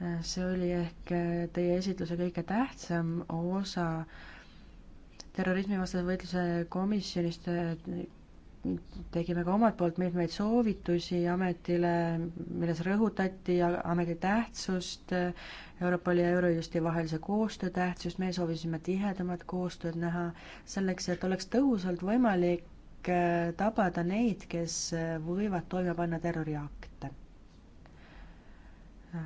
Äh, see oli ehk teie esitluse kõige tähtsam osa terrorismivastase võitluse komisjonist tegime ka omalt poolt mitmeid soovitusi ametile, milles rõhutati ameti tähtsust, Europoli ja Eurojusti vahelise koostöö tähtsust, meie soovisime tihedamat koostööd näha, selleks et oleks tõhusalt võimalik äh, tabada neid, kes äh, võivad toime panna terroriakte äh,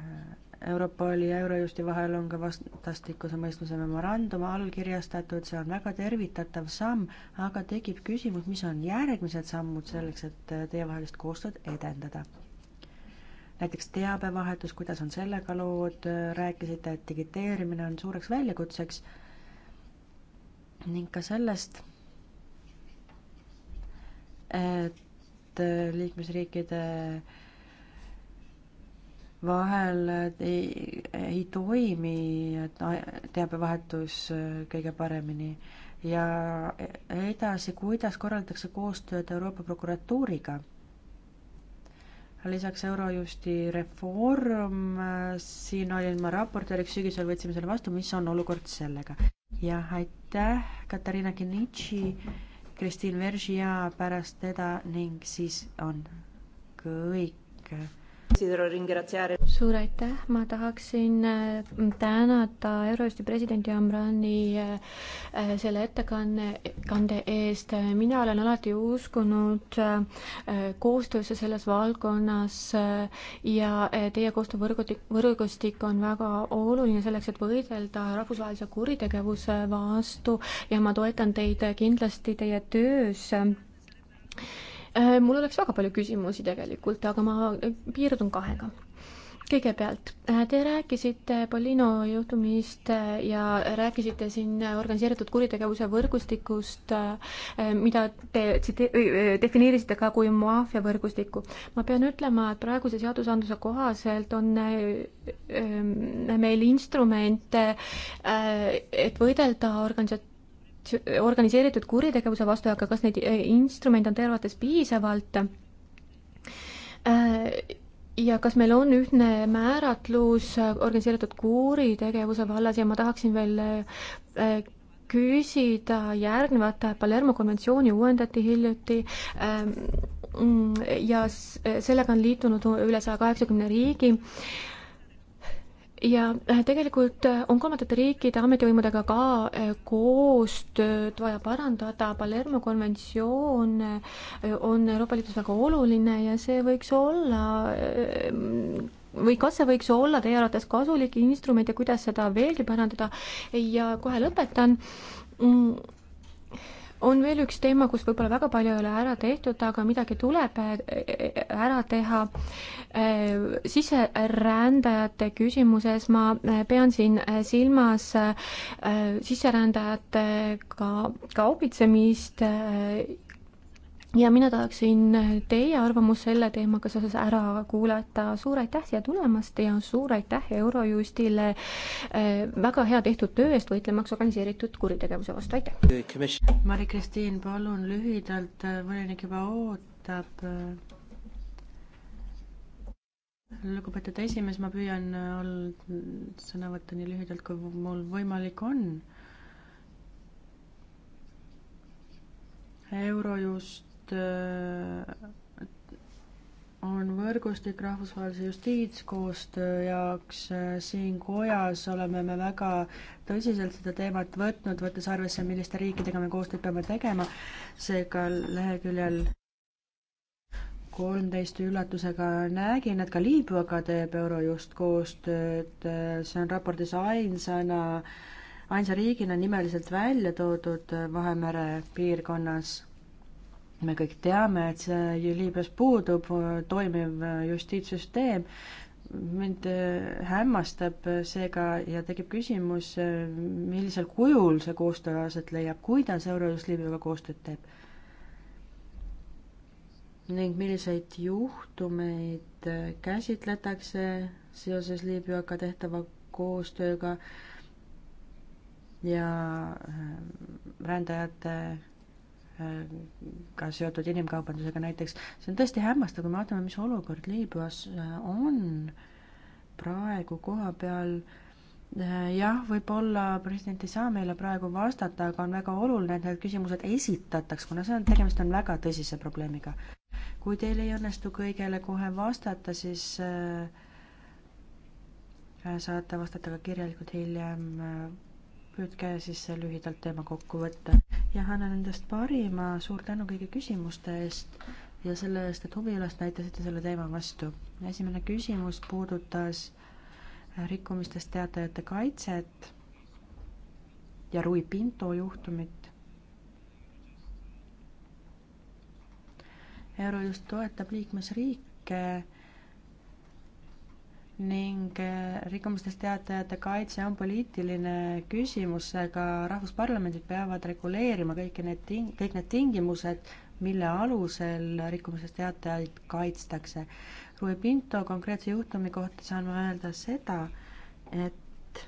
Europoli ja Eurojusti vahel on ka vastastikuse mõistmise memorandum allkirjastatud, see on väga tervitatav samm, aga tekib küsimus, mis on järgmised sammud selleks, et teievahelist koostööd edendada? näiteks teabevahetus, kuidas on sellega lood, rääkisite, et digiteerimine on suureks väljakutseks ning ka sellest, et liikmesriikide äh, vahel ei, ei toimi teabevahetus äh, kõige paremini ja edasi, kuidas korraldatakse koostööd Euroopa prokuratuuriga. lisaks Eurojusti reform, äh, siin olin ma raportööriks, sügisel võtsime selle vastu, mis on olukord sellega? jah, aitäh, Katariina Kinnitši, Kristiin Veržia pärast teda ning siis on kõik suur aitäh, ma tahaksin äh, tänada Eurosti presidenti Amrani äh, selle ettekanne, kande eest. mina olen alati uskunud äh, koostöösse selles valdkonnas ja teie koostöövõrgutik, võrgustik on väga oluline selleks, et võidelda rahvusvahelise kuritegevuse vastu ja ma toetan teid kindlasti teie töös Äh, mul oleks väga palju küsimusi tegelikult, aga ma äh, piirdun kahega. kõigepealt, äh, te rääkisite Polino juhtumist ja rääkisite siin organiseeritud kuritegevuse võrgustikust, mida te tsite-, defineerisite ka kui maffiavõrgustikku. ma pean ütlema, et praeguse seadusandluse kohaselt on meil instrumente, et võidelda organisa-, organiseeritud kuritegevuse vastu, aga kas neid eh, instrumente on teie arvates piisavalt? Äh, ja kas meil on ühtne määratlus äh, organiseeritud kuritegevuse vallas ja ma tahaksin veel äh, küsida järgnevat, Palermo konventsiooni uuendati hiljuti ähm, mm, ja sellega on liitunud üle saja kaheksakümne riigi ja äh, tegelikult äh, on kolmandate riikide ametivõimudega ka äh, koostööd vaja parandada, Palermo konventsioon on Euroopa Liidus väga oluline ja see võiks olla või kas see võiks olla teie arvates kasulik instrument ja kuidas seda veelgi parandada ja kohe lõpetan mm, on veel üks teema, kus võib-olla väga palju ei ole ära tehtud, aga midagi tuleb eh, eh, ära teha. Eh, siserändajate küsimuses ma pean siin silmas sisserändajatega ka kaubitsemist ja mina tahaksin teie arvamust selle teemaga seoses ära kuulata. suur aitäh siia tulemast ja suur aitäh Eurojustile äh, väga hea tehtud töö eest võitlemaks organiseeritud kuritegevuse vastu, aitäh! Mari-Kristiin, palun lühidalt, äh, volinik juba ootab. Äh. lugupeetud esimees, ma püüan sõna võtta nii lühidalt, kui mul võimalik on. Eurojust on võrgustik rahvusvahelise justiitskoostöö jaoks. Äh, siin kojas oleme me väga tõsiselt seda teemat võtnud, võttes arvesse, milliste riikidega me koostööd peame tegema. seega leheküljel kolmteist üllatusega nägin, et ka Liibüaga teeb Eurojust koostööd, see on raportis ainsana, ainsa riigina nimeliselt välja toodud Vahemere piirkonnas me kõik teame, et see Liibüas puudub toimiv justiitssüsteem. mind äh, hämmastab seega ja tekib küsimus, millisel kujul see koostöö aset leiab, kuidas Eurojust Liibüaga koostööd teeb? ning milliseid juhtumeid äh, käsitletakse seoses Liibüaga tehtava koostööga ja äh, rändajate ka seotud inimkaubandusega näiteks. see on tõesti hämmastav, kui me vaatame, mis olukord Liibüas äh, on praegu koha peal. Äh, jah, võib-olla president ei saa meile praegu vastata, aga on väga oluline, et need küsimused esitataks, kuna see on, tegemist on väga tõsise probleemiga. kui teil ei õnnestu kõigele kohe vastata, siis äh, saate vastata ka kirjalikult hiljem püüdke siis lühidalt teema kokku võtta. jah, annan endast parima, suur tänu kõigi küsimuste eest ja selle eest, et huvi üles näitasite selle teema vastu. esimene küsimus puudutas rikkumistest teatajate kaitset ja Rui Pinto juhtumit. Eurojust toetab liikmesriike ning äh, rikkumistest teatajate kaitse on poliitiline küsimus, seega rahvusparlamendid peavad reguleerima kõiki need ting-, kõik need tingimused, mille alusel rikkumisest teatajaid kaitstakse. Rui Pinto konkreetse juhtumi kohta saan ma öelda seda, et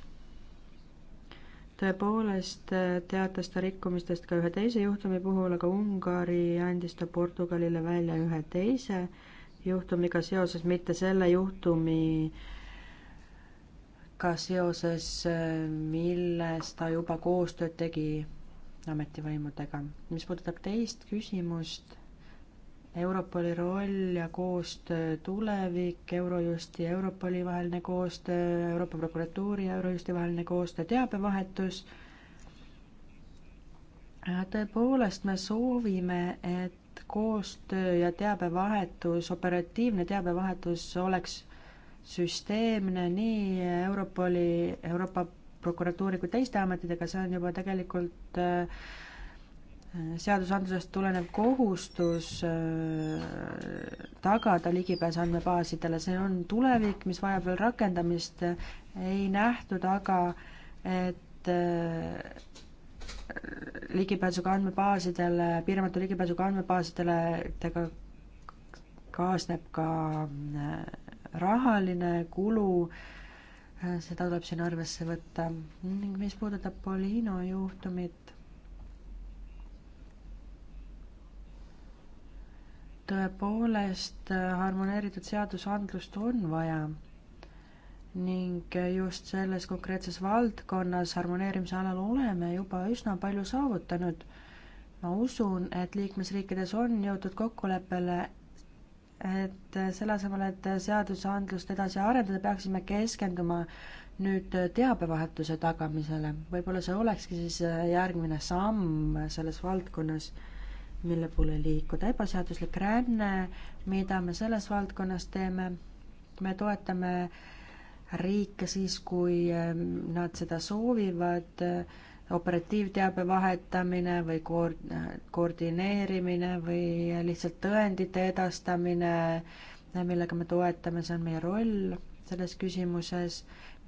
tõepoolest äh, teatas ta rikkumistest ka ühe teise juhtumi puhul, aga Ungari andis ta Portugalile välja ühe teise äh, juhtumiga seoses, mitte selle juhtumiga seoses, milles ta juba koostööd tegi ametivõimudega. mis puudutab teist küsimust, Europoli roll ja koostöö tulevik, Eurojusti ja Europoli vaheline koostöö, Euroopa prokuratuuri ja Eurojusti vaheline koostöö, teabevahetus, tõepoolest me soovime, et koostöö ja teabevahetus, operatiivne teabevahetus oleks süsteemne nii Europoli, Euroopa prokuratuuri kui teiste ametitega, see on juba tegelikult äh, seadusandlusest tulenev kohustus äh, tagada ligipääs andmebaasidele, see on tulevik, mis vajab veel rakendamist, ei nähtud aga, et äh, ligipääsuga andmebaasidele, piiramatu ligipääsuga andmebaasidele, tega kaasneb ka äh, rahaline kulu, äh, seda tuleb siin arvesse võtta. ning mis puudutab Polino juhtumit, tõepoolest äh, harmoneeritud seadusandlust on vaja ning just selles konkreetses valdkonnas harmoneerimise alal oleme juba üsna palju saavutanud. ma usun, et liikmesriikides on jõutud kokkuleppele, et selle asemel, et seadusandlust edasi arendada, peaksime keskenduma nüüd teabevahetuse tagamisele. võib-olla see olekski siis järgmine samm selles valdkonnas, mille poole liikuda. ebaseaduslik ränne, mida me selles valdkonnas teeme, me toetame äh, riike siis, kui ähm, nad seda soovivad, äh, operatiivteabe vahetamine või koor-, äh, koordineerimine või äh, lihtsalt tõendite edastamine, millega me toetame, see on meie roll selles küsimuses.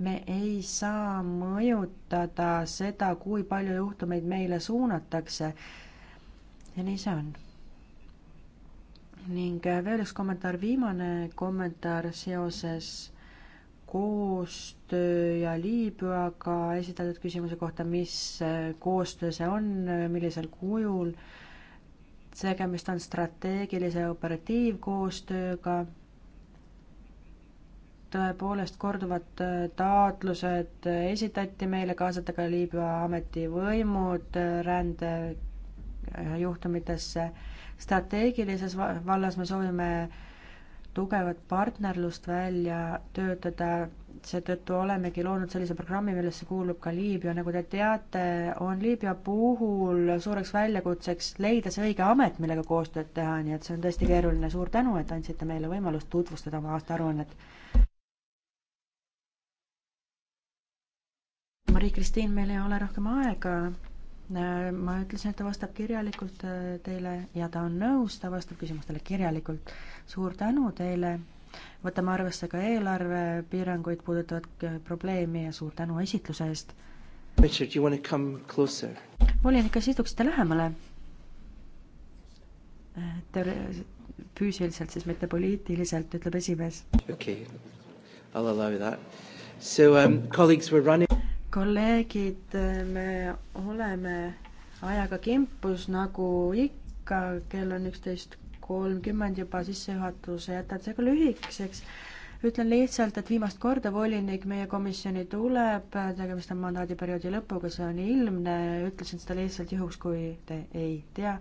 me ei saa mõjutada seda, kui palju juhtumeid meile suunatakse. ja nii see on. ning veel üks kommentaar, viimane kommentaar seoses koostöö ja Liibüaga esitatud küsimuse kohta, mis äh, koostöö see on, äh, millisel kujul. tegemist on strateegilise operatiivkoostööga. tõepoolest korduvad äh, taotlused esitati meile, kaasata ka Liibüa ametivõimud rändejuhtumitesse. strateegilises vallas me soovime tugevat partnerlust välja töötada, seetõttu olemegi loonud sellise programmi, millesse kuulub ka Liibüa, nagu te teate, on Liibüa puhul suureks väljakutseks leida see õige amet, millega koostööd teha, nii et see on tõesti keeruline, suur tänu, et andsite meile võimalust tutvustada oma aastaaruannet. Marii-Kristiin, meil ei ole rohkem aega Äh, ma ütlesin, et ta vastab kirjalikult äh, teile ja ta on nõus, ta vastab küsimustele kirjalikult. suur tänu teile, võtame arvesse ka eelarvepiiranguid puudutavat äh, probleemi ja suur tänu esitluse eest. Richard, you wanna come closer? volinik, kas istuksite lähemale? Te füüsiliselt siis, mitte poliitiliselt, ütleb esimees. okei okay., I will allow you that. So um, colleagues, we are running kolleegid, me oleme ajaga kimpus nagu ikka, kell on üksteist kolmkümmend juba sissejuhatuse jätan seega lühikeseks. ütlen lihtsalt, et viimast korda volinik meie komisjoni tuleb, tegemist on mandaadiperioodi lõpuga, see on ilmne, ütlesin seda lihtsalt juhuks, kui te ei tea,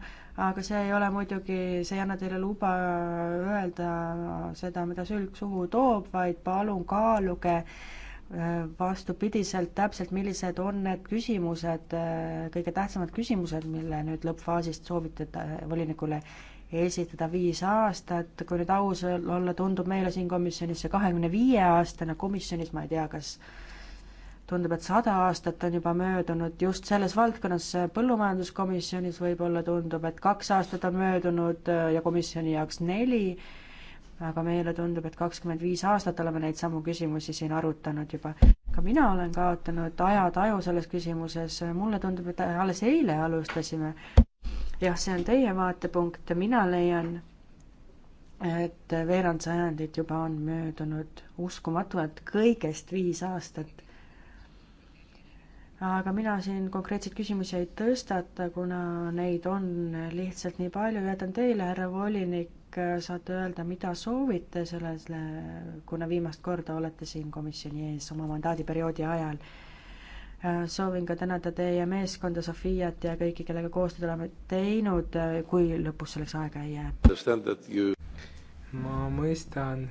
aga see ei ole muidugi, see ei anna teile luba öelda seda, mida sülg suhu toob, vaid palun kaaluge äh, vastupidiselt täpselt, millised on need küsimused, kõige tähtsamad küsimused, mille nüüd lõppfaasist soovite volinikule esitada viis aastat, kui nüüd aus olla, tundub meile siin komisjonis see kahekümne viie aastane komisjonis, ma ei tea, kas tundub, et sada aastat on juba möödunud just selles valdkonnas, põllumajanduskomisjonis võib-olla tundub, et kaks aastat on möödunud ja komisjoni jaoks neli, aga meile tundub, et kakskümmend viis aastat oleme neid samu küsimusi siin arutanud juba. ka mina olen kaotanud ajataju selles küsimuses, mulle tundub, et alles eile alustasime. jah, see on teie vaatepunkt, mina leian, et veerand sajandit juba on möödunud, uskumatu, et kõigest viis aastat. aga mina siin konkreetseid küsimusi ei tõstata, kuna neid on lihtsalt nii palju, jätan teile, härra volinik, ehk äh, saate öelda, mida soovite sellele, äh, kuna viimast korda olete siin komisjoni ees oma mandaadiperioodi ajal. Äh, soovin ka tänada teie meeskonda, Sofiat ja kõiki, kellega koostööd oleme teinud, kui lõpus selleks aega ei jää. ma mõistan,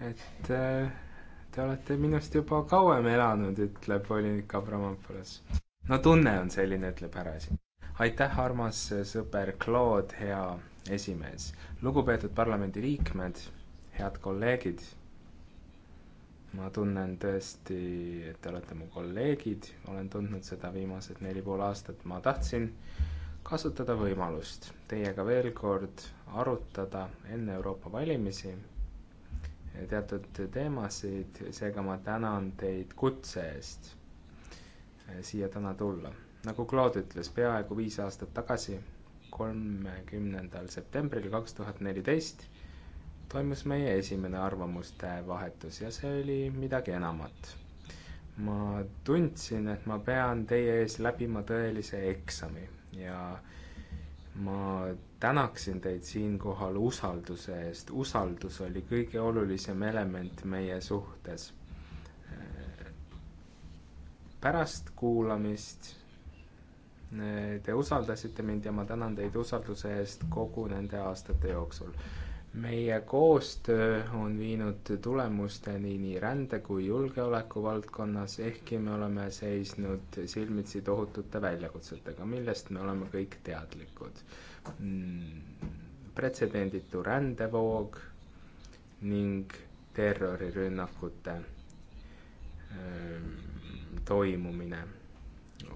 et te olete minust juba kauem elanud, ütleb volinik Abramopolis. no tunne on selline, ütleb härrasi. aitäh, armas sõber Claude, hea esimees lugupeetud parlamendiliikmed, head kolleegid, ma tunnen tõesti, et te olete mu kolleegid, olen tundnud seda viimased neli pool aastat, ma tahtsin kasutada võimalust teiega veel kord arutada enne Euroopa valimisi teatud teemasid, seega ma tänan teid kutse eest siia täna tulla. nagu Claude ütles, peaaegu viis aastat tagasi kolmekümnendal septembril kaks tuhat neliteist toimus meie esimene arvamuste vahetus ja see oli midagi enamat. ma tundsin, et ma pean teie ees läbima tõelise eksami ja ma tänaksin teid siinkohal usalduse eest, usaldus oli kõige olulisem element meie suhtes. pärast kuulamist Te usaldasite mind ja ma tänan teid usalduse eest kogu nende aastate jooksul. meie koostöö on viinud tulemusteni nii rände kui julgeoleku valdkonnas, ehkki me oleme seisnud silmitsi tohutute väljakutsetega, millest me oleme kõik teadlikud. Mm, pretsedenditu rändevoog ning terrorirünnakute toimumine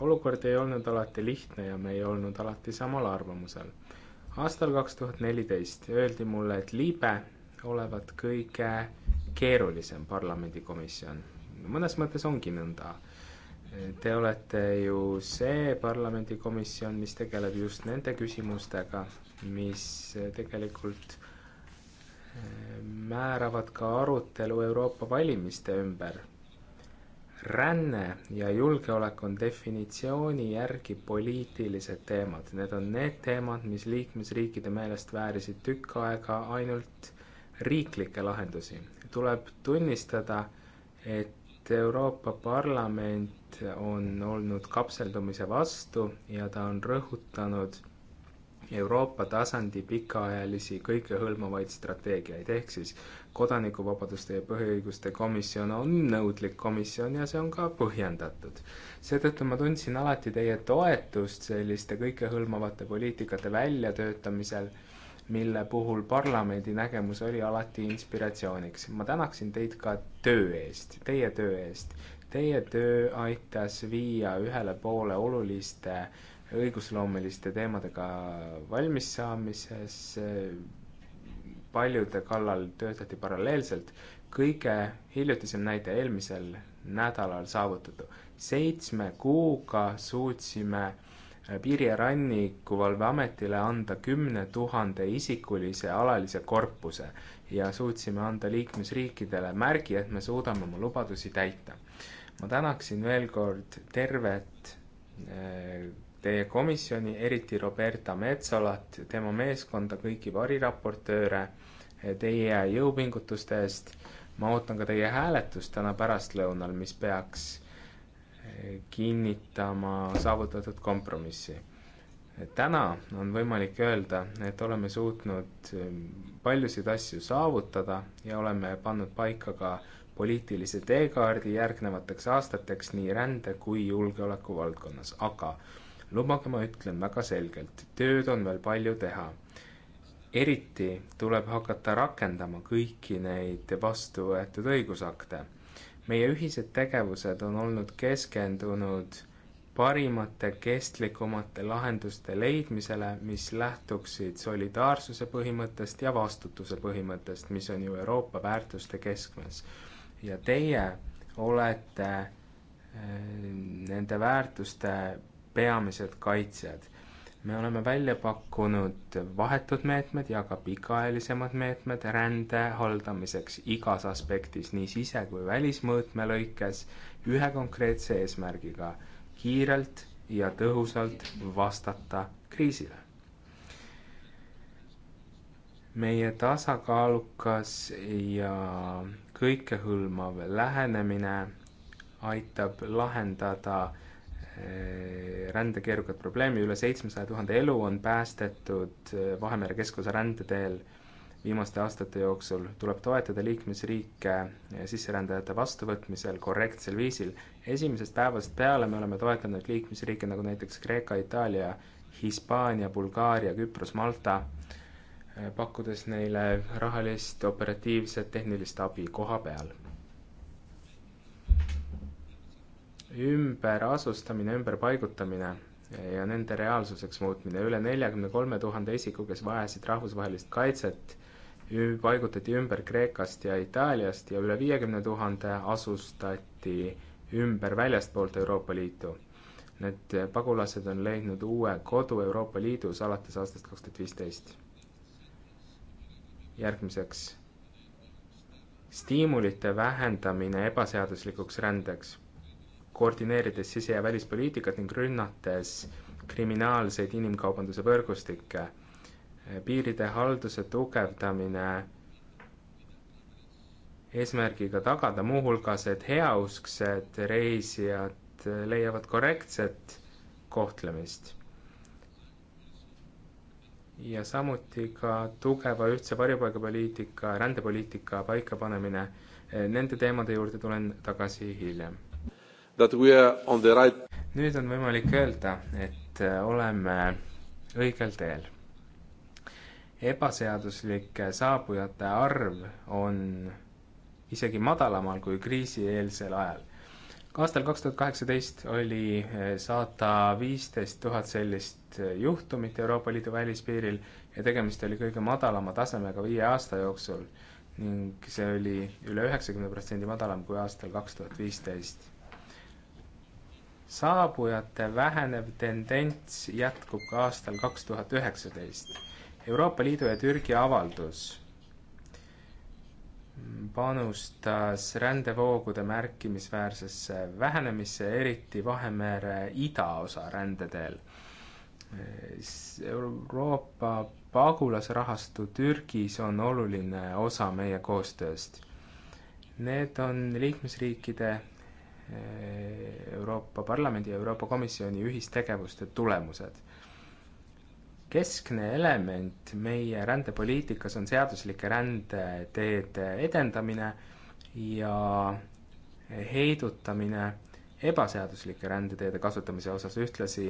olukord ei olnud alati lihtne ja me ei olnud alati samal arvamusel. aastal kaks tuhat neliteist öeldi mulle, et liibe olevat kõige keerulisem parlamendikomisjon. mõnes mõttes ongi nõnda. Te olete ju see parlamendikomisjon, mis tegeleb just nende küsimustega, mis tegelikult eh, määravad ka arutelu Euroopa valimiste ümber ränne ja julgeolek on definitsiooni järgi poliitilised teemad. Need on need teemad, mis liikmesriikide meelest väärisid tükk aega ainult riiklikke lahendusi. tuleb tunnistada, et Euroopa Parlament on olnud kapseldumise vastu ja ta on rõhutanud Euroopa tasandi pikaajalisi kõikehõlmavaid strateegiaid, ehk siis kodanikuvabaduste ja põhiõiguste komisjon on nõudlik komisjon ja see on ka põhjendatud. seetõttu ma tundsin alati teie toetust selliste kõikehõlmavate poliitikate väljatöötamisel, mille puhul parlamendi nägemus oli alati inspiratsiooniks. ma tänaksin teid ka töö eest, teie töö eest. Teie töö aitas viia ühele poole oluliste äh, õigusloomeliste teemadega valmissaamises, paljude kallal töötati paralleelselt, kõige hiljutisem näide eelmisel nädalal saavutatu. seitsme kuuga suutsime Piiri- ja Rannikuvalveametile anda kümne tuhande isikulise alalise korpuse ja suutsime anda liikmesriikidele märgi, et me suudame oma lubadusi täita. ma tänaksin veel kord tervet eh, Teie komisjoni, eriti Roberta Metsolat, tema meeskonda, kõiki variraportööre eh, teie jõupingutuste eest. ma ootan ka teie hääletust täna pärastlõunal, mis peaks eh, kinnitama saavutatud kompromissi. täna on võimalik öelda, et oleme suutnud eh, paljusid asju saavutada ja oleme pannud paika ka poliitilise teekaardi järgnevateks aastateks nii rände kui julgeoleku valdkonnas, aga lubage, ma ütlen väga selgelt, tööd on veel palju teha. eriti tuleb hakata rakendama kõiki neid vastu võetud õigusakte. meie ühised tegevused on olnud keskendunud parimate kestlikumate lahenduste leidmisele, mis lähtuksid solidaarsuse põhimõttest ja vastutuse põhimõttest, mis on ju Euroopa väärtuste keskmes. ja teie olete äh, nende väärtuste peamised kaitsjad. me oleme välja pakkunud vahetud meetmed ja ka pikaajalisemad meetmed rände haldamiseks igas aspektis, nii sise- kui välismõõtme lõikes, ühe konkreetse eesmärgiga kiirelt ja tõhusalt vastata kriisile. meie tasakaalukas ja kõikehõlmav lähenemine aitab lahendada äh, rände keerukat probleemi, üle seitsmesaja tuhande elu on päästetud eh, Vahemere Keskuse rändeteel viimaste aastate jooksul, tuleb toetada liikmesriike eh, sisserändajate vastuvõtmisel korrektsel viisil. esimesest päevast peale me oleme toetanud liikmesriike nagu näiteks Kreeka, Itaalia, Hispaania, Bulgaaria, Küpros, Malta, eh, pakkudes neile rahalist, operatiivset, tehnilist abi koha peal ümberasustamine, ümberpaigutamine ja nende reaalsuseks muutmine. üle neljakümne kolme tuhande isiku, kes vajasid rahvusvahelist kaitset, paigutati ümber Kreekast ja Itaaliast ja üle viiekümne tuhande asustati ümber väljastpoolt Euroopa Liitu. Need pagulased on leidnud uue kodu Euroopa Liidus alates aastast kaks tuhat viisteist. järgmiseks, stiimulite vähendamine ebaseaduslikuks rändeks koordineerides sise- ja välispoliitikat ning rünnates kriminaalseid inimkaubanduse võrgustikke. piiride halduse tugevdamine eesmärgiga tagada muuhulgas, et heausksed reisijad leiavad korrektset kohtlemist. ja samuti ka tugeva ühtse varjupaigapoliitika, rändepoliitika paikapanemine, nende teemade juurde tulen tagasi hiljem that we are on the right nüüd on võimalik öelda, et äh, oleme õigel teel. ebaseaduslike saabujate arv on isegi madalamal kui kriisieelsel ajal. aastal kaks tuhat kaheksateist oli äh, sada viisteist tuhat sellist äh, juhtumit Euroopa Liidu välispiiril ja tegemist oli kõige madalama tasemega viie aasta jooksul ning see oli üle üheksakümne protsendi madalam kui aastal kaks tuhat viisteist saabujate vähenev tendents jätkub ka aastal kaks tuhat üheksateist. Euroopa Liidu ja Türgi avaldus panustas rändevoogude märkimisväärsesse vähenemisse, eriti Vahemere idaosa rändeteel. Euroopa pagulasrahastu Türgis on oluline osa meie koostööst. Need on liikmesriikide Eh, Euroopa Parlamendi ja Euroopa Komisjoni ühistegevuste tulemused. keskne element meie rändepoliitikas on seaduslike rändeteede edendamine ja heidutamine ebaseaduslike rändeteede kasutamise osas, ühtlasi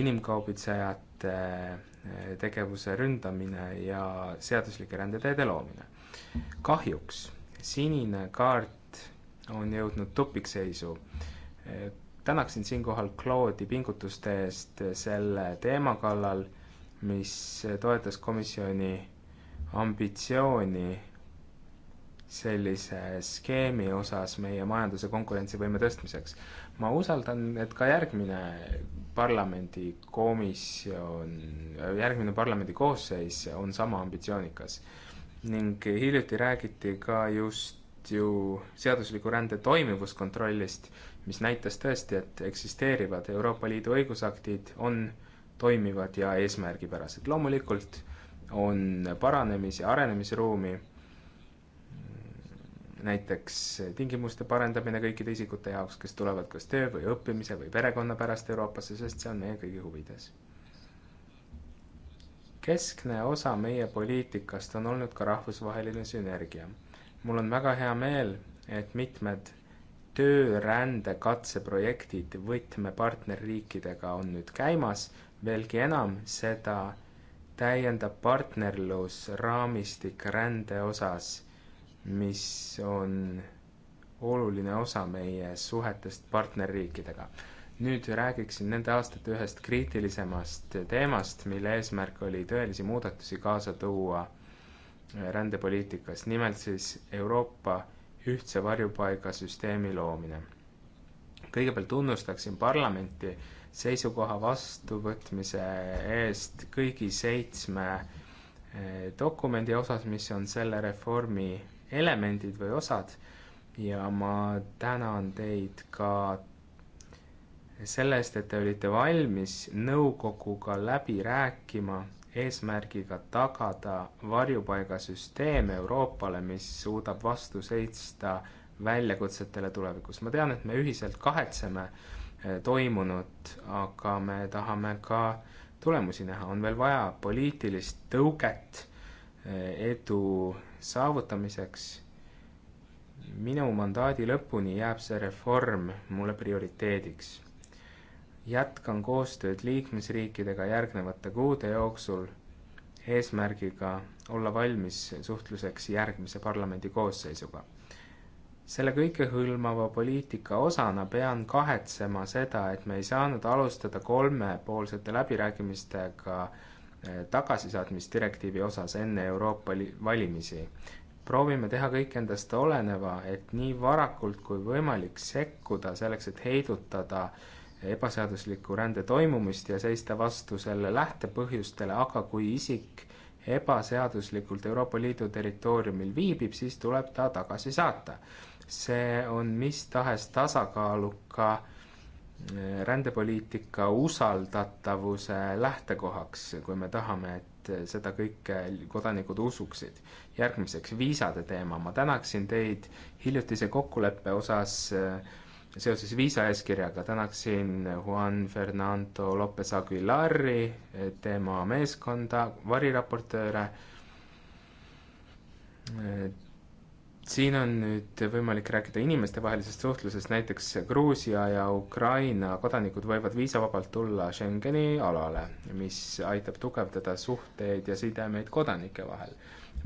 inimkaubitsejate eh, tegevuse ründamine ja seaduslike rändeteede loomine. kahjuks sinine kaart on jõudnud tupikseisu. tänaksin siinkohal Claude'i pingutuste eest selle teema kallal, mis toetas komisjoni ambitsiooni sellise skeemi osas meie majanduse konkurentsivõime tõstmiseks. ma usaldan, et ka järgmine parlamendikomisjon, järgmine parlamendi koosseis on sama ambitsioonikas. ning hiljuti räägiti ka just ju seadusliku rände toimivuskontrollist, mis näitas tõesti, et eksisteerivad Euroopa Liidu õigusaktid on toimivad ja eesmärgipärased. loomulikult on paranemis- ja arenemisruumi, mm, näiteks tingimuste parendamine kõikide isikute jaoks, kes tulevad kas töö või õppimise või perekonna pärast Euroopasse, sest see on meie kõigi huvides. keskne osa meie poliitikast on olnud ka rahvusvaheline sünergia mul on väga hea meel, et mitmed töörände katseprojektid võtmepartnerriikidega on nüüd käimas, veelgi enam, seda täiendab partnerlusraamistik rände osas, mis on oluline osa meie suhetest partnerriikidega. nüüd räägiksin nende aastate ühest kriitilisemast teemast, mille eesmärk oli tõelisi muudatusi kaasa tuua rändepoliitikas, nimelt siis Euroopa ühtse varjupaigasüsteemi loomine. kõigepealt tunnustaksin parlamenti seisukoha vastuvõtmise eest kõigi seitsme eh, dokumendi osas, mis on selle reformi elemendid või osad ja ma tänan teid ka selle eest, et te olite valmis nõukoguga läbi rääkima eesmärgiga tagada varjupaigasüsteem Euroopale, mis suudab vastu seista väljakutsetele tulevikus. ma tean, et me ühiselt kahetseme eh, toimunut, aga me tahame ka tulemusi näha, on veel vaja poliitilist tõuget eh, edu saavutamiseks. minu mandaadi lõpuni jääb see reform mulle prioriteediks jätkan koostööd liikmesriikidega järgnevate kuude jooksul eesmärgiga olla valmis suhtluseks järgmise parlamendi koosseisuga. selle kõikehõlmava poliitika osana pean kahetsema seda, et me ei saanud alustada kolmepoolsete läbirääkimistega eh, tagasisaatmisdirektiivi osas enne Euroopa valimisi. proovime teha kõik endast oleneva, et nii varakult kui võimalik sekkuda selleks, et heidutada äh, ebaseadusliku rände toimumist ja seista vastu selle lähtepõhjustele, aga kui isik ebaseaduslikult Euroopa Liidu territooriumil viibib, siis tuleb ta tagasi saata. see on mis tahes tasakaaluka eh, rändepoliitika usaldatavuse lähtekohaks, kui me tahame, et seda kõike kodanikud usuksid. järgmiseks viisade teema, ma tänaksin teid hiljutise kokkuleppe osas äh, seoses viisaeeskirjaga tänaksin Juan Fernando Lopez Aguilari, tema meeskonda, variraportööre. siin on nüüd võimalik rääkida inimestevahelisest suhtlusest, näiteks Gruusia ja Ukraina kodanikud võivad viisavabalt tulla Schengeni alale, mis aitab tugevdada suhteid ja sidemeid kodanike vahel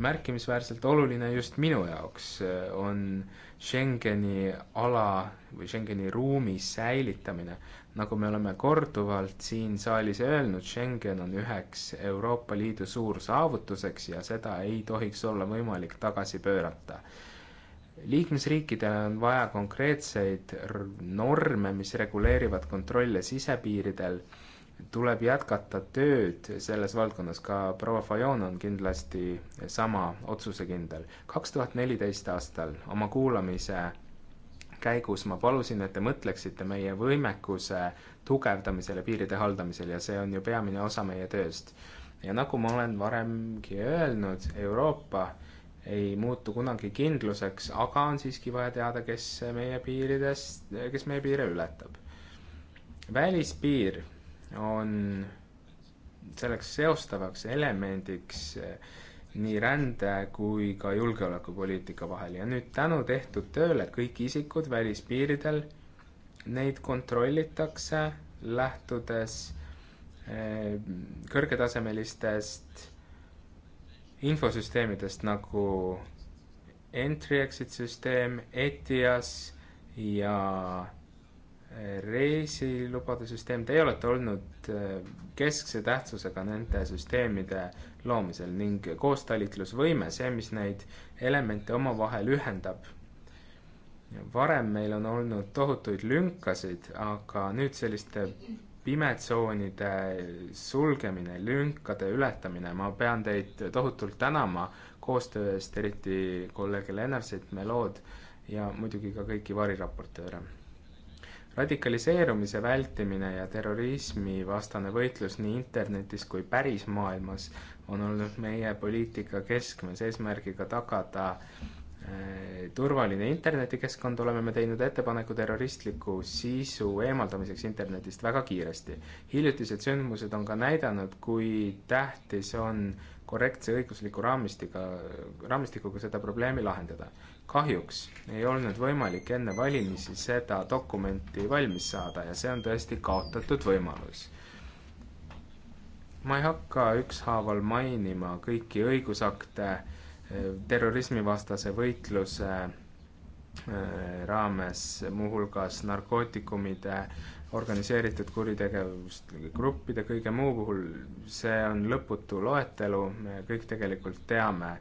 märkimisväärselt oluline just minu jaoks, äh, on Schengeni ala või Schengeni ruumi säilitamine. nagu me oleme korduvalt siin saalis öelnud, Schengen on üheks Euroopa Liidu suursaavutuseks ja seda ei tohiks olla võimalik tagasi pöörata liikmesriikidel on vaja konkreetseid norme, mis reguleerivad kontrolle sisepiiridel tuleb jätkata tööd selles valdkonnas, ka proua Fajon on kindlasti sama otsusekindel. kaks tuhat neliteist aastal oma kuulamise käigus ma palusin, et te mõtleksite meie võimekuse tugevdamisele piiride haldamisel ja see on ju peamine osa meie tööst. ja nagu ma olen varemgi öelnud, Euroopa ei muutu kunagi kindluseks, aga on siiski vaja teada, kes meie piirides, kes meie piire ületab. välispiir on selleks seostavaks elemendiks eh, nii rände kui ka julgeolekupoliitika vahel ja nüüd tänu tehtud tööle kõik isikud välispiiridel, neid kontrollitakse lähtudes eh, kõrgetasemelistest infosüsteemidest nagu entry-exit süsteem, ETIAS ja reisilubade süsteem, teie olete olnud äh, keskse tähtsusega nende süsteemide loomisel ning koostalitlusvõime, see, mis neid elemente omavahel ühendab. varem meil on olnud tohutuid lünkasid, aga nüüd selliste pimetsoonide sulgemine, lünkade ületamine, ma pean teid tohutult tänama koostöö eest, eriti kolleeg Lennartsit, Melood ja muidugi ka kõiki variraportööre radikaliseerumise vältimine ja terrorismivastane võitlus nii internetis kui pärismaailmas on olnud meie poliitika keskmes eesmärgiga tagada eh, turvaline internetikeskkond, oleme me teinud ettepaneku terroristliku sisu eemaldamiseks internetist väga kiiresti. hiljutised sündmused on ka näidanud, kui tähtis on korrektse õigusliku raamistiga, raamistikuga seda probleemi lahendada kahjuks ei olnud võimalik enne valimisi seda dokumenti valmis saada ja see on tõesti kaotatud võimalus. ma ei hakka ükshaaval mainima kõiki õigusakte eh, terrorismivastase võitluse eh, raames, muuhulgas narkootikumide, organiseeritud kuritegevust, gruppide, kõige muu puhul, see on lõputu loetelu, me kõik tegelikult teame,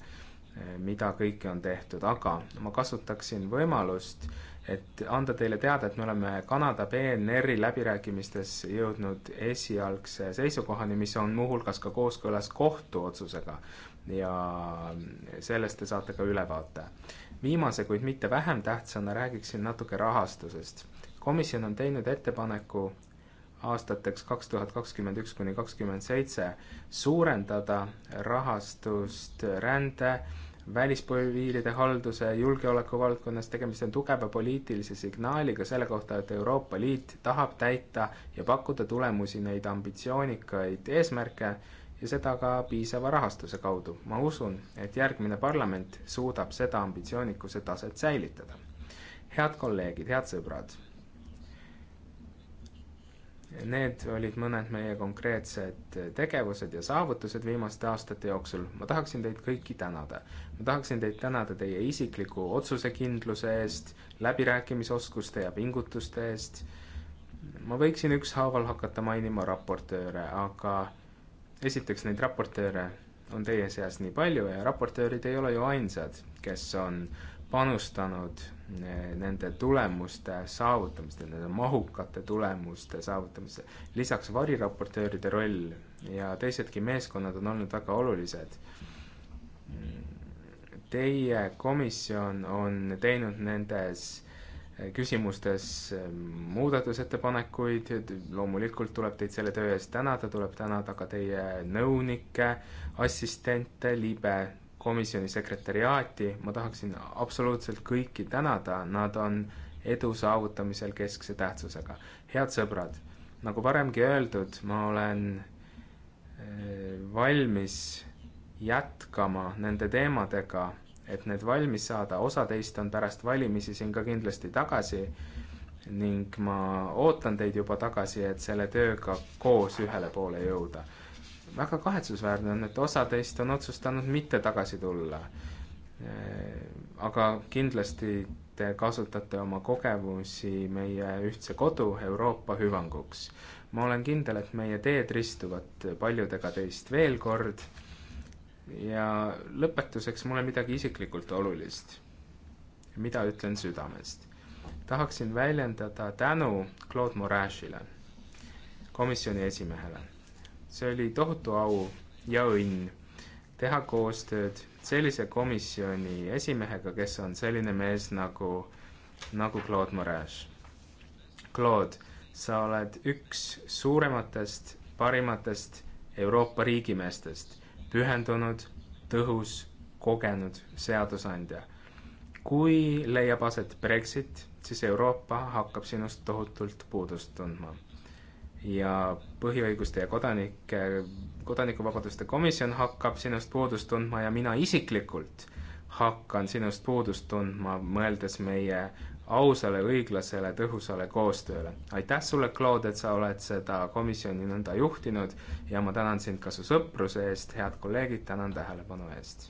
Eh, mida kõike on tehtud, aga ma kasutaksin võimalust, et anda teile teada, et me oleme Kanada PNR-i läbirääkimistes jõudnud esialgse seisukohani, mis on muuhulgas ka kooskõlas kohtuotsusega ja sellest te saate ka ülevaate. viimase, kuid mitte vähem tähtsana räägiksin natuke rahastusest. komisjon on teinud ettepaneku aastateks kaks tuhat kakskümmend üks kuni kakskümmend seitse suurendada rahastust rände välispiiride halduse ja julgeoleku valdkonnas, tegemist on tugeva poliitilise signaaliga selle kohta, et Euroopa Liit tahab täita ja pakkuda tulemusi neid ambitsioonikaid eesmärke ja seda ka piisava rahastuse kaudu. ma usun, et järgmine parlament suudab seda ambitsioonikuse taset säilitada. head kolleegid, head sõbrad Need olid mõned meie konkreetsed tegevused ja saavutused viimaste aastate jooksul. ma tahaksin teid kõiki tänada. ma tahaksin teid tänada teie isikliku otsusekindluse eest, läbirääkimisoskuste ja pingutuste eest. ma võiksin ükshaaval hakata mainima raportööre, aga esiteks neid raportööre on teie seas nii palju ja raportöörid ei ole ju ainsad, kes on panustanud nende tulemuste saavutamist, nende mahukate tulemuste saavutamist. lisaks variraportööride roll ja teisedki meeskonnad on olnud väga olulised. Teie komisjon on teinud nendes küsimustes muudatusettepanekuid, loomulikult tuleb teid selle töö eest tänada, tuleb tänada ka teie nõunikke, assistente, libe komisjoni sekretäriaati, ma tahaksin absoluutselt kõiki tänada, nad on edu saavutamisel keskse tähtsusega. head sõbrad, nagu varemgi öeldud, ma olen eh, valmis jätkama nende teemadega, et need valmis saada, osa teist on pärast valimisi siin ka kindlasti tagasi ning ma ootan teid juba tagasi, et selle tööga koos ühele poole jõuda väga kahetsusväärne on, et osa teist on otsustanud mitte tagasi tulla. aga kindlasti te kasutate oma kogemusi meie ühtse kodu Euroopa hüvanguks. ma olen kindel, et meie teed ristuvad paljudega teist veel kord. ja lõpetuseks mulle midagi isiklikult olulist, mida ütlen südamest. tahaksin väljendada tänu Claude Moragile, komisjoni esimehele see oli tohutu au ja õnn teha koostööd sellise komisjoni esimehega, kes on selline mees nagu, nagu Claude Moraes. Claude, sa oled üks suurematest, parimatest Euroopa riigimeestest, pühendunud, tõhus, kogenud seadusandja. kui leiab aset Brexit, siis Euroopa hakkab sinust tohutult puudust tundma ja Põhiõiguste ja kodanike, kodanikuvabaduste komisjon hakkab sinust puudust tundma ja mina isiklikult hakkan sinust puudust tundma, mõeldes meie ausale, õiglasele, tõhusale koostööle. aitäh sulle, Claude, et sa oled seda komisjoni nõnda juhtinud ja ma tänan sind ka su sõpruse eest, head kolleegid, tänan tähelepanu eest.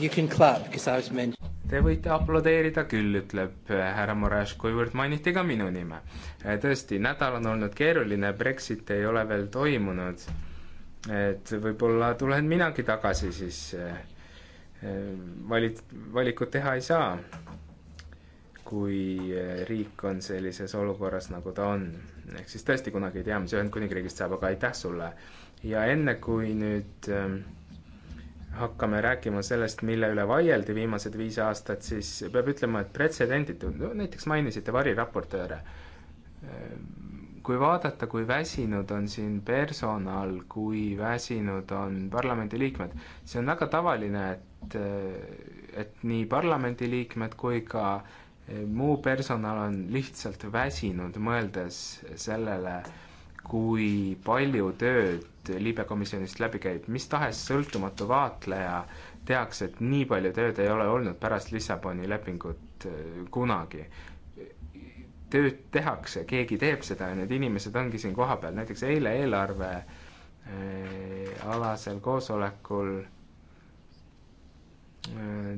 You can clap because I was meant Te võite aplodeerida küll, ütleb äh, härra Moraes, kuivõrd mainiti ka minu nime. Äh, tõesti, nädal on olnud keeruline, Brexit ei ole veel toimunud. et võib-olla tulen minagi tagasi, siis äh, valit-, valikut teha ei saa, kui riik on sellises olukorras, nagu ta on. ehk siis tõesti kunagi ei tea, mis Ühendkuningriigist saab, aga aitäh sulle. ja enne, kui nüüd äh, hakkame rääkima sellest, mille üle vaieldi viimased viis aastat, siis peab ütlema, et pretsedenditud, no näiteks mainisite variraportööre. kui vaadata, kui väsinud on siin personal, kui väsinud on parlamendiliikmed, see on väga tavaline, et, et nii parlamendiliikmed kui ka eh, muu personal on lihtsalt väsinud, mõeldes sellele, kui palju tööd liibekomisjonist läbi käib, mis tahes sõltumatu vaatleja teaks, et nii palju tööd ei ole olnud pärast Lissaboni lepingut äh, kunagi. tööd tehakse, keegi teeb seda ja need inimesed ongi siin kohapeal, näiteks eile eelarve äh, alasel koosolekul äh,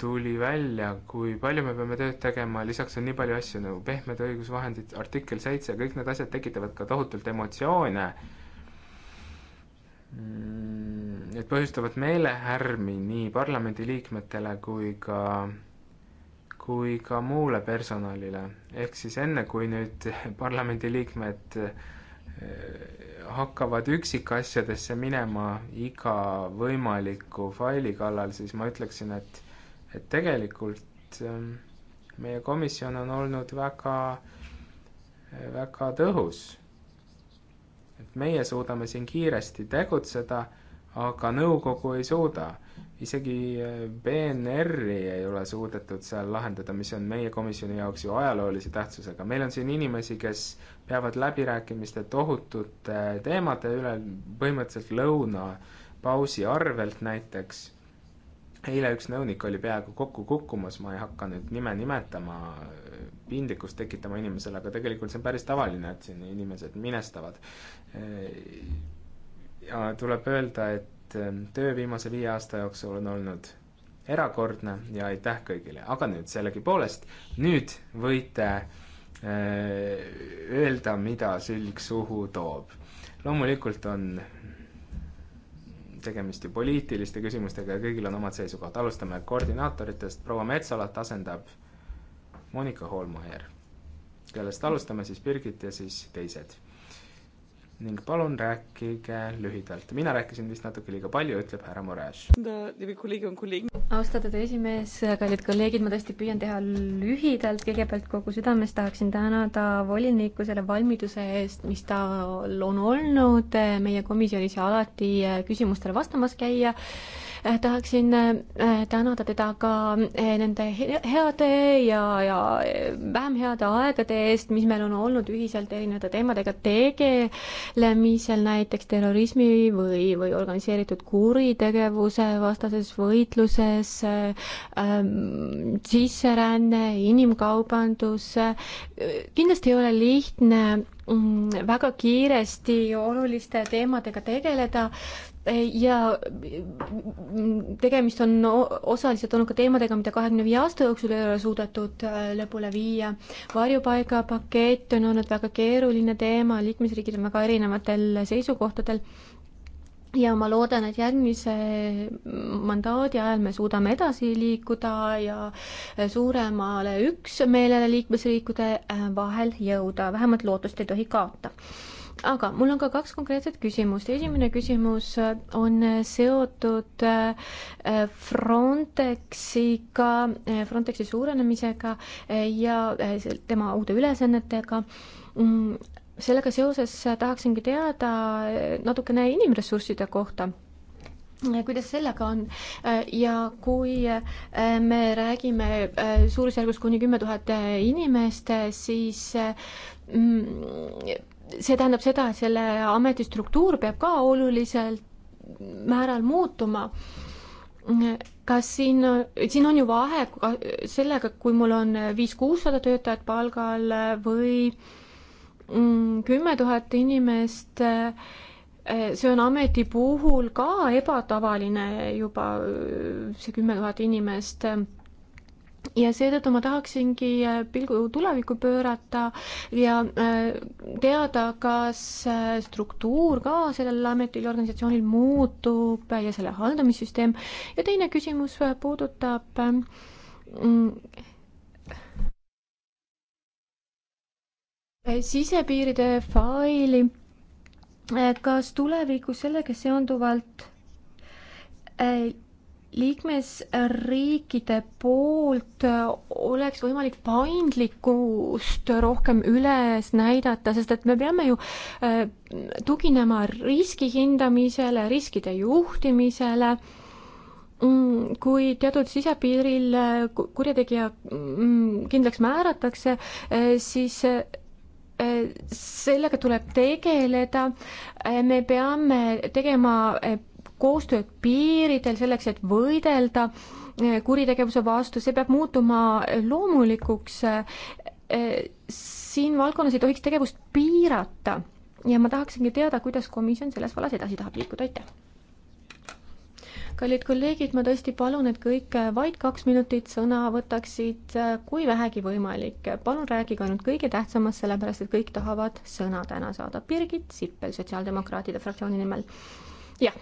tuli välja, kui palju me peame tööd tegema, lisaks on nii palju asju nagu pehmed õigusvahendid, artikkel seitse, kõik need asjad tekitavad ka tohutult emotsioone äh, Mm, need põhjustavad meelehärmi nii parlamendiliikmetele kui ka, kui ka muule personalile. ehk siis enne, kui nüüd parlamendiliikmed eh, hakkavad üksikasjadesse minema iga võimaliku faili kallal, siis ma ütleksin, et, et tegelikult eh, meie komisjon on olnud väga, eh, väga tõhus et meie suudame siin kiiresti tegutseda, aga nõukogu ei suuda. isegi äh, BNR-i ei ole suudetud seal lahendada, mis on meie komisjoni jaoks ju ajaloolise tähtsusega. meil on siin inimesi, kes peavad läbirääkimiste tohutute äh, teemade üle, põhimõtteliselt lõunapausi arvelt näiteks eile üks nõunik oli peaaegu kokku kukkumas, ma ei hakka nüüd nime nimetama, äh, piinlikkust tekitama inimesele, aga tegelikult see on päris tavaline, et siin inimesed minestavad. ja tuleb öelda, et ehm, töö viimase viie aasta jooksul on olnud erakordne ja aitäh kõigile, aga nüüd sellegipoolest, nüüd võite ehm, öelda, mida sülg suhu toob. loomulikult on tegemist ju poliitiliste küsimustega ja kõigil on omad seisukohad, alustame koordinaatoritest, proua Metsalat asendab Monika Holmaier, kellest alustame siis Birgit ja siis teised. ning palun rääkige lühidalt, mina rääkisin vist natuke liiga palju, ütleb härra Moraes. austatud esimees, kallid kolleegid, ma tõesti püüan teha lühidalt, kõigepealt kogu südamest tahaksin tänada volinikku selle valmiduse eest, mis tal on olnud meie komisjonis ja alati eh, küsimustele vastamas käia Äh, tahaksin äh, tänada teda ka äh, nende heade ja, ja vähem heade aegade eest, mis meil on olnud ühiselt erinevate teemadega tegelemisel, näiteks terrorismi või, või organiseeritud kuritegevuse vastases võitluses ähm,, sisseränne, inimkaubandus, kindlasti ei ole lihtne mm, väga kiiresti oluliste teemadega tegeleda ja tegemist on osaliselt olnud ka teemadega, mida kahekümne viie aasta jooksul ei ole suudetud äh, lõpule viia. varjupaigapakett on olnud väga keeruline teema, liikmesriigid on väga erinevatel seisukohtadel ja ma loodan, et järgmise mandaadi ajal me suudame edasi liikuda ja äh, suuremale üksmeelele liikmesriikide äh, vahel jõuda, vähemalt lootust ei tohi kaota aga mul on ka kaks konkreetset küsimust. esimene küsimus äh, on äh, seotud äh, Frontexiga, Frontexi suurenemisega ja tema uude ülesannetega mm, sellega seoses tahaksingi teada natukene inimressursside kohta kuidas sellega on ja kui me räägime suurusjärgus kuni kümme tuhat inimest, siis mm, see tähendab seda, et selle ameti struktuur peab ka oluliselt määral muutuma. kas siin, siin on ju vahe sellega, kui mul on viis-kuussada töötajat palgal või mm, kümme tuhat inimest, see on ameti puhul ka ebatavaline juba, see kümme tuhat inimest ja seetõttu ma tahaksingi äh, pilgu tulevikku pöörata ja äh, teada, kas äh, struktuur ka sellel ametil ja organisatsioonil muutub ja selle haldamissüsteem. ja teine küsimus puudutab ähm, sisepiiride faili. kas tulevikus sellega seonduvalt liikmesriikide poolt oleks võimalik paindlikkust rohkem üles näidata, sest et me peame ju äh, tuginema riski hindamisele, riskide juhtimisele, mm, kui teatud sisepiiril äh, kurjategija mm, kindlaks määratakse, äh, siis sellega tuleb tegeleda, me peame tegema koostööd piiridel selleks, et võidelda eh, kuritegevuse vastu, see peab muutuma eh, loomulikuks. Eh, siin valdkonnas ei tohiks tegevust piirata ja ma tahaksingi teada, kuidas komisjon selles vallas edasi tahab liikuda, aitäh. kallid kolleegid, ma tõesti palun, et kõik vaid kaks minutit sõna võtaksid, kui vähegi võimalik. palun rääkige ainult kõige tähtsamast, sellepärast et kõik tahavad sõna täna saada. Birgit Sippel sotsiaaldemokraatide fraktsiooni nimel jah,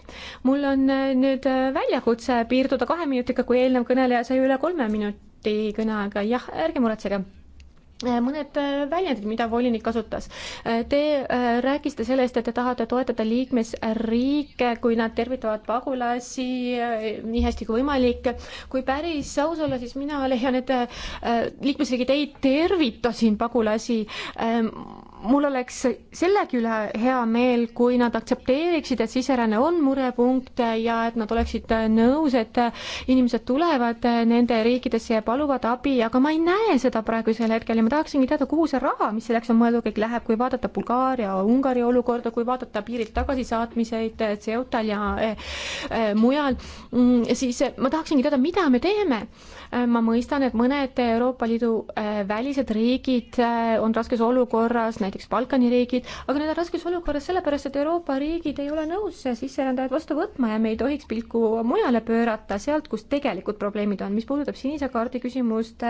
mul on äh, nüüd äh, väljakutse piirduda kahe minutiga, kui eelnev kõneleja sai üle kolme minuti kõneaega, jah, ärge muretsege äh, mõned väljendid, mida volinik kasutas. Te rääkisite sellest, et te tahate toetada liikmesriike, kui nad tervitavad pagulasi nii hästi kui võimalik. kui päris aus olla, siis mina leian, et liikmesriigid ei tervita siin pagulasi mul oleks sellegi üle hea meel, kui nad aktsepteeriksid, et siseränne on murepunkt ja et nad oleksid nõus, et inimesed tulevad nende riikidesse ja paluvad abi, aga ma ei näe seda praegusel hetkel ja ma tahaksingi teada, kuhu see raha, mis selleks on mõeldud, kõik läheb, kui vaadata Bulgaaria, Ungari olukorda, kui vaadata piirilt tagasisaatmiseid Ceutal ja eh, eh, mujal, mm, siis ma tahaksingi teada, mida me teeme Äh, ma mõistan, et mõned Euroopa Liidu äh, välised riigid äh, on raskes olukorras, näiteks Balkani riigid, aga need on raskes olukorras sellepärast, et Euroopa riigid ei ole nõus sisserändajaid vastu võtma ja me ei tohiks pilku mujale pöörata, sealt, kus tegelikult probleemid on. mis puudutab sinise kaardi küsimust,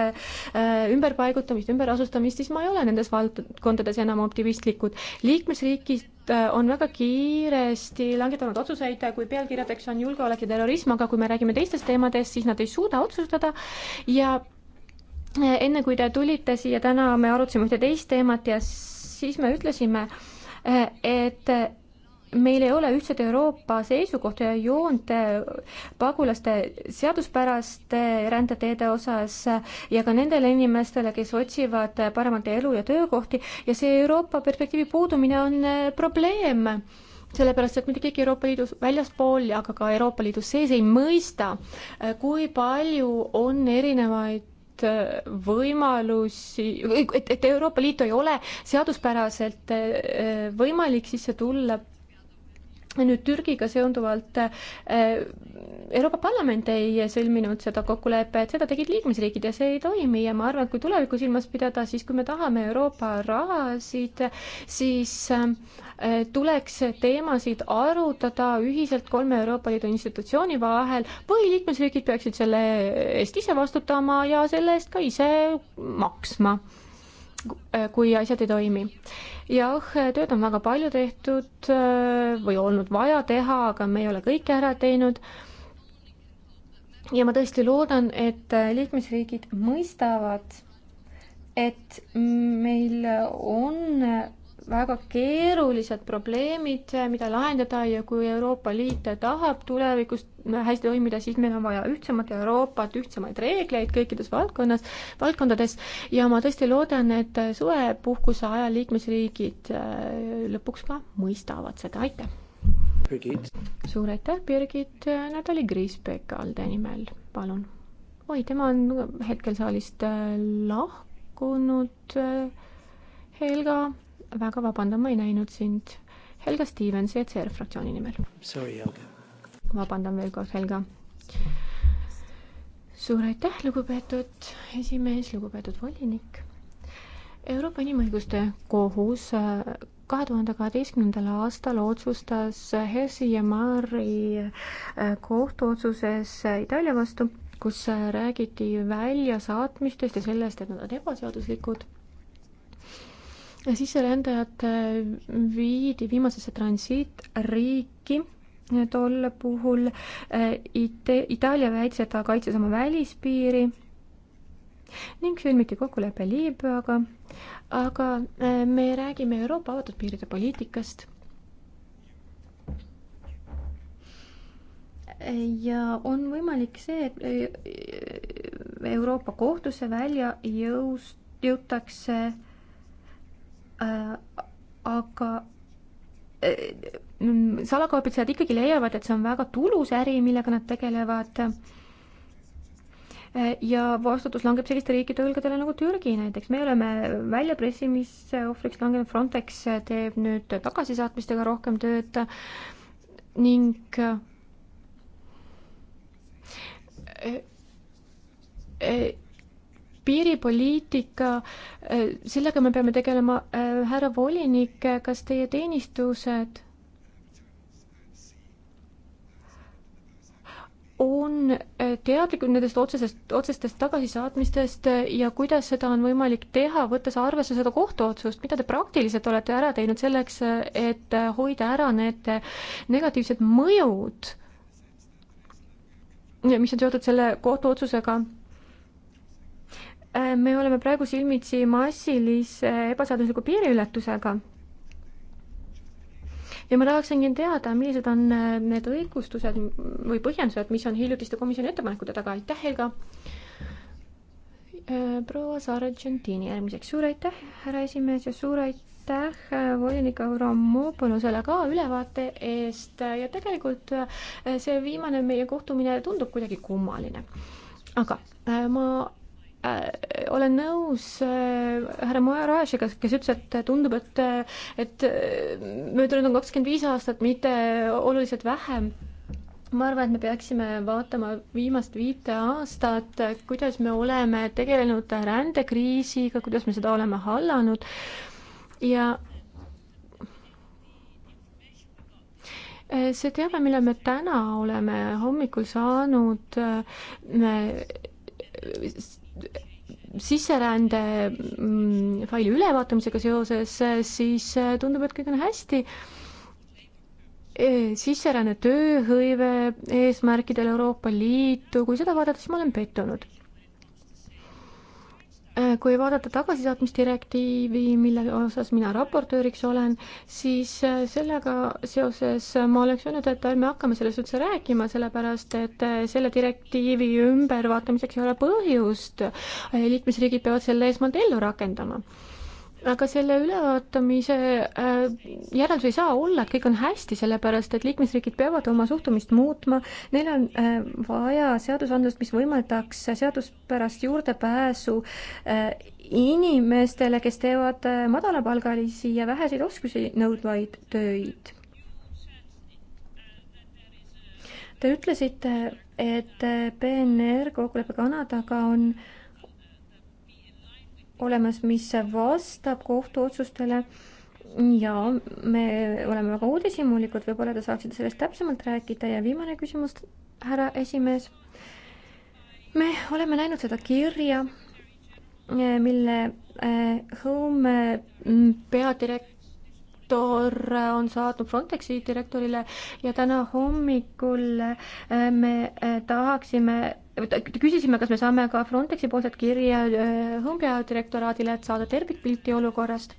ümberpaigutamist, ümberasustamist, siis ma ei ole nendes valdkondades enam optimistlikud. liikmesriigid Äh, on väga kiiresti langetanud otsuseid, kui pealkirjadeks on julgeolek ja terrorism, aga kui me räägime teistest teemadest, siis nad ei suuda otsustada ja äh, enne kui te tulite siia täna, me arutasime ühte teist teemat ja siis me ütlesime, äh, et meil ei ole ühtset Euroopa seisukohta ja joont pagulaste seaduspäraste rändeteede osas ja ka nendele inimestele, kes otsivad paremat elu ja töökohti ja see Euroopa perspektiivi puudumine on äh, probleem sellepärast, et mitte keegi Euroopa Liidus väljaspool ja ka, ka Euroopa Liidus sees ei mõista, äh, kui palju on erinevaid äh, võimalusi, et, et Euroopa Liitu ei ole seaduspäraselt võimalik sisse tulla nüüd Türgiga seonduvalt äh, Euroopa Parlament ei sõlminud seda kokkulepet, seda tegid liikmesriigid ja see ei toimi ja ma arvan, et kui tulevikku silmas pidada, siis kui me tahame Euroopa rahasid, siis äh, tuleks teemasid arutada ühiselt kolme Euroopa Liidu institutsiooni vahel või liikmesriigid peaksid selle eest ise vastutama ja selle eest ka ise maksma Äh, kui asjad ei toimi. jah, tööd on väga palju tehtud äh, või olnud vaja teha, aga me ei ole kõike ära teinud. ja ma tõesti loodan, et äh, liikmesriigid mõistavad, et meil on väga keerulised probleemid, mida lahendada ja kui Euroopa Liit tahab tulevikus hästi toimida, siis meil on vaja ühtsemat Euroopat, ühtsemaid reegleid kõikides valdkonnas, valdkondades ja ma tõesti loodan, et suvepuhkuse ajal liikmesriigid äh, lõpuks ka mõistavad seda, aitäh! suur aitäh, Birgit, Natali Kriisbeck ALDE nimel, palun. oi, tema on hetkel saalist äh, lahkunud. Äh, Helga väga vabandan, ma ei näinud sind. Helga Stevens ECR fraktsiooni nimel. vabandan veel kord, Helga. suur aitäh, lugupeetud esimees, lugupeetud volinik. Euroopa Inimõiguste Kohus äh, kahe tuhande kaheteistkümnendal aastal otsustas Hersi ja Mari äh, kohtuotsuses äh, Itaalia vastu, kus räägiti väljasaatmistest ja sellest, et nad on ebaseaduslikud sisserändajad viidi viimasesse transiitriiki tol puhul eh, Ite-, Itaalia väitis, et ta kaitses oma välispiiri ning sõlmiti kokkulepe Liibüaga, aga eh, me räägime Euroopa avatud piiride poliitikast. ja on võimalik see, et eh, Euroopa kohtusse välja jõust-, jõutakse äh, Äh, aga äh, salakaubitsejad ikkagi leiavad, et see on väga tulus äri, millega nad tegelevad. Äh, ja vastutus langeb selliste riikide õlgadele nagu Türgi näiteks, me oleme väljapressimise ohvriks langenud, Frontex teeb nüüd tagasisaatmistega rohkem tööd ning piiripoliitika, äh, sellega me peame tegelema, äh, härra volinik, äh, kas teie teenistused on teadlikud nendest otsesest, otsestest tagasisaatmistest ja kuidas seda on võimalik teha, võttes arvesse seda kohtuotsust, mida te praktiliselt olete ära teinud selleks, et hoida ära need negatiivsed mõjud, mis on seotud selle kohtuotsusega Äh, me oleme praegu silmitsi massilise ebaseadusliku piiriületusega. ja ma tahaksingi teada, millised on äh, need õigustused või põhjendused, mis on hiljutiste komisjoni ettepanekute taga, aitäh, Helga! Äh, proua Sargentini järgmiseks, suur aitäh, härra esimees ja suur aitäh volinik Avramopoulosele ka ülevaate eest ja tegelikult see viimane meie kohtumine tundub kuidagi kummaline. aga ma Äh, olen nõus äh, härra äh, Moeraasiaga, kes ütles, et tundub, et, et äh, möödunud on kakskümmend viis aastat, mitte oluliselt vähem. ma arvan, et me peaksime vaatama viimast viite aastat, kuidas me oleme tegelenud rändekriisiga, kuidas me seda oleme hallanud ja see teave, mille me täna oleme hommikul saanud äh,, sisserände mm, faili ülevaatamisega seoses, siis äh, tundub, et kõik on hästi. E, sisseränne tööhõive eesmärkidel Euroopa Liitu, kui seda vaadata, siis ma olen pettunud Äh, kui vaadata tagasisaatmisdirektiivi, mille osas mina raportööriks olen, siis äh, sellega seoses ma oleks öelnud, et ärme hakkame sellest üldse rääkima, sellepärast et äh, selle direktiivi ümbervaatamiseks ei ole põhjust. liikmesriigid peavad selle esmalt ellu rakendama aga selle ülevaatamise äh, järeldus ei saa olla, et kõik on hästi, sellepärast et liikmesriigid peavad oma suhtumist muutma, neil on äh, vaja seadusandlust, mis võimaldaks seaduspärast juurdepääsu äh, inimestele, kes teevad madalapalgalisi ja väheseid oskusi nõudvaid töid. Te ütlesite, et PNR kokkulepe Kanadaga on äh, olemas, mis vastab kohtuotsustele ja me oleme väga uudishimulikud, võib-olla te saaksite sellest täpsemalt rääkida ja viimane küsimus, härra esimees. me oleme näinud seda kirja, mille eh, Home mm, peadirektor on saatnud Frontexi direktorile ja täna hommikul eh, me eh, tahaksime küsisime, kas me saame ka Frontexi poolset kirja Home äh, peadirektoraadile, et saada tervikpilti olukorrast.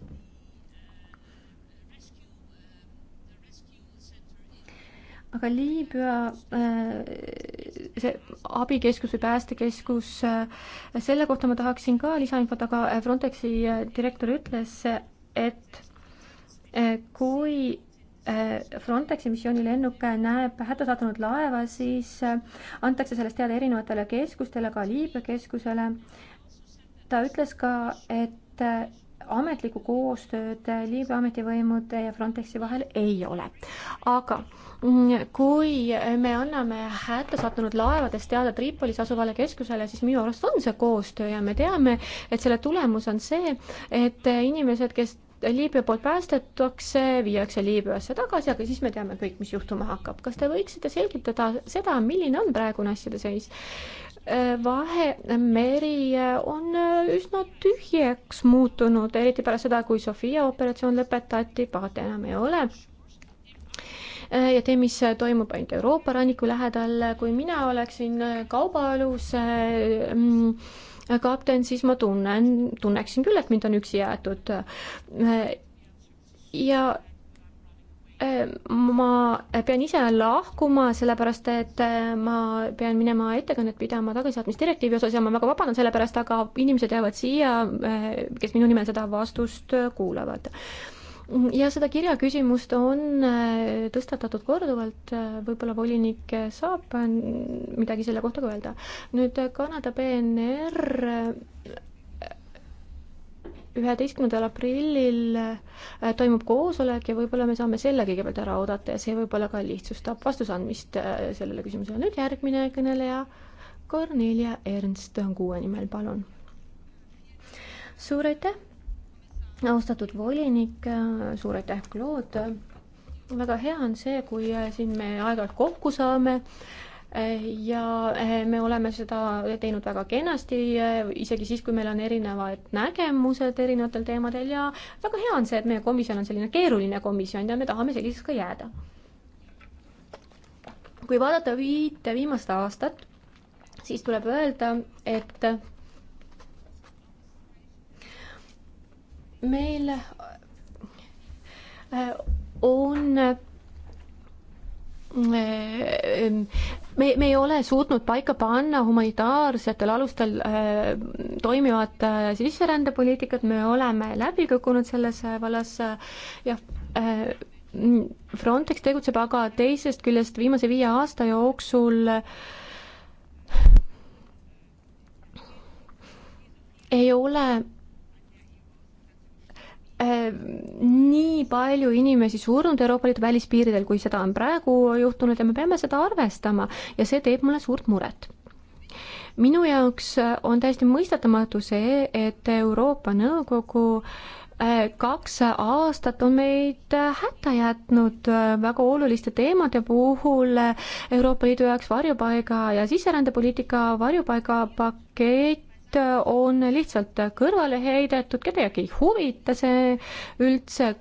aga Liibüa äh, see abikeskus või päästekeskus, äh, selle kohta ma tahaksin ka lisainfot, aga Frontexi direktor ütles, et kui Äh, Frontexi missioonilennuk näeb hätta sattunud laeva, siis äh, antakse sellest teada erinevatele keskustele, ka Liibüa keskusele. ta ütles ka, et äh, ametlikku koostööd Liibüa ametivõimude ja Frontexi vahel ei ole. aga mm, kui me anname hätta sattunud laevadest teada Tripolis asuvale keskusele, siis minu arust on see koostöö ja me teame, et selle tulemus on see, et inimesed, kes Liibüa poolt päästetakse, viiakse Liibüasse tagasi, aga siis me teame kõik, mis juhtuma hakkab. kas te võiksite selgitada seda, milline on praegune asjade seis? Vahemeri on üsna tühjaks muutunud, eriti pärast seda, kui Sofia operatsioon lõpetati, paate enam ei ole ja tee, mis toimub ainult Euroopa ranniku lähedal, kui mina oleksin kaubaelus mm, Äh, kapten, siis ma tunnen, tunneksin küll, et mind on üksi jäetud. Äh, ja äh, ma pean ise lahkuma, sellepärast et ma pean minema ettekannet pidama tagasisaatmisdirektiivi osas ja ma väga vabandan selle pärast, aga inimesed jäävad siia, kes minu nimel seda vastust kuulavad ja seda kirjaküsimust on äh, tõstatatud korduvalt, äh, võib-olla volinik äh, saab midagi selle kohta ka öelda. nüüd Kanada PNR üheteistkümnendal aprillil toimub koosolek ja võib-olla me saame selle kõigepealt ära oodata ja see võib-olla ka lihtsustab vastuse andmist sellele küsimusele. nüüd järgmine kõneleja, Kornelia Ernst on kuue nimel, palun. suur aitäh austatud volinik, suur aitäh, Claude. väga hea on see, kui äh, siin me aeg-ajalt kokku saame äh, ja äh, me oleme seda teinud väga kenasti, isegi siis, kui meil on erinevad nägemused erinevatel teemadel ja väga hea on see, et meie komisjon on selline keeruline komisjon ja me tahame selliseks ka jääda. kui vaadata viite viimast aastat, siis tuleb öelda, et meil äh, on äh, me, me ei ole suutnud paika panna humanitaarsetel alustel äh, toimivat äh, sisserändepoliitikat, me oleme läbi kukkunud selles äh, vallas äh, jah äh,, Frontex tegutseb aga teisest küljest viimase viie aasta jooksul äh, ei ole Ehm, nii palju inimesi surnud Euroopa Liidu välispiiridel, kui seda on praegu juhtunud ja me peame seda arvestama ja see teeb mulle suurt muret. minu jaoks eh, on täiesti mõistetamatu see, et Euroopa Nõukogu eh, kaks aastat on meid eh, hätta jätnud väga oluliste teemade puhul Euroopa Liidu jaoks varjupaiga ja sisserändepoliitika varjupaigapakett, neid äh, on lihtsalt kõrvale heidetud, kedagi ei huvita see üldse,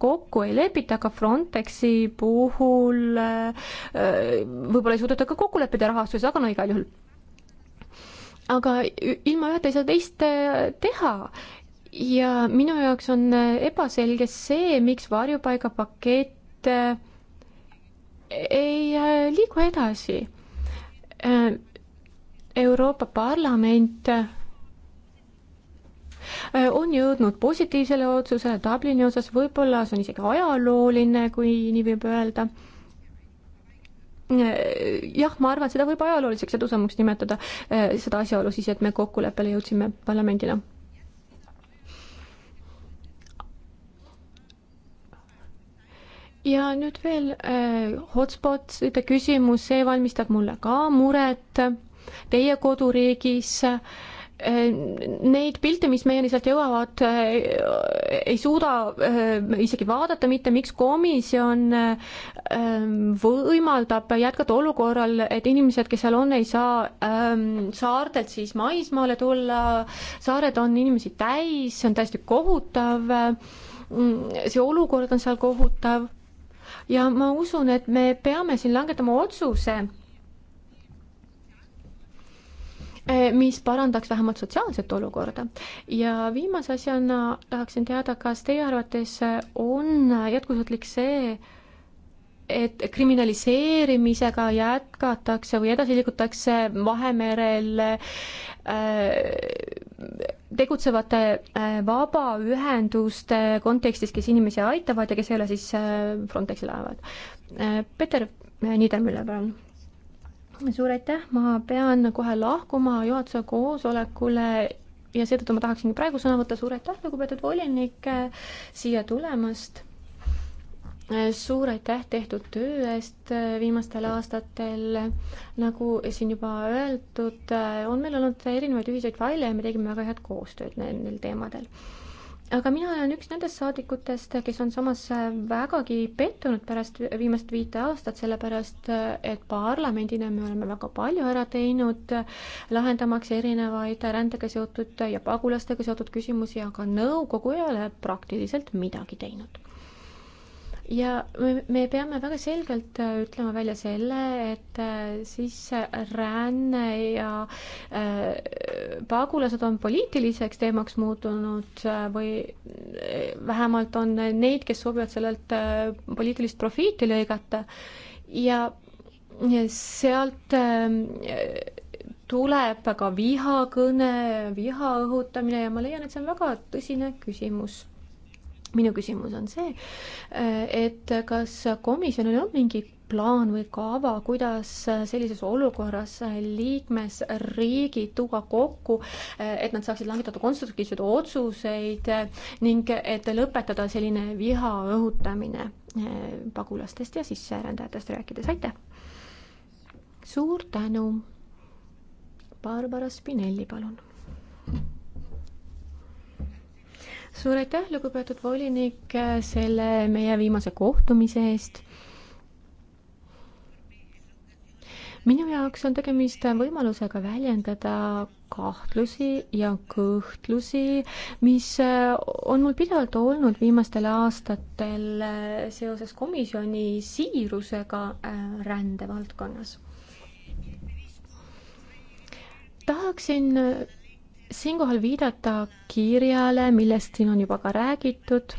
kokku ei lepita, aga Frontexi puhul äh, võib-olla ei suudeta ka kokku leppida rahastuses, aga no igal juhul. aga ilma ühte ei saa teist äh, teha ja minu jaoks on ebaselge see, miks varjupaigapakett ei liigu edasi Euroopa Parlament Äh, on jõudnud positiivsele otsusele Dublini osas, võib-olla see on isegi ajalooline, kui nii võib öelda äh, jah, ma arvan, seda võib ajalooliseks edusammuks nimetada, äh, seda asjaolu siis, et me kokkuleppele jõudsime parlamendina. ja nüüd veel eh, hotspot'ide küsimus, see valmistab mulle ka muret teie koduriigis eh, neid pilte, mis meieni sealt jõuavad, ei suuda äh, isegi vaadata mitte, miks komisjon äh, võimaldab jätkata olukorral, et inimesed, kes seal on, ei saa ähm, saartelt siis maismaale tulla, saared on inimesi täis, see on täiesti kohutav, see olukord on seal kohutav ja ma usun, et me peame siin langetama otsuse Eh, mis parandaks vähemalt sotsiaalset olukorda. ja viimase asjana tahaksin teada, kas teie arvates on jätkusuutlik see, et kriminaliseerimisega jätkatakse või edasi liigutakse Vahemerel eh, tegutsevate eh, vabaühenduste kontekstis, kes inimesi aitavad ja kes ei ole siis Frontexi laevad. Peeter Niidermüller, palun suur aitäh, ma pean kohe lahkuma juhatuse koosolekule ja seetõttu ma tahaksingi praegu sõna võtta, suur aitäh, lugupeetud volinik, siia tulemast. suur aitäh tehtud töö eest viimastel aastatel. nagu siin juba öeldud, on meil olnud erinevaid ühiseid faile ja me tegime väga head koostööd nendel teemadel aga mina olen üks nendest saadikutest, kes on samas vägagi pettunud pärast viimast viite aastat, sellepärast et parlamendina me oleme väga palju ära teinud, lahendamaks erinevaid rändega seotud ja pagulastega seotud küsimusi, aga nõukogu ei ole praktiliselt midagi teinud ja me, me peame väga selgelt äh, ütlema välja selle, et äh, sisseränne äh, ja äh, pagulased on poliitiliseks teemaks muutunud või vähemalt on neid, kes soovivad sellelt äh, poliitilist profiiti lõigata ja, ja sealt äh, tuleb ka vihakõne, viha õhutamine ja ma leian, et see on väga tõsine küsimus minu küsimus on see, äh, et kas komisjonil on mingi plaan või kava, kuidas sellises olukorras liikmesriigid tuua kokku, äh, et nad saaksid langetada konstruktiivseid otsuseid äh, ning et lõpetada selline viha õhutamine pagulastest ja sisserändajatest rääkides, aitäh! suur tänu! Barbara Spinelli, palun! suur aitäh, lugupeetud volinik, selle meie viimase kohtumise eest. minu jaoks on tegemist võimalusega väljendada kahtlusi ja kõhtlusi, mis on mul pidevalt olnud viimastel aastatel seoses komisjoni siirusega äh, rändevaldkonnas. tahaksin siinkohal viidata kirjale, millest siin on juba ka räägitud.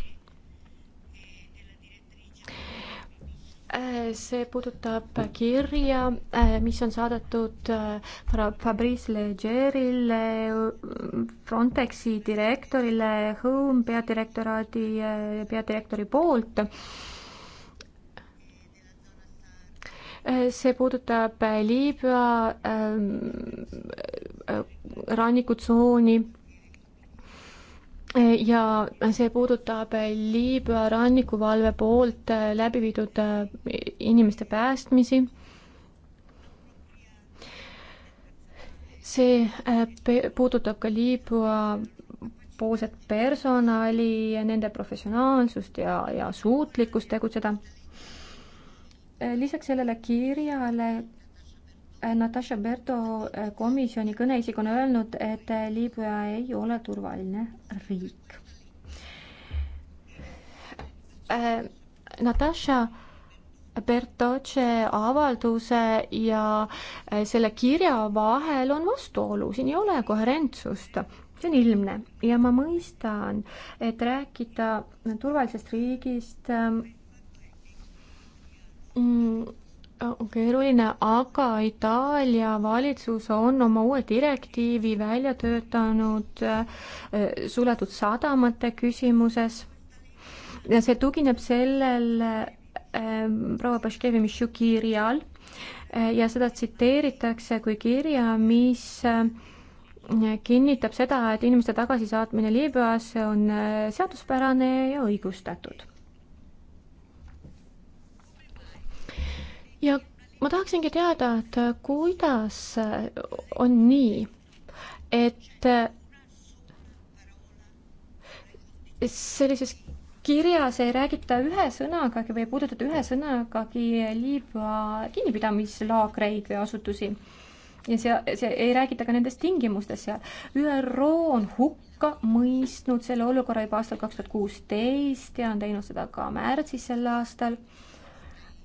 see puudutab kirja, mis on saadetud äh, Fabrice Legerile, Frontexi direktorile, Home peadirektoraadi äh, peadirektori poolt see puudutab äh, Liibüa ähm, äh, rannikutsooni äh, ja see puudutab äh, Liibüa rannikuvalve poolt läbi viidud inimeste päästmisi see puudutab ka Liibüa poolset personali, nende professionaalsust ja, ja suutlikkust tegutseda Eh, lisaks sellele kirjale eh, Natasha Berto eh, komisjoni kõneisik on öelnud, et Liibüa ei ole turvaline riik. Natasha Bertoce avalduse ja selle kirja vahel on vastuolu, siin ei ole koherentsust. see on ilmne ja ma mõistan, et rääkida turvalisest riigist Mm, on oh, keeruline, aga Itaalia valitsus on oma uue direktiivi välja töötanud eh, suletud sadamate küsimuses. ja see tugineb sellele eh, proua Baškevi kirjal eh, ja seda tsiteeritakse kui kirja, mis kinnitab seda, et inimeste tagasisaatmine Liibüasse on seaduspärane ja õigustatud. ja ma tahaksingi teada, et kuidas on nii, et sellises kirjas ei räägita ühe sõnagagi või ei puudutata ühe sõnagagi Liibüa kinnipidamislaagreid või asutusi ja see, see ei räägita ka nendest tingimustest seal. ÜRO on hukka mõistnud selle olukorra juba aastal kaks tuhat kuusteist ja on teinud seda ka märtsis sel aastal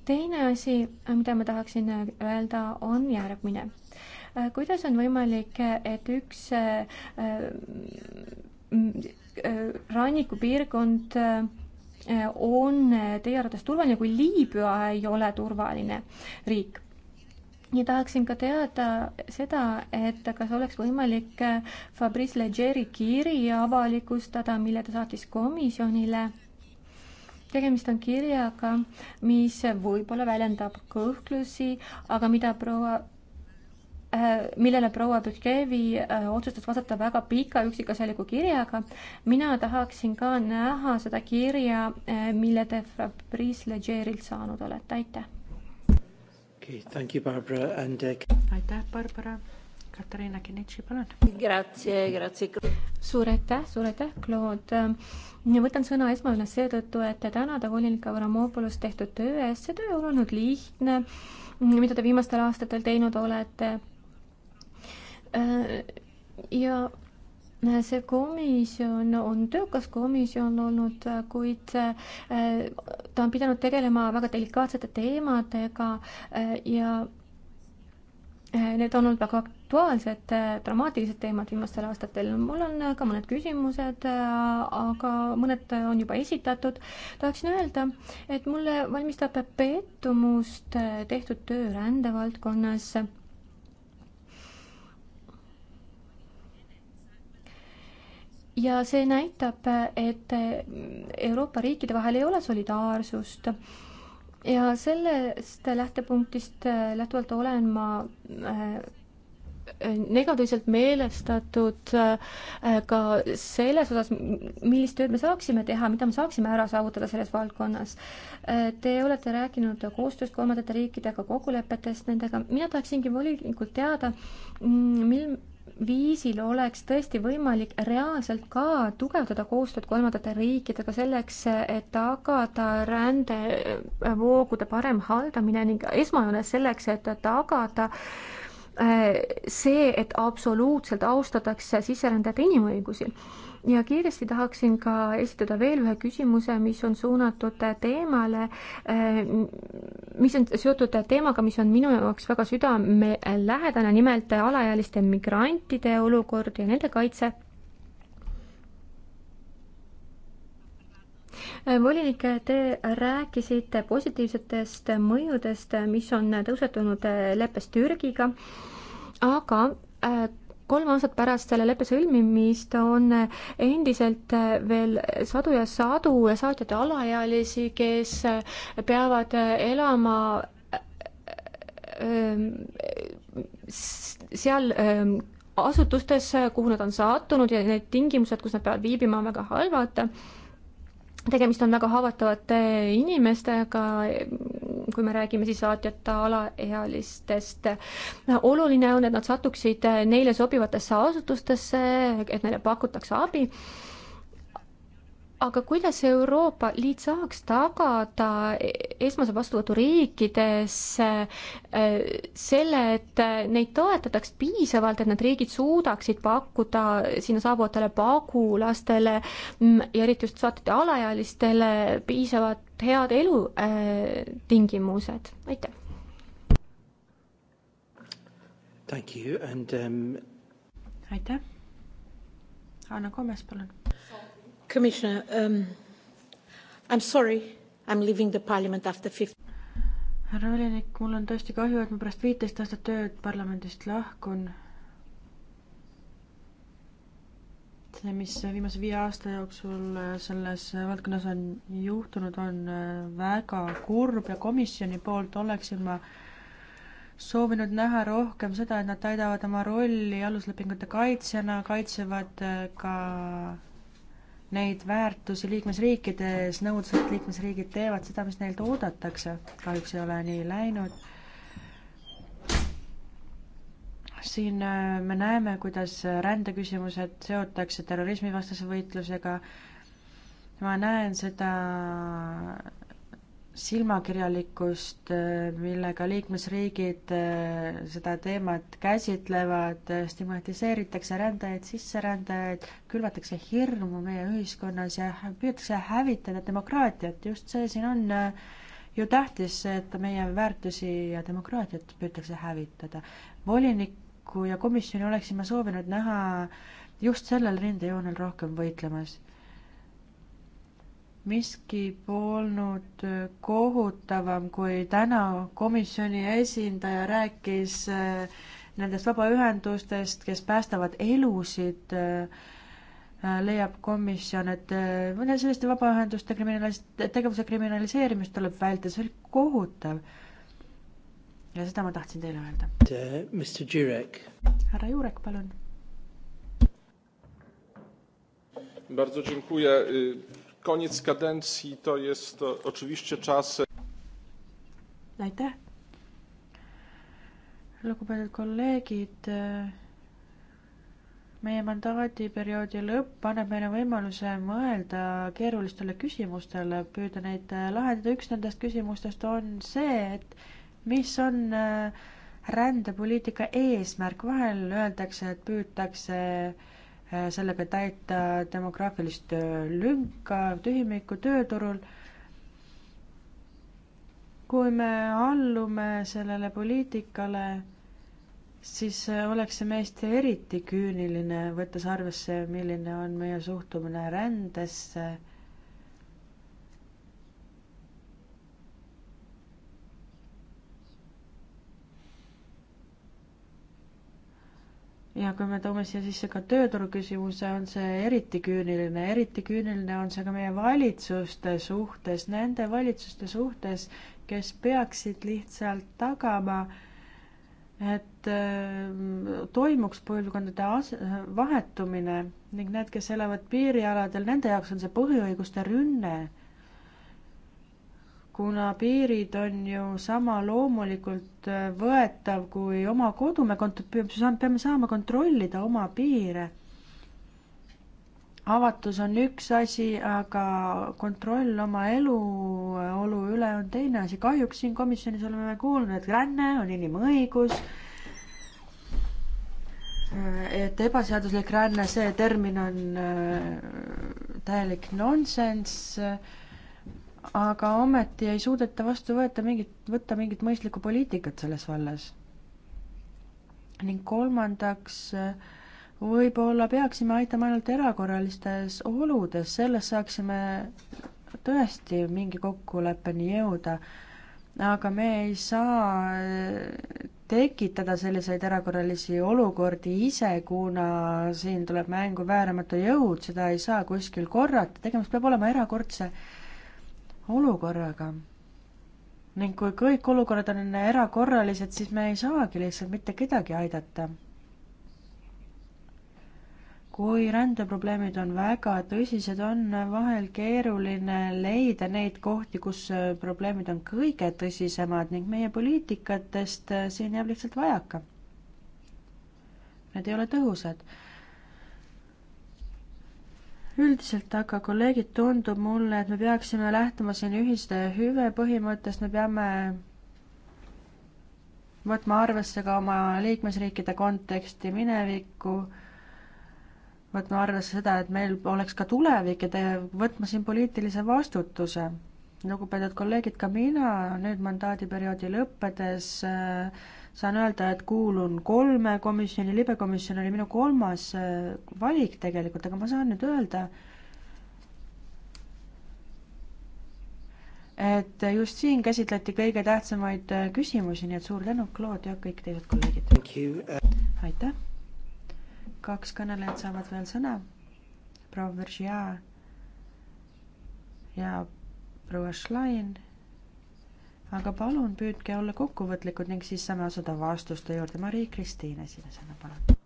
teine asi, mida ma tahaksin öelda, on järgmine. Äh, kuidas on võimalik, et üks äh, äh, rannikupiirkond on teie arvates turvaline, kui Liibüa ei ole turvaline riik? ja tahaksin ka teada seda, et kas oleks võimalik Fabrice Leggeri kiri avalikustada, mille ta saatis komisjonile tegemist on kirjaga, mis võib-olla väljendab kõhklusi, aga mida proua äh, millele proua Pütkevi äh, otsustas vastata väga pika üksikasjaliku kirjaga. mina tahaksin ka näha seda kirja, äh, mille te Fabrice Legerilt saanud olete, aitäh. Okay, thank you, Barbara and uh.... aitäh, Barbara. Katariina Kinnitši, palun. Grazie, grazie. suur aitäh, suur aitäh, Claude võtan sõna esmajoones seetõttu, et tänada volinik Avramopoulos tehtud töö eest, see töö on olnud lihtne, mida te viimastel aastatel teinud olete. Äh, ja see komisjon on töökas komisjon olnud, kuid äh, ta on pidanud tegelema väga delikaatsete teemadega äh, ja Eh, need on olnud väga aktuaalsed, eh, dramaatilised teemad viimastel aastatel. mul on eh, ka mõned küsimused, aga mõned on juba esitatud. tahaksin öelda, et mulle valmistab pettumust tehtud töö rändevaldkonnas. ja see näitab, et Euroopa riikide vahel ei ole solidaarsust ja sellest lähtepunktist äh, lähtuvalt olen ma äh, negatiivselt meelestatud äh, ka selles osas, millist tööd me saaksime teha, mida me saaksime ära saavutada selles valdkonnas. Te olete rääkinud koostööst kolmandate riikidega, kokkulepetest nendega, mina tahaksingi volinikult teada, mm, mil viisil oleks tõesti võimalik reaalselt ka tugevdada koostööd kolmandate riikidega selleks, et tagada rändevoogude parem haldamine ning esmajoones selleks, et tagada äh, see, et absoluutselt austatakse sisserändajate inimõigusi ja kiiresti tahaksin ka esitada veel ühe küsimuse, mis on suunatud teemale, eh, mis on seotud teemaga, mis on minu jaoks väga südamelähedane, nimelt alaealiste migrantide olukord ja nende kaitse eh, volinik, te rääkisite positiivsetest mõjudest, mis on tõusetunud eh, leppest Türgiga, aga kolm aastat pärast selle leppe sõlmimist on endiselt veel sadu ja sadu saatjate alaealisi, kes peavad elama ähm, seal ähm, asutustes, kuhu nad on sattunud ja need tingimused, kus nad peavad viibima, on väga halvad tegemist on väga haavatavate inimestega, kui me räägime siis saatjata alaealistest. oluline on, et nad satuksid neile sobivatesse asutustesse, et neile pakutakse abi aga kuidas Euroopa Liit saaks tagada e-, esmase vastuvõtu riikides äh, selle, et neid toetataks piisavalt, et need riigid suudaksid pakkuda sinna saabuvatele pagulastele mm, ja eriti just saatjate alaealistele piisavalt head elutingimused, äh, aitäh! Thank you and um... aitäh! Anna Komes, palun Commissioner um,, I am sorry, I am leaving the parliament after fifty härra Volinik, mul on tõesti kahju, et ma pärast viiteist aastat tööd parlamendist lahkun. see, mis viimase viie aasta jooksul selles valdkonnas on juhtunud, on äh, väga kurb ja komisjoni poolt oleksin ma soovinud näha rohkem seda, et nad täidavad oma rolli aluslepingute kaitsjana, kaitsevad äh, ka neid väärtusi liikmesriikides, nõudlus, et liikmesriigid teevad seda, mis neilt oodatakse, kahjuks ei ole nii läinud. siin äh, me näeme, kuidas rändeküsimused seotakse terrorismivastase võitlusega, ma näen seda silmakirjalikkust, äh, millega liikmesriigid äh, seda teemat käsitlevad, äh, stigmatiseeritakse rändajaid, sisserändajaid, külvatakse hirmu meie ühiskonnas ja püütakse hävitada demokraatiat, just see siin on ju tähtis, et meie väärtusi ja demokraatiat püütakse hävitada. volinikku ja komisjoni oleksin ma soovinud näha just sellel rindejoonel rohkem võitlemas miski polnud kohutavam, kui täna komisjoni esindaja rääkis äh, nendest vabaühendustest, kes päästavad elusid, äh, leiab komisjon, et äh, selliste vabaühenduste kriminalis-, tegevuse kriminaliseerimist tuleb vältida, see oli kohutav. ja seda ma tahtsin teile öelda. härra Jurek, palun. Bardzo dziękuję koniec kadencji to jest e, oczywiście czas. E, aitäh. lugupeetud kolleegid, e, meie mandaadiperioodi lõpp annab meile võimaluse mõelda keerulistele küsimustele, püüda neid lahendada. üks nendest küsimustest on see, et mis on rändepoliitika eesmärk. vahel öeldakse, et püütakse äh, Äh, sellega täita demograafilist äh, lünka, tühimikku tööturul. kui me allume sellele poliitikale, siis äh, oleks see meist eriti küüniline, võttes arvesse, milline on meie suhtumine rändesse ja kui me toome siia sisse ka tööturu küsimuse, on see eriti küüniline, eriti küüniline on see ka meie valitsuste suhtes, nende valitsuste suhtes, kes peaksid lihtsalt tagama, et äh, toimuks põlvkondade as-, vahetumine ning need, kes elavad piirialadel, nende jaoks on see põhiõiguste rünne kuna piirid on ju sama loomulikult äh, võetav kui oma kodu, me kont-, peame saama kontrollida oma piire. avatus on üks asi, aga kontroll oma eluolu üle on teine asi. kahjuks siin komisjonis oleme kuulnud, et ränne on inimõigus, äh, et ebaseaduslik ränne, see termin on äh, täielik nonsenss aga ometi ei suudeta vastu võeta mingit, võtta mingit mõistlikku poliitikat selles vallas. ning kolmandaks, võib-olla peaksime aitama ainult erakorralistes oludes, selles saaksime tõesti mingi kokkuleppeni jõuda. aga me ei saa äh, tekitada selliseid erakorralisi olukordi ise, kuna siin tuleb mängu vääramatu jõud, seda ei saa kuskil korrata, tegemist peab olema erakordse olukorraga. ning kui kõik olukorrad on erakorralised, siis me ei saagi lihtsalt mitte kedagi aidata. kui rändeprobleemid on väga tõsised, on vahel keeruline leida neid kohti, kus probleemid on kõige tõsisemad ning meie poliitikatest äh, siin jääb lihtsalt vajaka. Need ei ole tõhusad üldiselt aga, kolleegid, tundub mulle, et me peaksime lähtuma siin ühiste hüve põhimõttest, me peame võtma arvesse ka oma liikmesriikide konteksti, minevikku, võtma arvesse seda, et meil oleks ka tulevik ja te, võtma siin poliitilise vastutuse. lugupeetud kolleegid, ka mina nüüd mandaadiperioodi lõppedes äh, saan öelda, et kuulun kolme komisjoni, libekomisjon oli minu kolmas äh, valik tegelikult, aga ma saan nüüd öelda, et just siin käsitleti kõige tähtsamaid äh, küsimusi, nii et suur tänu, Claude ja kõik teised kolleegid. Äh. aitäh. kaks kõnelejat saavad veel sõna. proua Veržia ja proua Schlein aga palun püüdke olla kokkuvõtlikud ning siis saame asuda vastuste juurde. Marii-Kristiin esimesena, palun.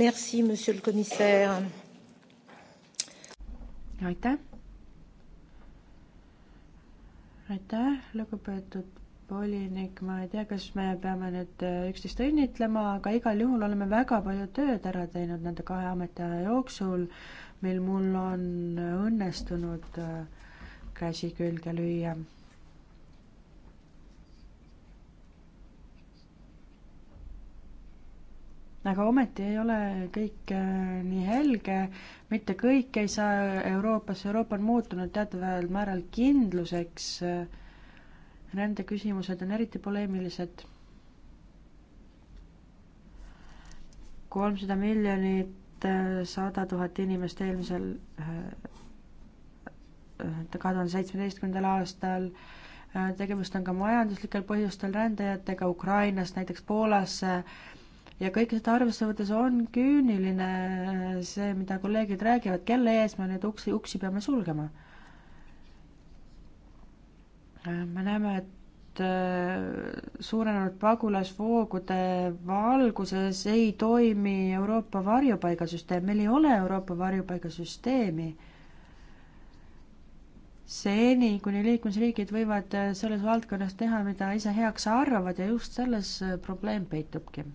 Merci, monsieur le commissaire. aitäh. aitäh, lugupeetud volinik, ma ei tea, kas me peame nüüd äh, üksteist õnnitlema, aga igal juhul oleme väga palju tööd ära teinud nende kahe ametiaja jooksul mil mul on õnnestunud äh, käsi külge lüüa. aga ometi ei ole kõik äh, nii helge, mitte kõik ei saa Euroopasse, Euroopa on muutunud teataval määral kindluseks. Nende küsimused on eriti poleemilised kolmsada miljonit Äh, sada tuhat inimest eelmisel, äh, äh, kahe tuhande seitsmeteistkümnendal aastal, tegemist on ka majanduslikel põhjustel rändajatega Ukrainast näiteks Poolasse ja kõike seda arvesse võttes on küüniline see, mida kolleegid räägivad, kelle ees me neid uksi, uksi peame sulgema. me näeme, et Äh, suurenenud pagulasvoogude valguses ei toimi Euroopa varjupaigasüsteem, meil ei ole Euroopa varjupaigasüsteemi. seni, kuni liikmesriigid võivad äh, selles valdkonnas teha, mida ise heaks arvavad ja just selles äh, probleem peitubki.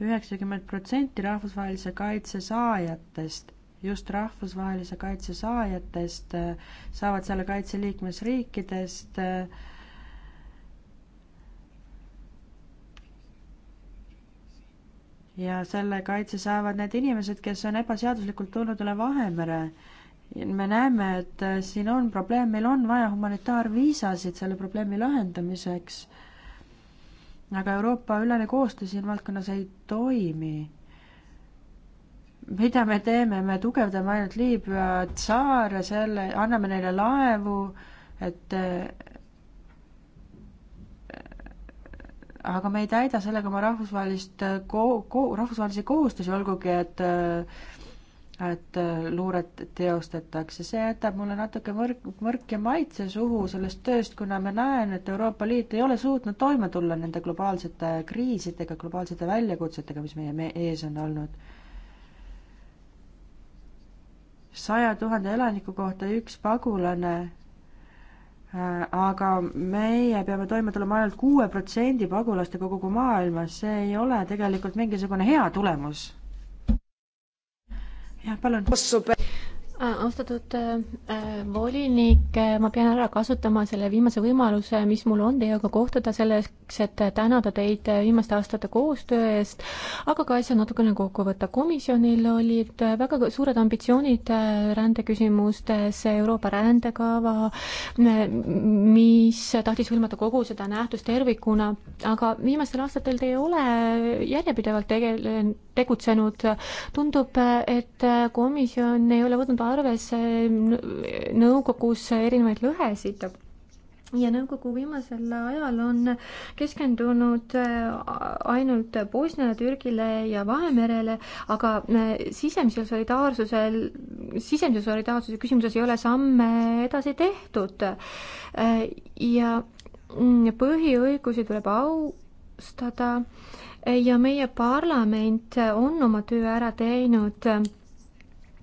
üheksakümmend protsenti rahvusvahelise kaitse saajatest just rahvusvahelise kaitse saajatest saavad selle kaitse liikmesriikidest äh, ja selle kaitse saavad need inimesed, kes on ebaseaduslikult tulnud üle Vahemere. me näeme, et äh, siin on probleem, meil on vaja humanitaarviisasid selle probleemi lahendamiseks, aga Euroopa-ülene koostöö siin valdkonnas ei toimi. mida me teeme, me tugevdame ainult Liibüa tsaare, selle, anname neile laevu, et äh, aga me ei täida sellega oma rahvusvahelist äh, ko-, ko-, rahvusvahelisi kohustusi, olgugi et äh, et äh, luuret teostatakse, see jätab mulle natuke mõrk, mõrk ja maitse suhu sellest tööst, kuna ma näen, et Euroopa Liit ei ole suutnud toime tulla nende globaalsete kriisidega, globaalsete väljakutsetega, mis meie me ees on olnud. saja tuhande elaniku kohta üks pagulane Äh, aga meie peame toime tulema ainult kuue protsendi pagulastega kogu maailmas, see ei ole tegelikult mingisugune hea tulemus. jah, palun. Äh, austatud äh, volinik, äh, ma pean ära kasutama selle viimase võimaluse, mis mul on teiega kohtuda, selleks, et tänada teid viimaste aastate koostöö eest, aga ka asja natukene kokku võtta. komisjonil olid väga suured ambitsioonid äh, rändeküsimustes, Euroopa rändekava, mis tahtis hõlmata kogu seda nähtust tervikuna, aga viimastel aastatel te ei ole järjepidevalt tegelenud tegutsenud. tundub, et komisjon ei ole võtnud arvesse nõukogus erinevaid lõhesid ja nõukogu viimasel ajal on keskendunud ainult Bosniale, Türgile ja Vahemerele, aga sisemisel solidaarsusel, sisemise solidaarsuse küsimuses ei ole samme edasi tehtud. ja põhiõigusi tuleb austada ja meie parlament on oma töö ära teinud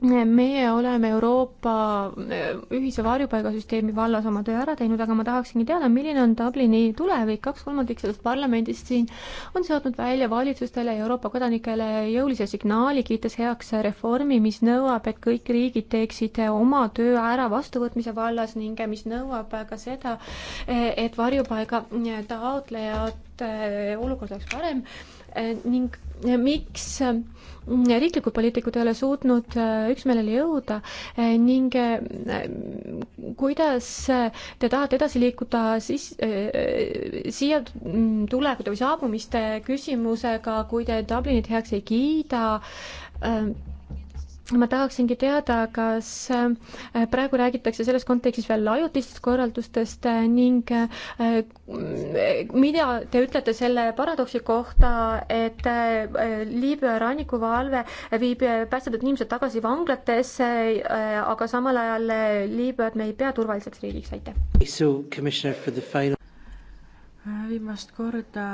meie oleme Euroopa eh, ühise varjupaigasüsteemi vallas oma töö ära teinud, aga ma tahaksingi teada, milline on Dublini tulevik, kaks kolmandik sellest parlamendist siin on saatnud välja valitsustele ja Euroopa kodanikele jõulise signaali, kiites heaks reformi, mis nõuab, et kõik riigid teeksid oma töö ära vastuvõtmise vallas ning mis nõuab ka seda, eh, et varjupaiga eh, taotlejate olukord oleks parem ning miks äh, riiklikud poliitikud ei ole suutnud äh, üksmeelele jõuda äh, ning kuidas te tahate edasi liikuda siis siia mm, tulekute või saabumiste küsimusega, kui te Dublinit heaks ei kiida ma tahaksingi teada, kas äh, praegu räägitakse selles kontekstis veel ajutistest korraldustest äh, ning äh, mida te ütlete selle paradoksi kohta, et Liibüa rannikuvalve viib päästetud inimesed tagasi vanglatesse, aga samal ajal Liibüat me ei pea turvaliseks riigiks, aitäh. Äh, viimast korda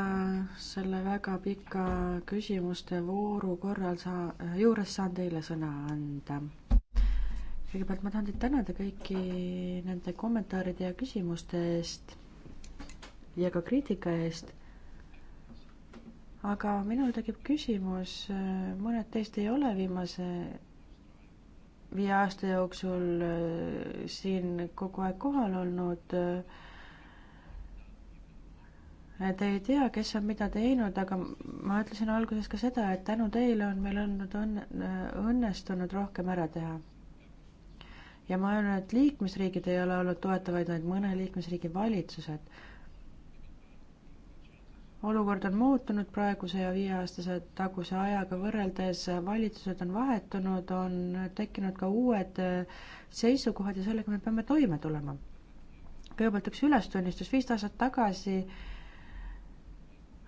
selle väga pika küsimuste vooru korral saa, äh, juures saan teile sõna anda. kõigepealt ma tahan teid tänada kõiki nende kommentaaride ja küsimuste eest ja ka kriitika eest. aga minul tekib küsimus, äh, mõned teist ei ole viimase viie aasta jooksul siin kogu aeg kohal olnud äh, Te ei tea, kes on mida teinud, aga ma ütlesin alguses ka seda, et tänu teile on meil olnud õnn, õnnestunud rohkem ära teha. ja ma arvan, et liikmesriigid ei ole olnud toetavaid, vaid mõne liikmesriigi valitsused. olukord on muutunud praeguse ja viieaastase taguse ajaga võrreldes, valitsused on vahetunud, on tekkinud ka uued äh, seisukohad ja sellega me peame toime tulema. kõigepealt üks ülestunnistus, viis aastat tagasi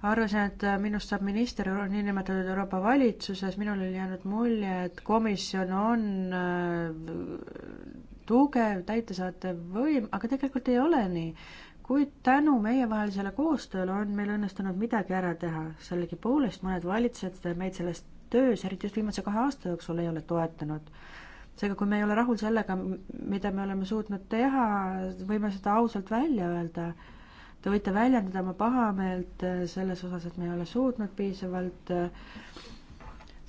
arvasin, et minust saab minister niinimetatud Euroopa valitsuses, minul oli jäänud mulje, et komisjon on äh, tugev täitesaatev võim, aga tegelikult ei ole nii. kuid tänu meievahelisele koostööle on meil õnnestunud midagi ära teha, sellegipoolest mõned valitsused meid selles töös, eriti just viimase kahe aasta jooksul, ei ole toetanud seega, kui me ei ole rahul sellega, mida me oleme suutnud teha, võime seda ausalt välja öelda Te võite väljendada oma pahameelt äh, selles osas, et me ei ole suutnud piisavalt äh,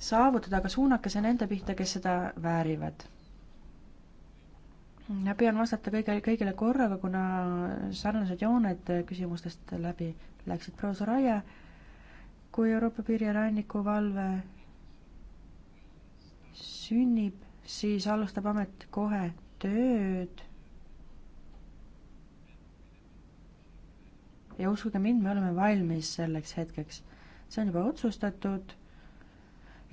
saavutada, aga suunake see nende pihta, kes seda väärivad. ma püüan vastata kõige, kõigile korraga, kuna sarnased jooned äh, küsimustest läbi läksid. proua Soraya, kui Euroopa Piiri- ja Rannikuvalve sünnib, siis alustab amet kohe tööd ja uskuge mind, me oleme valmis selleks hetkeks. see on juba otsustatud,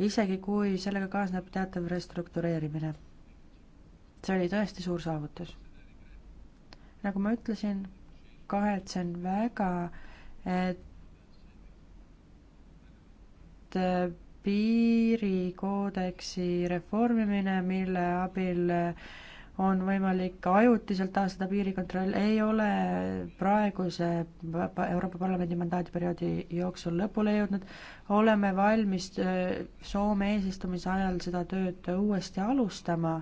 isegi kui sellega kaasneb teatav restruktureerimine. see oli tõesti suur saavutus. nagu ma ütlesin, kahetsen väga, et äh, piirikoodeksi reformimine, mille abil äh, on võimalik ajutiselt taastada piirikontroll, ei ole praeguse Euroopa Parlamendi mandaadi perioodi jooksul lõpule jõudnud, oleme valmis Soome eesistumise ajal seda tööd uuesti alustama,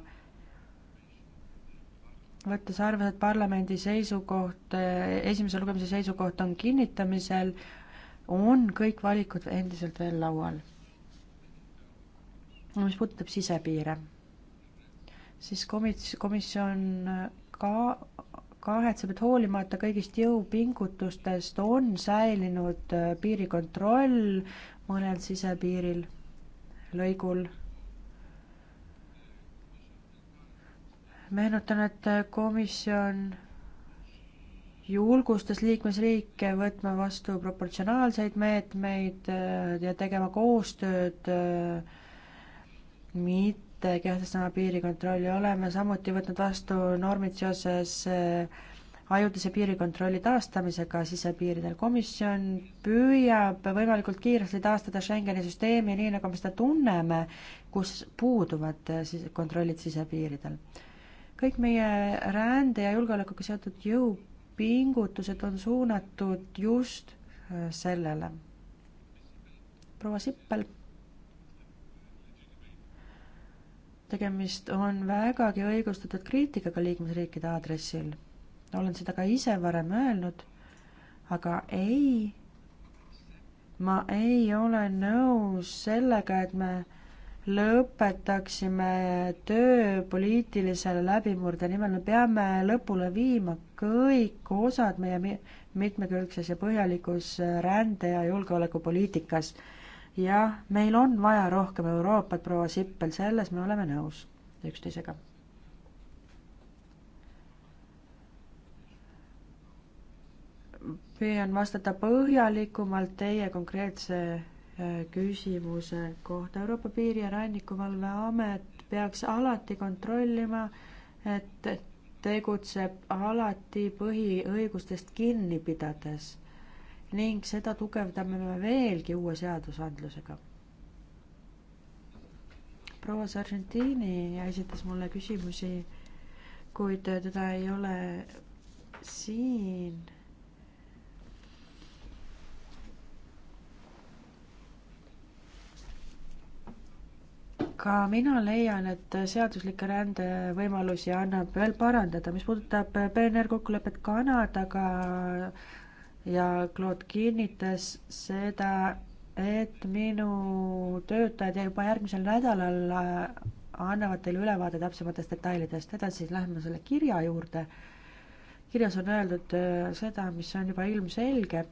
võttes arvesse, et parlamendi seisukoht, esimese lugemise seisukoht on kinnitamisel, on kõik valikud endiselt veel laual. mis puudutab sisepiire siis komits-, komisjon äh, ka kahetseb, et hoolimata kõigist jõupingutustest on säilinud äh, piirikontroll mõnel sisepiiril, lõigul. meenutan, et äh, komisjon julgustas liikmesriike võtma vastu proportsionaalseid meetmeid ja tegema koostööd, mitte et kehtestame piirikontrolli, oleme samuti võtnud vastu normid seoses äh, ajutise piirikontrolli taastamisega sisepiiridel. komisjon püüab võimalikult kiiresti taastada Schengeni süsteemi, nii nagu me seda tunneme, kus puuduvad äh, siis kontrollid sisepiiridel. kõik meie rände ja julgeolekuga seotud jõupingutused on suunatud just äh, sellele. proua Sippel tegemist on vägagi õigustatud kriitikaga liikmesriikide aadressil. olen seda ka ise varem öelnud, aga ei, ma ei ole nõus sellega, et me lõpetaksime töö poliitilisele läbimurde nimel, me peame lõpule viima kõik osad meie mitmekülgses ja põhjalikus rände- ja julgeolekupoliitikas jah, meil on vaja rohkem Euroopat, proua Sippel, selles me oleme nõus üksteisega. püüan vastata põhjalikumalt teie konkreetse äh, küsimuse kohta. Euroopa Piiri- ja Rannikuvalveamet peaks alati kontrollima, et tegutseb alati põhiõigustest kinni pidades ning seda tugevdame me veelgi uue seadusandlusega. proua Sargentini esitas mulle küsimusi, kuid teda ei ole siin. ka mina leian, et seaduslikke rändevõimalusi annab veel parandada, mis puudutab PNR kokkulepet Kanadaga ka ja Claude kinnitas seda, et minu töötajad ja juba järgmisel nädalal äh, annavad teile ülevaade täpsematest detailidest. edasi läheme selle kirja juurde. kirjas on öeldud äh, seda, mis on juba ilmselge.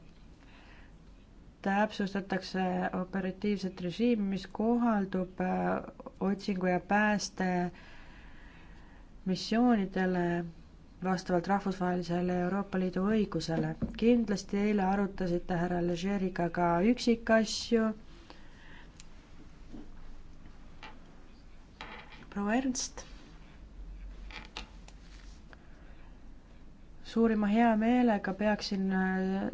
täpsustatakse operatiivset režiimi, mis kohaldub äh, otsingu ja pääste missioonidele vastavalt rahvusvahelisele Euroopa Liidu õigusele. kindlasti eile arutasite härra Legeriga ka üksikasju. proua Ernst. suurima heameelega peaksin äh,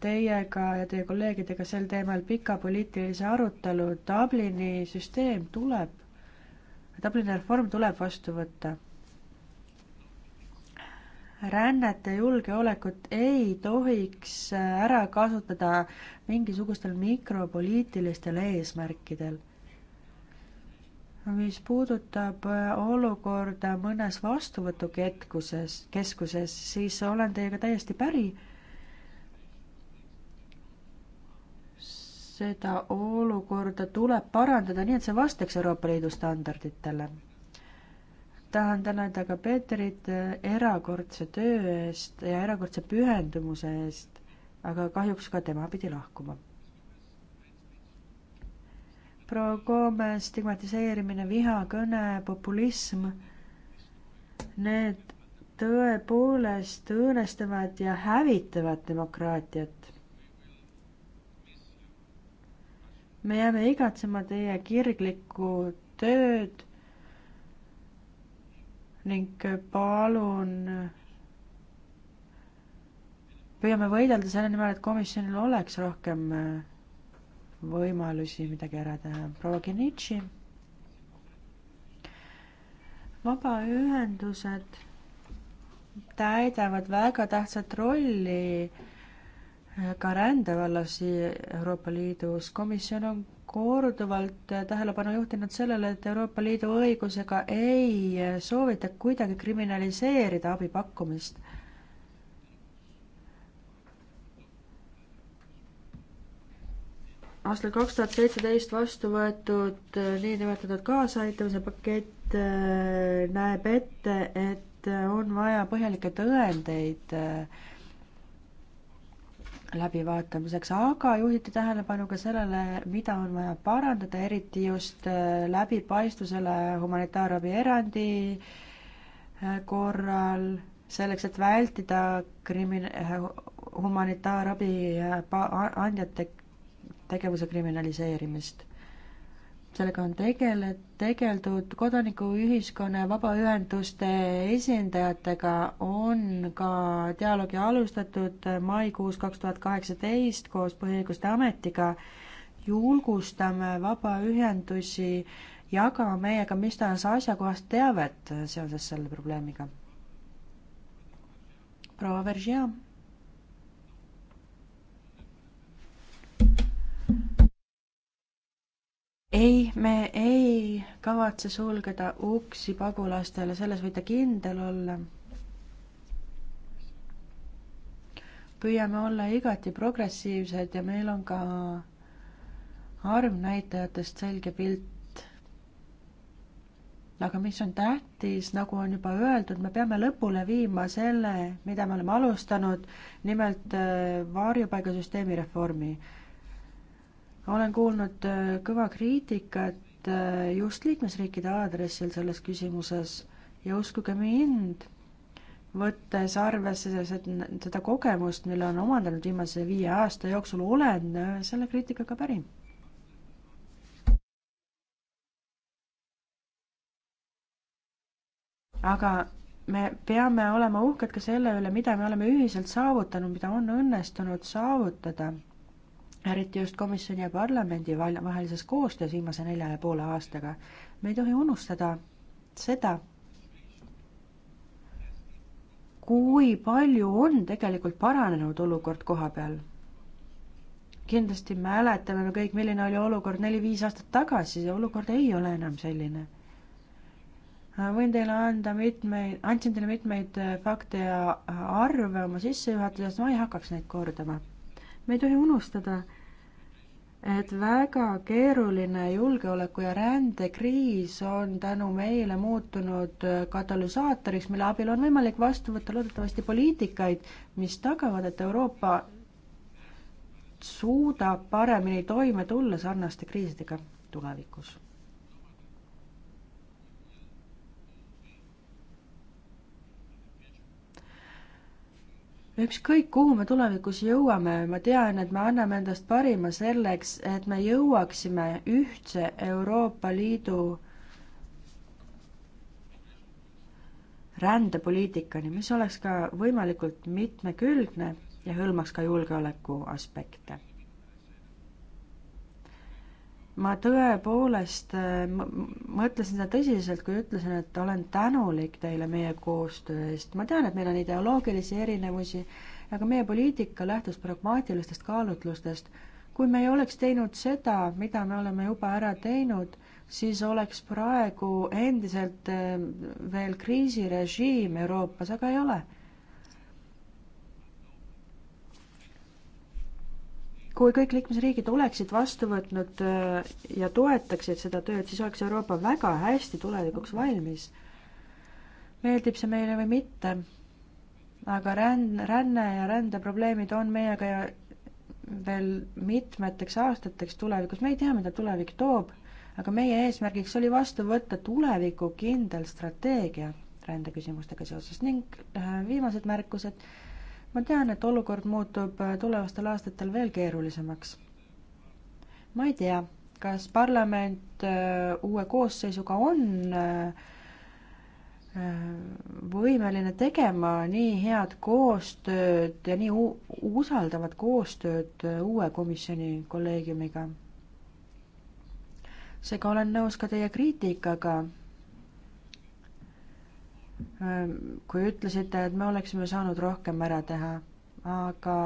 teiega ja teie kolleegidega sel teemal pika poliitilise arutelu. Dublini süsteem tuleb, Dublini reform tuleb vastu võtta rännet ja julgeolekut ei tohiks äh, ära kasutada mingisugustel mikropoliitilistel eesmärkidel. mis puudutab äh, olukorda mõnes vastuvõtuketkuses, keskuses, siis olen teiega täiesti päri seda olukorda tuleb parandada nii, et see vastaks Euroopa Liidu standarditele tahan tänada ka Peeterit äh, erakordse töö eest ja erakordse pühendumuse eest, aga kahjuks ka tema pidi lahkuma. proua Koome stigmatiseerimine, vihakõne, populism, need tõepoolest õõnestavad ja hävitavad demokraatiat. me jääme igatsema teie kirglikku tööd ning palun püüame võidelda selle nimel, et komisjonil oleks rohkem äh, võimalusi midagi ära teha. proua Genitši. vabaühendused täidavad väga tähtsat rolli äh, ka rändevallas Euroopa Liidus. komisjon on korduvalt tähelepanu juhtinud sellele, et Euroopa Liidu õigusega ei soovita kuidagi kriminaliseerida abi pakkumist. aastal kaks tuhat seitseteist vastu võetud eh, niinimetatud kaasaaitamise pakett eh, näeb ette, et on vaja põhjalikke tõendeid äh, läbivaatamiseks, aga juhiti tähelepanu ka sellele, mida on vaja parandada, eriti just äh, läbipaistvusele humanitaarabi erandi äh, korral, selleks, et vältida krimin-, äh, humanitaarabi andjate tegevuse kriminaliseerimist sellega on tegele-, tegeldud, kodanikuühiskonna ja vabaühenduste esindajatega on ka dialoogi alustatud maikuus kaks tuhat kaheksateist koos Põhiõiguste Ametiga, julgustame vabaühendusi jagama meiega mis tahes asjakohast teavet seoses selle probleemiga. proua Veržia ei, me ei kavatse sulgeda uksi pagulastele, selles võite kindel olla. püüame olla igati progressiivsed ja meil on ka arvnäitajatest selge pilt. aga mis on tähtis, nagu on juba öeldud, me peame lõpule viima selle, mida me oleme alustanud, nimelt äh, varjupaigasüsteemi reformi olen kuulnud äh, kõva kriitikat äh, just liikmesriikide aadressil selles küsimuses ja uskuge mind, võttes arvesse seda kogemust, mille on omandanud viimase viie aasta jooksul, olen äh, selle kriitikaga päri. aga me peame olema uhked ka selle üle, mida me oleme ühiselt saavutanud, mida on õnnestunud saavutada eriti just komisjoni ja parlamendi vahelises koostöös viimase nelja ja poole aastaga. me ei tohi unustada seda, kui palju on tegelikult paranenud olukord koha peal. kindlasti mäletame me kõik, milline oli olukord neli-viis aastat tagasi, see olukord ei ole enam selline. võin teile anda mitmeid, andsin teile mitmeid äh, fakte ja äh, arve oma sissejuhatuses, ma ei hakkaks neid kordama. me ei tohi unustada et väga keeruline julgeoleku- ja rändekriis on tänu meile muutunud äh, katalüsaatoriks, mille abil on võimalik vastu võtta loodetavasti poliitikaid, mis tagavad, et Euroopa suudab paremini toime tulla sarnaste kriisidega tulevikus ükskõik, kuhu me tulevikus jõuame, ma tean, et me anname endast parima selleks, et me jõuaksime ühtse Euroopa Liidu rändepoliitikani, mis oleks ka võimalikult mitmekülgne ja hõlmaks ka julgeoleku aspekte ma tõepoolest äh, mõtlesin seda tõsiselt, kui ütlesin, et olen tänulik teile meie koostöö eest. ma tean, et meil on ideoloogilisi erinevusi, aga meie poliitika lähtus pragmaatilistest kaalutlustest. kui me ei oleks teinud seda, mida me oleme juba ära teinud, siis oleks praegu endiselt äh, veel kriisirežiim Euroopas, aga ei ole kui kõik liikmesriigid oleksid vastu võtnud äh, ja toetaksid seda tööd, siis oleks Euroopa väga hästi tulevikuks valmis. meeldib see meile või mitte, aga ränn, ränne ja rändeprobleemid on meiega ja veel mitmeteks aastateks tulevikus, me ei tea, mida tulevik toob, aga meie eesmärgiks oli vastu võtta tulevikukindel strateegia rändeküsimustega seoses ning äh, viimased märkused ma tean, et olukord muutub äh, tulevastel aastatel veel keerulisemaks. ma ei tea, kas parlament äh, uue koosseisuga on äh, võimeline tegema nii head koostööd ja nii usaldavat koostööd uue komisjoni kolleegiumiga. seega olen nõus ka teie kriitikaga Ehm, kui ütlesite, et me oleksime saanud rohkem ära teha, aga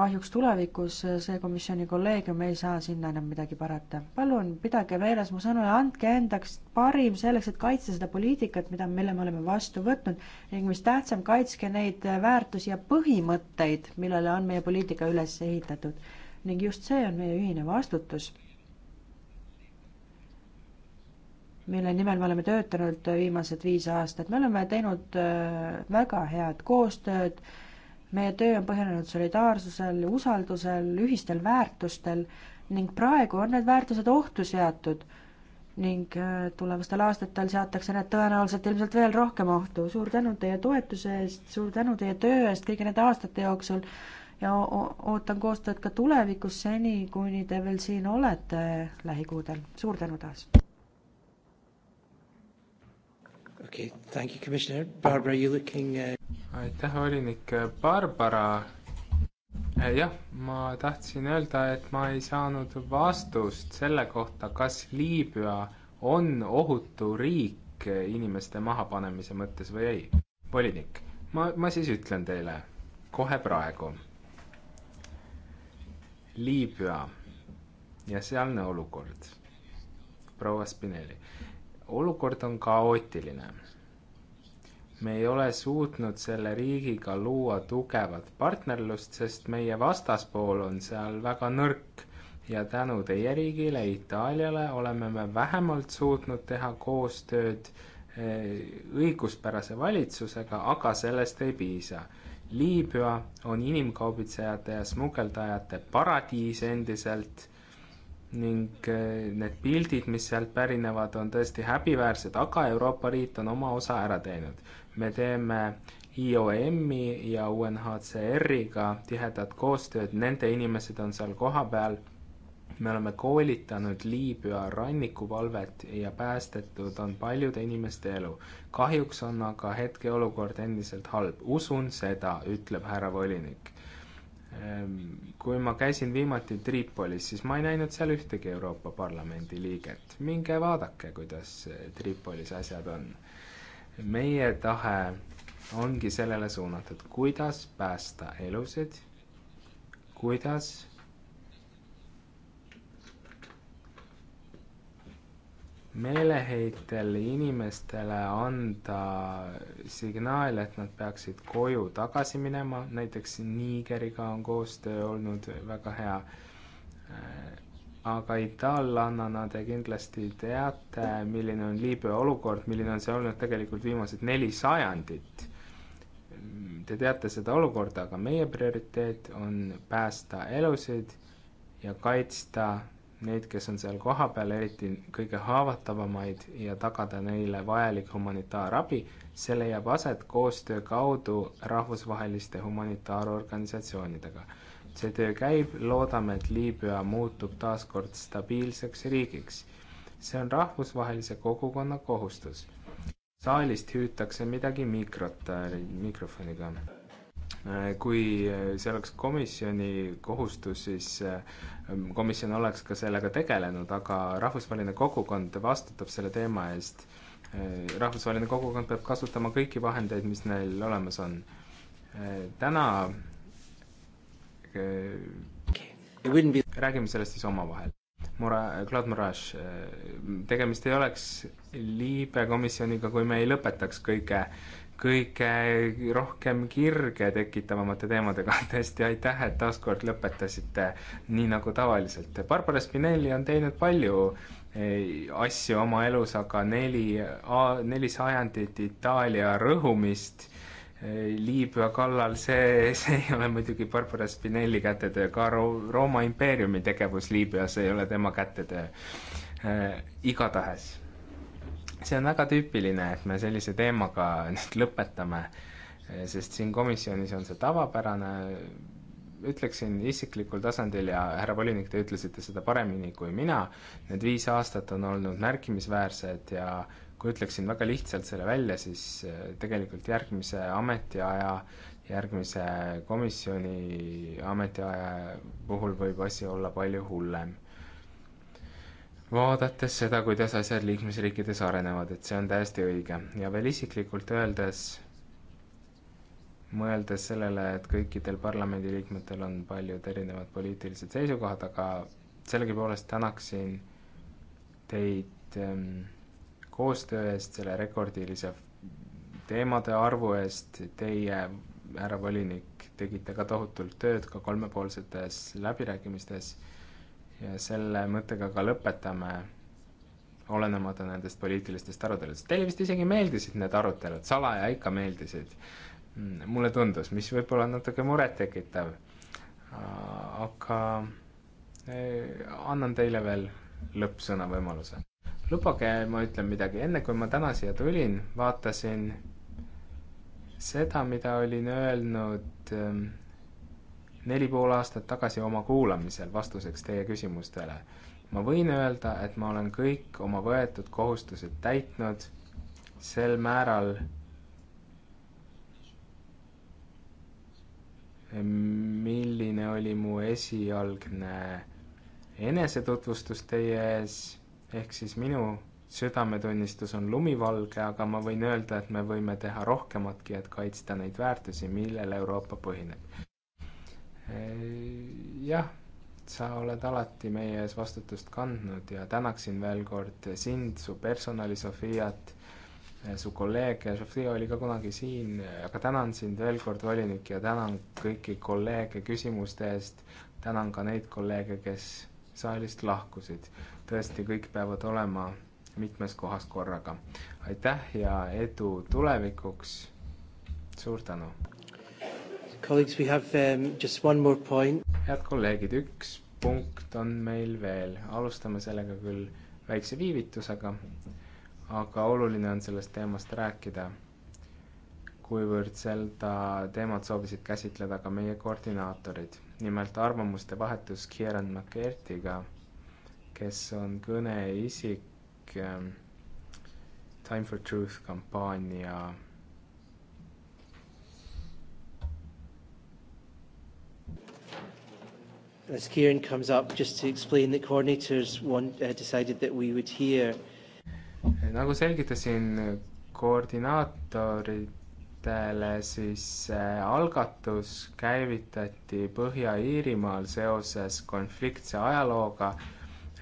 kahjuks tulevikus see komisjoni kolleegium ei saa sinna enam midagi parata. palun pidage meeles mu sõnu ja andke endaks parim selleks, et kaitsta seda poliitikat, mida, mille me oleme vastu võtnud ning mis tähtsam, kaitske neid väärtusi ja põhimõtteid, millele on meie poliitika üles ehitatud. ning just see on meie ühine vastutus mille nimel me oleme töötanud viimased viis aastat. me oleme teinud äh, väga head koostööd, meie töö on põhinenud solidaarsusel, usaldusel, ühistel väärtustel ning praegu on need väärtused ohtu seatud ning äh, tulevastel aastatel seatakse need tõenäoliselt ilmselt veel rohkem ohtu. suur tänu teie toetuse eest, suur tänu teie töö eest kõigi nende aastate jooksul ja ootan koostööd ka tulevikus, seni kuni te veel siin olete lähikuudel. suur tänu taas! okei okay,, thank you, commissioner. Barbara, you looking uh...? aitäh, volinik Barbara. Äh, jah, ma tahtsin öelda, et ma ei saanud vastust selle kohta, kas Liibüa on ohutu riik inimeste mahapanemise mõttes või ei. volinik, ma, ma siis ütlen teile kohe praegu. Liibüa ja sealne olukord. proua Spinelli olukord on kaootiline. me ei ole suutnud selle riigiga luua tugevat partnerlust, sest meie vastaspool on seal väga nõrk ja tänu teie riigile, Itaaliale, oleme me vähemalt suutnud teha koostööd eh, õiguspärase valitsusega, aga sellest ei piisa. Liibüa on inimkaubitsejate ja smugeldajate paradiis endiselt ning eh, need pildid, mis sealt pärinevad, on tõesti häbiväärsed, aga Euroopa Liit on oma osa ära teinud. me teeme IOM-i ja UNHCR-iga tihedat koostööd, nende inimesed on seal kohapeal, me oleme koolitanud Liibüa rannikuvalvet ja päästetud on paljude inimeste elu. kahjuks on aga hetkeolukord endiselt halb, usun seda, ütleb härra volinik Ehm, kui ma käisin viimati Tripolis, siis ma ei näinud seal ühtegi Euroopa Parlamendi liiget. minge vaadake, kuidas eh, Tripolis asjad on. meie tahe ongi sellele suunatud, kuidas päästa elusid, kuidas meeleheitel inimestele anda signaal, et nad peaksid koju tagasi minema, näiteks Nigeriga on koostöö olnud väga hea. aga itaallannana te kindlasti teate, milline on Liibüa olukord, milline on see olnud tegelikult viimased neli sajandit. Te teate seda olukorda, aga meie prioriteet on päästa elusid ja kaitsta neid, kes on seal kohapeal, eriti kõige haavatavamaid, ja tagada neile vajalik humanitaarabi, see leiab aset koostöö kaudu rahvusvaheliste humanitaarorganisatsioonidega. see töö käib, loodame, et Liibüa muutub taas kord stabiilseks riigiks. see on rahvusvahelise kogukonna kohustus. saalist hüütakse midagi mikrot, mikrofoniga Äh, kui äh, see oleks komisjoni kohustus, siis äh, komisjon oleks ka sellega tegelenud, aga rahvusvaheline kogukond vastutab selle teema eest. rahvusvaheline kogukond peab kasutama kõiki vahendeid, mis neil olemas on. täna räägime sellest siis omavahel. Mora-, Claude Moraes, tegemist ei oleks liibekomisjoniga, kui me ei lõpetaks kõige äh, kõige rohkem kirge tekitavamate teemadega, tõesti aitäh, et taaskord lõpetasite nii nagu tavaliselt. Barbara Spinelli on teinud palju eh, asju oma elus, aga neli, neli sajandit Itaalia rõhumist eh, Liibüa kallal, see, see ei ole muidugi Barbara Spinelli kätetöö, ka Ro-, Rooma impeeriumi tegevus Liibüas ei ole tema kätetöö. Eh, igatahes see on väga tüüpiline, et me sellise teemaga nüüd lõpetame, eh, sest siin komisjonis on see tavapärane, ütleksin isiklikul tasandil ja härra volinik, te ütlesite seda paremini kui mina, need viis aastat on olnud märkimisväärsed ja kui ütleksin väga lihtsalt selle välja, siis eh, tegelikult järgmise ametiaja, järgmise komisjoni ametiaja puhul võib asi olla palju hullem vaadates seda, kuidas asjad liikmesriikides arenevad, et see on täiesti õige ja veel isiklikult öeldes, mõeldes sellele, et kõikidel parlamendiliikmetel on paljud erinevad poliitilised seisukohad, aga sellegipoolest tänaksin teid ähm, koostöö eest, selle rekordilise teemade arvu eest, teie, härra volinik, tegite ka tohutult tööd ka kolmepoolsetes läbirääkimistes ja selle mõttega ka lõpetame, olenemata nendest poliitilistest aruteludest. Teile vist isegi meeldisid need arutelud, salaja ikka meeldisid. Mm, mulle tundus, mis võib olla natuke murettekitav. aga eh, annan teile veel lõppsõna võimaluse. lubage, ma ütlen midagi, enne kui ma täna siia tulin, vaatasin seda, mida olin öelnud ähm, neli pool aastat tagasi oma kuulamisel vastuseks teie küsimustele. ma võin öelda, et ma olen kõik oma võetud kohustused täitnud sel määral, milline oli mu esialgne enesetutvustus teie ees, ehk siis minu südametunnistus on lumivalge, aga ma võin öelda, et me võime teha rohkematki, et kaitsta neid väärtusi, millel Euroopa põhineb jah, sa oled alati meie ees vastutust kandnud ja tänaksin veel kord sind, su personali, Sofiat, su kolleege, Sofia oli ka kunagi siin, aga tänan sind veel kord, volinik, ja tänan kõiki kolleege küsimuste eest, tänan ka neid kolleege, kes saalist lahkusid. tõesti, kõik peavad olema mitmes kohas korraga. aitäh ja edu tulevikuks, suur tänu! Colleagues, we have um, just one more point. head kolleegid, üks punkt on meil veel, alustame sellega küll väikse viivitusega, aga oluline on sellest teemast rääkida, kuivõrd seda teemat soovisid käsitleda ka meie koordinaatorid, nimelt arvamuste vahetus Kieran McCarthy'ga, kes on kõneisik ähm, Time for Truth kampaania as Kieran comes up, just to explain that coordinators want, uh, decided that we would hear. Eh, nagu selgitasin koordinaatoritele, siis äh, algatus käivitati Põhja-Iirimaal seoses konfliktse ajalooga,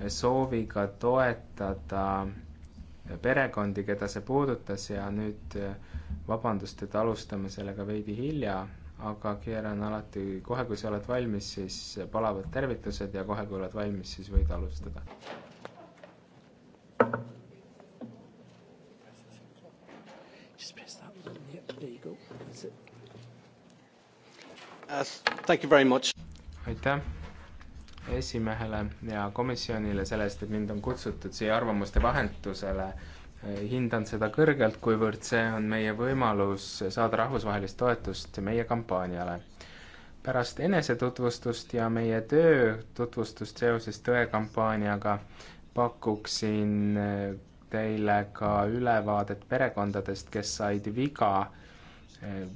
eh, sooviga toetada perekondi, keda see puudutas ja nüüd vabandust, et alustame sellega veidi hilja, aga keeran alati, kohe kui sa oled valmis, siis palavad tervitused ja kohe, kui oled valmis, siis võid alustada. Uh, aitäh esimehele ja komisjonile selle eest, et mind on kutsutud siia arvamuste vahetusele hindan seda kõrgelt, kuivõrd see on meie võimalus saada rahvusvahelist toetust meie kampaaniale. pärast enesetutvustust ja meie töö tutvustust seoses tõekampaaniaga pakuksin teile ka ülevaadet perekondadest, kes said viga eh,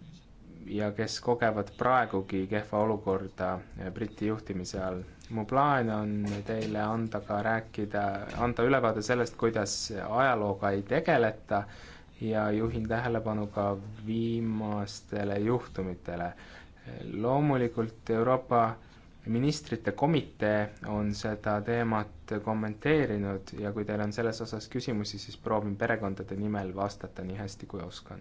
ja kes kogevad praegugi kehva olukorda Briti juhtimise all mu plaan on teile anda ka rääkida, anda ülevaade sellest, kuidas ajalooga ei tegeleta ja juhin tähelepanu ka viimastele juhtumitele. loomulikult Euroopa ministrite komitee on seda teemat kommenteerinud ja kui teil on selles osas küsimusi, siis proovin perekondade nimel vastata nii hästi, kui oskan.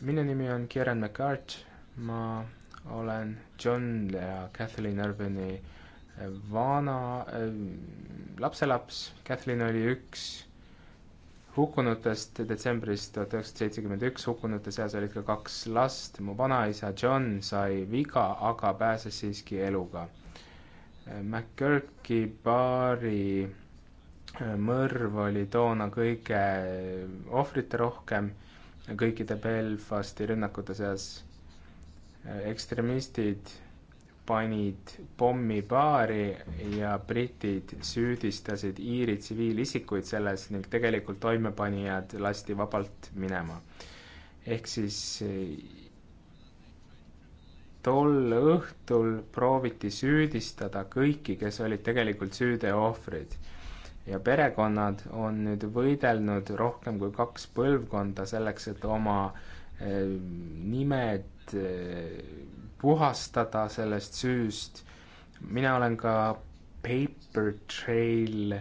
minu nimi on Kieran McCart, ma olen John ja Kathleen Urbani eh, vana äh, lapselaps, Kathleen oli üks hukkunutest detsembris tuhat üheksasada seitsekümmend üks, hukkunute seas olid ka kaks last, mu vanaisa John sai viga, aga pääses siiski eluga. Eh, McGurki baari mõrv oli toona kõige ohvriterohkem kõikide Belfasti rünnakute seas ekstremistid panid pommi baari ja britid süüdistasid Iiri tsiviilisikuid selles ning tegelikult toimepanijad lasti vabalt minema. ehk siis eh, tol õhtul prooviti süüdistada kõiki, kes olid tegelikult süüteo ohvrid. ja perekonnad on nüüd võidelnud rohkem kui kaks põlvkonda selleks, et oma eh, nimed Eh, puhastada sellest süüst. mina olen ka Paper Trail mm,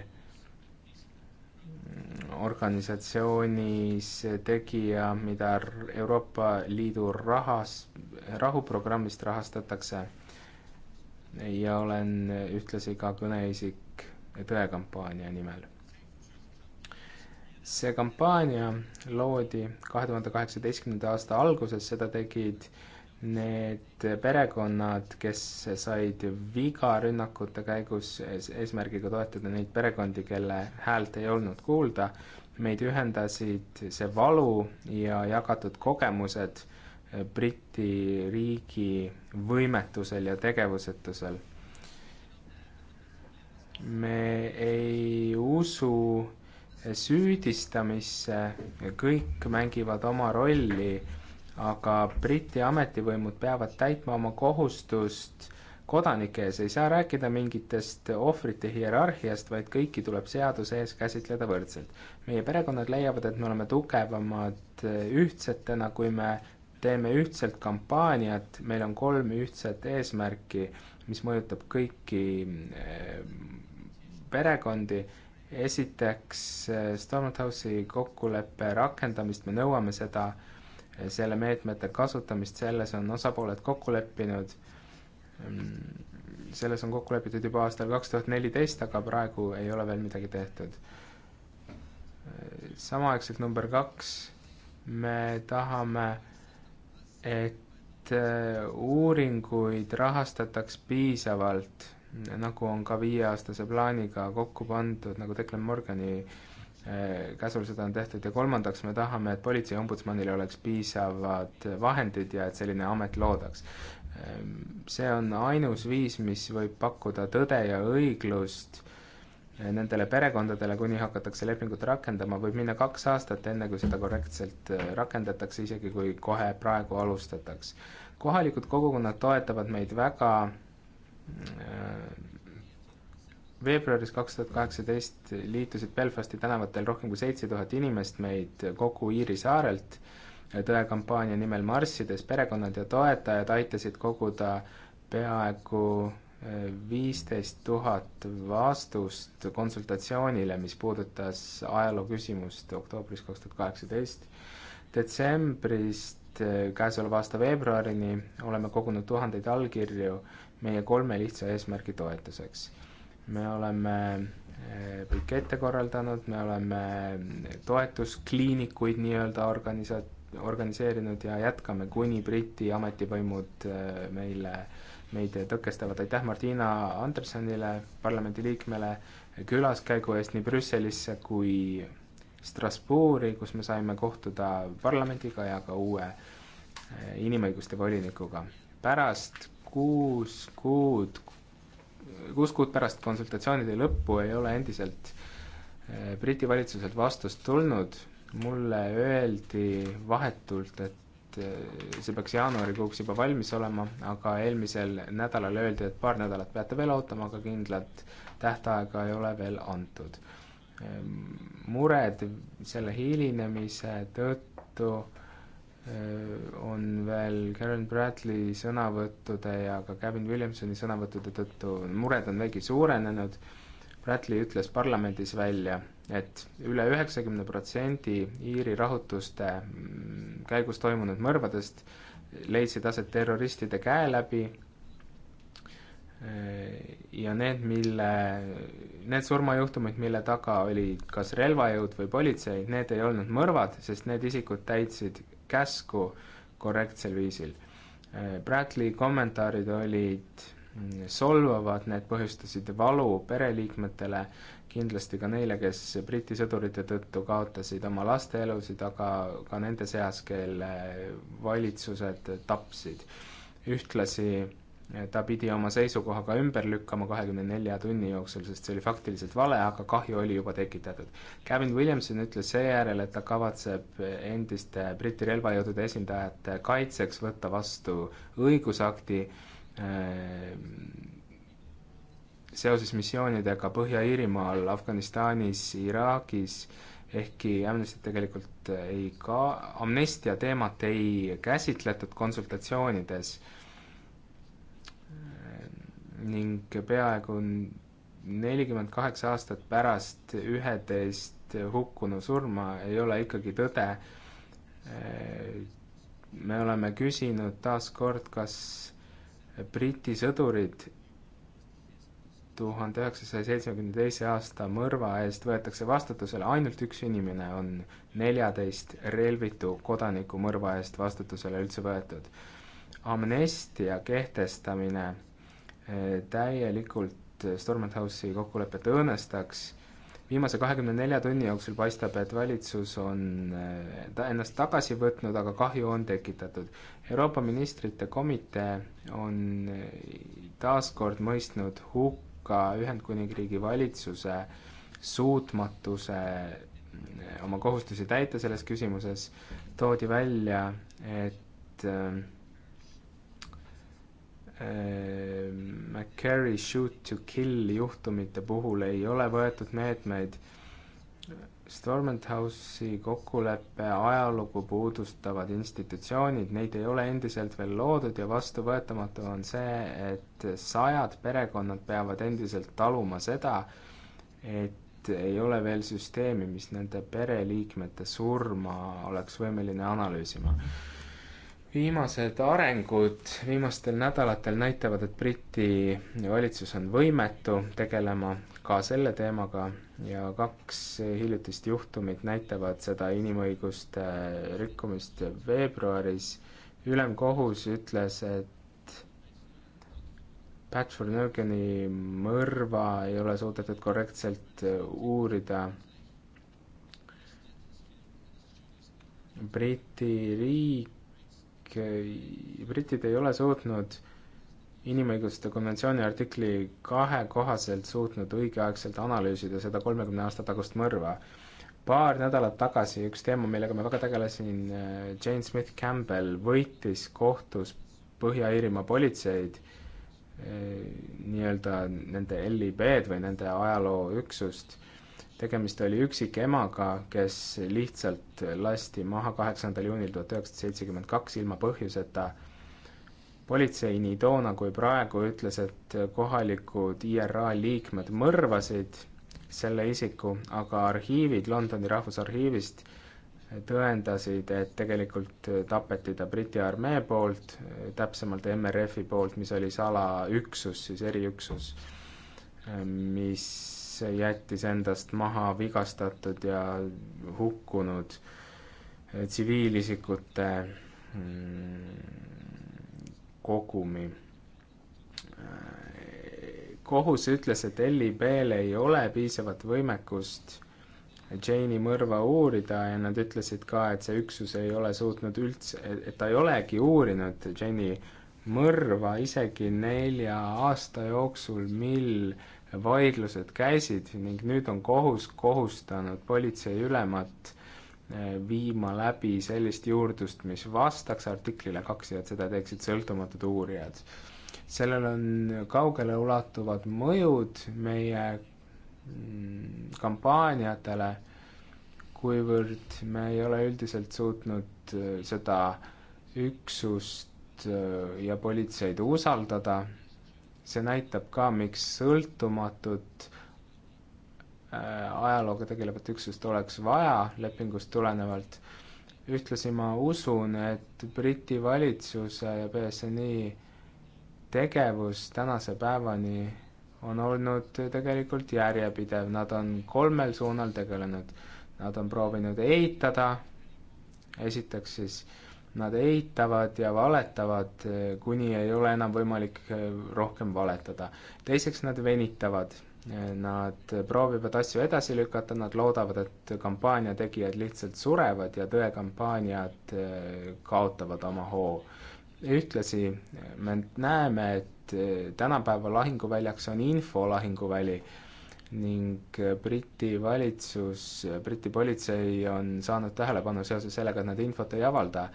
organisatsioonis tegija, mida Euroopa Liidu rahas, rahuprogrammist rahastatakse. ja olen ühtlasi ka kõneisik tõekampaania nimel see kampaania loodi kahe tuhande kaheksateistkümnenda aasta alguses, seda tegid need perekonnad, kes said viga rünnakute käigus eesmärgiga toetada neid perekondi, kelle häält ei olnud kuulda. meid ühendasid see valu ja jagatud kogemused Briti riigi võimetusel ja tegevusetusel. me ei usu äh, süüdistamisse ja kõik mängivad oma rolli, aga Briti ametivõimud peavad täitma oma kohustust kodanike ees, ei saa rääkida mingitest ohvrite hierarhiast, vaid kõiki tuleb seaduse ees käsitleda võrdselt. meie perekonnad leiavad, et me oleme tugevamad eh, ühtsetena, kui me teeme ühtselt kampaaniat, meil on kolm ühtset eesmärki, mis mõjutab kõiki eh, perekondi esiteks, eh, Stonewall House'i kokkuleppe rakendamist, me nõuame seda, eh, selle meetmete kasutamist, selles on osapooled kokku leppinud, mm, selles on kokku lepitud juba aastal kaks tuhat neliteist, aga praegu ei ole veel midagi tehtud. Eh, samaaegselt number kaks, me tahame, et uuringuid rahastataks piisavalt nagu on ka viieaastase plaaniga kokku pandud, nagu Declan Morgani eh, käsul seda on tehtud ja kolmandaks me tahame, et politseiombudsmanil oleks piisavad vahendid ja et selline amet loodaks. Ehm, see on ainus viis, mis võib pakkuda tõde ja õiglust eh, nendele perekondadele, kuni hakatakse lepingut rakendama, võib minna kaks aastat, enne kui seda korrektselt eh, rakendatakse, isegi kui kohe praegu alustataks. kohalikud kogukonnad toetavad meid väga veebruaris kaks tuhat kaheksateist liitusid Belfasti tänavatel rohkem kui seitse tuhat inimest meid kogu Iiri saarelt, tõekampaania nimel marssides perekonnad ja toetajad aitasid koguda peaaegu eh, viisteist tuhat vastust konsultatsioonile, mis puudutas ajaloo küsimust oktoobris kaks tuhat kaheksateist. detsembrist Äh, käesoleva aasta veebruarini oleme kogunud tuhandeid allkirju meie kolme lihtsa eesmärgi toetuseks. me oleme pikette äh, korraldanud, me oleme äh, toetuskliinikuid nii-öelda organisa-, organiseerinud ja jätkame, kuni Briti ametivõimud meile, meid tõkestavad. aitäh Martina Andersonile, parlamendiliikmele, külaskäigu eest nii Brüsselisse kui Strasbourgi, kus me saime kohtuda parlamendiga ja ka uue eh, inimõiguste volinikuga. pärast kuus kuud, kuus kuud pärast konsultatsioonide lõppu ei ole endiselt eh, Briti valitsuselt vastust tulnud, mulle öeldi vahetult, et eh, see peaks jaanuarikuuks juba valmis olema, aga eelmisel nädalal öeldi, et paar nädalat peate veel ootama, aga kindlat tähtaega ei ole veel antud Ehm, mured selle hilinemise tõttu eh, on veel Karen Bradley sõnavõttude ja ka Gavin Williamsoni sõnavõttude tõttu, mured on veelgi suurenenud. Bradley ütles parlamendis välja, et üle üheksakümne protsendi Iiri rahutuste mm, käigus toimunud mõrvadest leidsid aset terroristide käe läbi Äh, ja need, mille, need surmajuhtumid, mille taga olid kas relvajõud või politsei, need ei olnud mõrvad, sest need isikud täitsid käsku korrektsel viisil. Äh, Bradley kommentaarid olid mm, solvavad, need põhjustasid valu pereliikmetele, kindlasti ka neile, kes Briti sõdurite tõttu kaotasid oma laste elusid, aga ka nende seas, kelle valitsused tapsid. ühtlasi ta pidi oma seisukoha ka ümber lükkama kahekümne nelja tunni jooksul, sest see oli faktiliselt vale, aga kahju oli juba tekitatud. Gavin Williamson ütles seejärel, et ta kavatseb endiste Briti relvajõudude esindajate kaitseks võtta vastu õigusakti äh, seoses missioonidega Põhja-Iirimaal, Afganistanis, Iraagis, ehkki Amnesty tegelikult ei ka, amnestia teemat ei käsitletud konsultatsioonides äh, ning peaaegu nelikümmend kaheksa aastat pärast üheteist hukkunu surma ei ole ikkagi tõde. me oleme küsinud taas kord, kas Briti sõdurid tuhande üheksasaja seitsmekümne teise aasta mõrva eest võetakse vastutusele, ainult üks inimene on neljateist relvitu kodaniku mõrva eest vastutusele üldse võetud. amnestia kehtestamine Eh, täielikult Stormont House'i kokkulepet õõnestaks. viimase kahekümne nelja tunni jooksul paistab, et valitsus on eh, ta ennast tagasi võtnud, aga kahju on tekitatud. Euroopa ministrite komitee on eh, taas kord mõistnud hukka Ühendkuningriigi valitsuse suutmatuse oma kohustusi täita selles küsimuses, toodi välja, et äh, Ehm, McCarry shoot to kill juhtumite puhul ei ole võetud meetmeid. Stormont House'i kokkuleppe ajalugu puudustavad institutsioonid, neid ei ole endiselt veel loodud ja vastuvõetamatu on see, et sajad perekonnad peavad endiselt taluma seda, et ei ole veel süsteemi, mis nende pereliikmete surma oleks võimeline analüüsima viimased arengud viimastel nädalatel näitavad, et Briti valitsus on võimetu tegelema ka selle teemaga ja kaks hiljutist juhtumit näitavad seda inimõiguste rikkumist veebruaris. ülemkohus ütles, et Patchford Nurgeni mõrva ei ole suudetud korrektselt uurida Briti riik Äh, britid ei ole suutnud inimõiguste konventsiooni artikli kahe kohaselt suutnud õigeaegselt analüüsida seda kolmekümne aasta tagust mõrva. paar nädalat tagasi üks teema, millega ma väga tegelesin, äh, Jane Smith Campbell võitis kohtus Põhja-Iirimaa politseid, äh, nii-öelda nende LIB-d või nende ajalooüksust tegemist oli üksikemaga, kes lihtsalt lasti maha kaheksandal juunil tuhat üheksasada seitsekümmend kaks ilma põhjuseta. politsei nii toona kui praegu ütles, et kohalikud IRA liikmed mõrvasid selle isiku, aga arhiivid Londoni Rahvusarhiivist tõendasid, et tegelikult tapeti ta Briti armee poolt, täpsemalt MRF-i poolt, mis oli salaüksus, siis eriüksus, mis jättis endast maha vigastatud ja hukkunud eh, tsiviilisikute mm, kogumi. Eh, kohus ütles, et Elli B-l ei ole piisavat võimekust Jane'i mõrva uurida ja nad ütlesid ka, et see üksus ei ole suutnud üldse, et ta ei olegi uurinud Jane'i mõrva isegi nelja aasta jooksul, mil vaidlused käisid ning nüüd on kohus kohustanud politseiülemat eh, viima läbi sellist juurdlust, mis vastaks artiklile kaks ja et seda teeksid sõltumatud uurijad. sellel on kaugeleulatuvad mõjud meie mm, kampaaniatele, kuivõrd me ei ole üldiselt suutnud eh, seda üksust eh, ja politseid usaldada see näitab ka, miks sõltumatut äh, ajalooga tegelevat üksust oleks vaja lepingust tulenevalt. ühtlasi ma usun, et Briti valitsuse ja BSNi tegevus tänase päevani on olnud tegelikult järjepidev, nad on kolmel suunal tegelenud. Nad on proovinud eitada, esiteks siis äh, Nad eitavad ja valetavad, kuni ei ole enam võimalik eh, rohkem valetada. teiseks, nad venitavad. Nad proovivad asju edasi lükata, nad loodavad, et kampaania tegijad lihtsalt surevad ja tõekampaaniad eh, kaotavad oma hoo. ühtlasi me näeme, et eh, tänapäeva lahinguväljaks on infolahinguväli ning Briti valitsus, Briti politsei on saanud tähelepanu seoses sellega, et nad infot ei avalda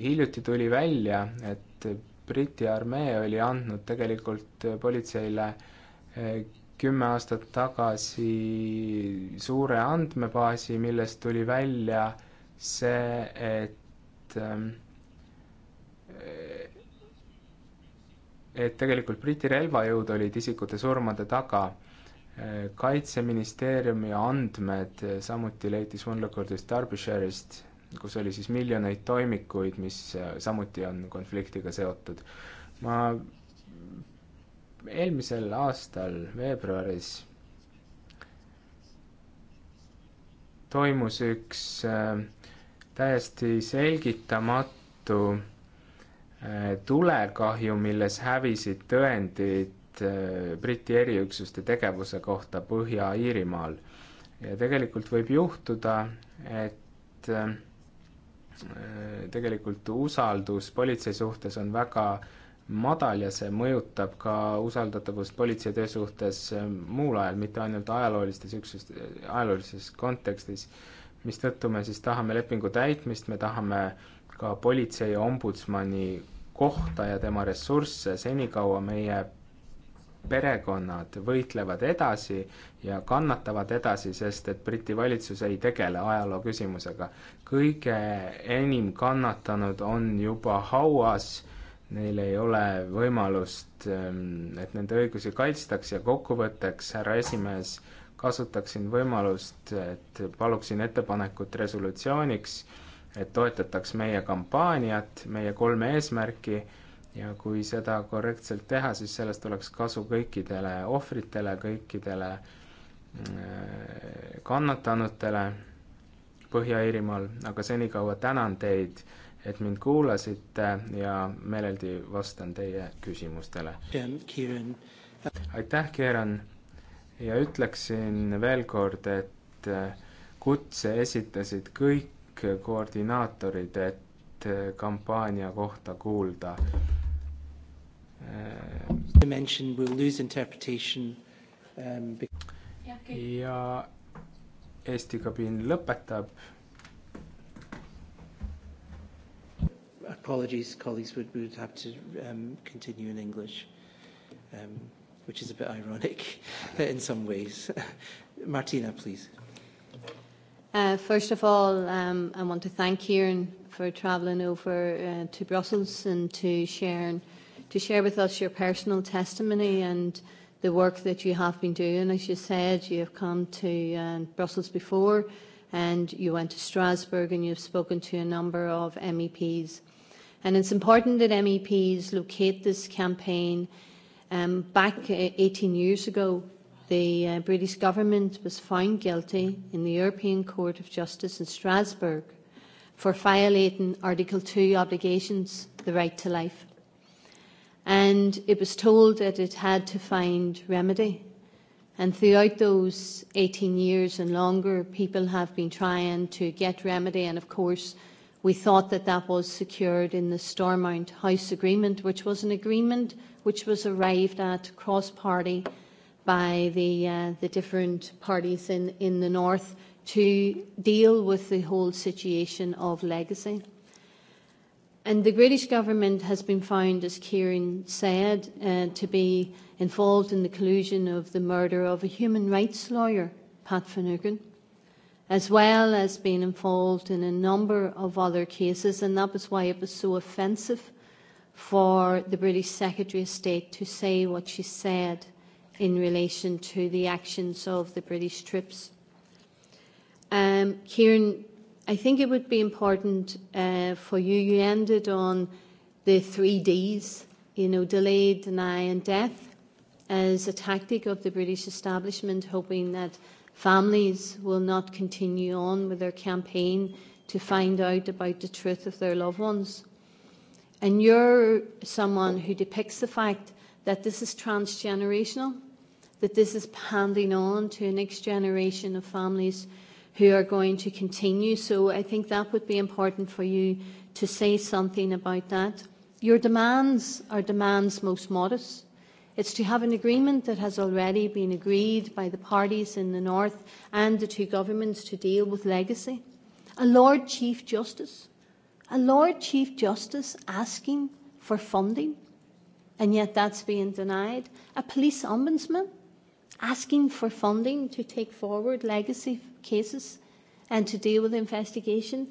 hiljuti tuli välja, et Briti armee oli andnud tegelikult politseile eh, kümme aastat tagasi suure andmebaasi, millest tuli välja see, et eh, et tegelikult Briti relvajõud olid isikute surmade taga. Eh, kaitseministeeriumi andmed samuti leiti Swanlocordist, Derbyshire'ist kus oli siis miljoneid toimikuid, mis äh, samuti on konfliktiga seotud. ma eelmisel aastal veebruaris toimus üks äh, täiesti selgitamatu äh, tulekahju, milles hävisid tõendid Briti eriüksuste tegevuse kohta Põhja-Iirimaal. ja tegelikult võib juhtuda, et tegelikult usaldus politsei suhtes on väga madal ja see mõjutab ka usaldatavust politseitöö suhtes eh, muul ajal, mitte ainult ajaloolistes üksus, ajaloolises kontekstis, mistõttu me siis tahame lepingu täitmist, me tahame ka politsei ja ombudsmani kohta ja tema ressursse, senikaua meie perekonnad võitlevad edasi ja kannatavad edasi, sest et Briti valitsus ei tegele ajaloo küsimusega. kõige enim kannatanud on juba hauas, neil ei ole võimalust, ehm, et nende õigusi kaitstaks ja kokkuvõtteks, härra esimees, kasutaksin võimalust, et paluksin ettepanekut resolutsiooniks, et toetataks meie kampaaniat, meie kolme eesmärki ja kui seda korrektselt teha, siis sellest oleks kasu kõikidele ohvritele, kõikidele äh, kannatanutele Põhja-Iirimaal, aga senikaua tänan teid, et mind kuulasite ja meeleldi vastan teie küsimustele. aitäh, Kieran, ja ütleksin veel kord, et äh, kutse esitasid kõik koordinaatorid, et äh, kampaania kohta kuulda Uh, um, ja Eesti kabiin lõpetab. Apologies, colleagues would, would have to um, continue in English, um, which is a bit ironic in some ways. Martina, please. Uh, first of all, um, I want to thank Kieran for travelling over uh, to Brussels and to Sharon. Uh, to share with us your personal testimony and the work that you have been doing. As you said, you have come to uh, Brussels before and you went to Strasbourg and you've spoken to a number of MEPs. And it's important that MEPs locate this campaign. Um, back 18 uh, years ago, the uh, British government was found guilty in the European Court of Justice in Strasbourg for violating Article 2 obligations, the right to life and it was told that it had to find remedy. And throughout those 18 years and longer, people have been trying to get remedy. And of course, we thought that that was secured in the Stormont House Agreement, which was an agreement which was arrived at cross-party by the, uh, the different parties in, in the north to deal with the whole situation of legacy. And the British government has been found, as Kieran said, uh, to be involved in the collusion of the murder of a human rights lawyer, Pat Finnegan, as well as being involved in a number of other cases, and that was why it was so offensive for the British Secretary of State to say what she said in relation to the actions of the British troops. Um, Kieran I think it would be important uh, for you, you ended on the three Ds, you know, delay, deny, and death as a tactic of the British establishment, hoping that families will not continue on with their campaign to find out about the truth of their loved ones. And you're someone who depicts the fact that this is transgenerational, that this is handing on to a next generation of families who are going to continue. So I think that would be important for you to say something about that. Your demands are demands most modest. It's to have an agreement that has already been agreed by the parties in the North and the two governments to deal with legacy. A Lord Chief Justice. A Lord Chief Justice asking for funding, and yet that's being denied. A police ombudsman asking for funding to take forward legacy cases and to deal with investigation,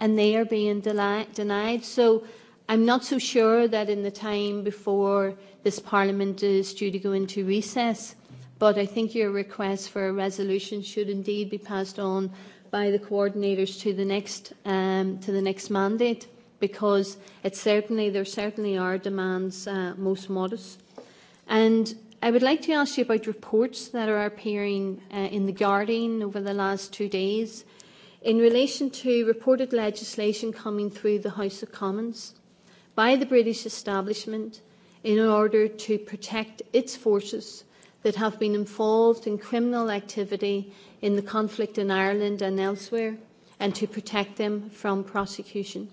and they are being deli- denied. So I'm not so sure that in the time before this Parliament is due to go into recess, but I think your request for a resolution should indeed be passed on by the coordinators to the next um, to the next mandate because it certainly there certainly are demands uh, most modest. And I would like to ask you about reports that are appearing uh, in The Guardian over the last two days in relation to reported legislation coming through the House of Commons by the British establishment in order to protect its forces that have been involved in criminal activity in the conflict in Ireland and elsewhere and to protect them from prosecution.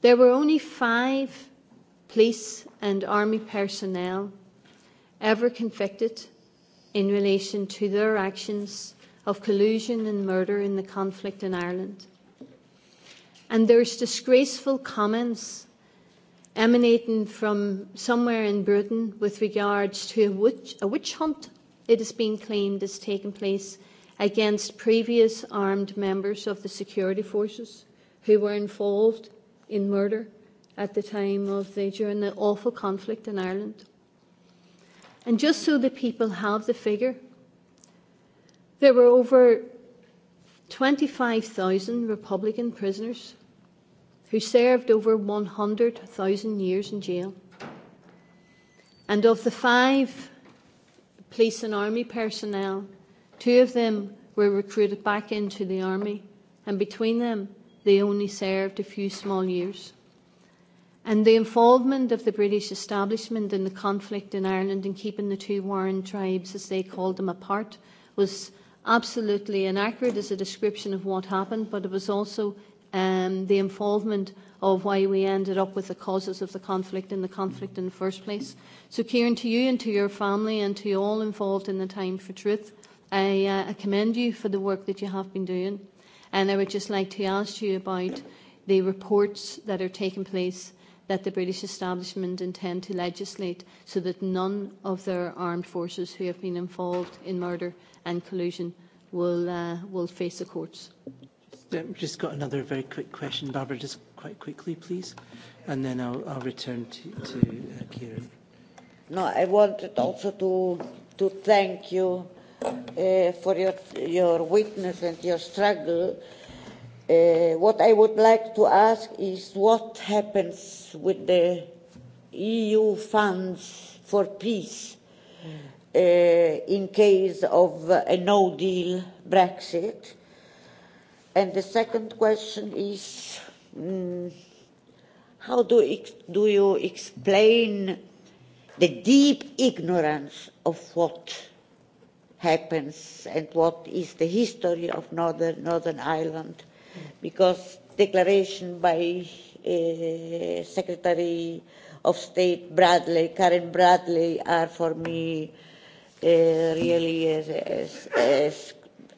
There were only five police and army personnel ever convicted in relation to their actions of collusion and murder in the conflict in Ireland. And there's disgraceful comments emanating from somewhere in Britain with regards to a witch, a witch hunt, it is being claimed, has taken place against previous armed members of the security forces who were involved in murder at the time of the during the awful conflict in Ireland. And just so the people have the figure, there were over 25,000 Republican prisoners who served over 100,000 years in jail. And of the five police and army personnel, two of them were recruited back into the army, and between them, they only served a few small years and the involvement of the British establishment in the conflict in Ireland and keeping the two warring tribes, as they called them, apart was absolutely inaccurate as a description of what happened, but it was also um, the involvement of why we ended up with the causes of the conflict and the conflict in the first place. So, Kieran, to you and to your family and to all involved in the Time for Truth, I, uh, I commend you for the work that you have been doing. And I would just like to ask you about the reports that are taking place that the British establishment intend to legislate so that none of their armed forces who have been involved in murder and collusion will, uh, will face the courts. Just, just got another very quick question, Barbara, just quite quickly, please, and then I'll, I'll return to, to uh, Kieran. No, I wanted also to, to thank you uh, for your, your witness and your struggle uh, Uh, what I would like to ask is what happens with the EU funds for peace uh, in case of a no deal Brexit? And the second question is um, how do, ex- do you explain the deep ignorance of what happens and what is the history of Northern, Northern Ireland? because declaration by uh, Secretary of State Bradley, Karen Bradley, are for me uh, really as, as, as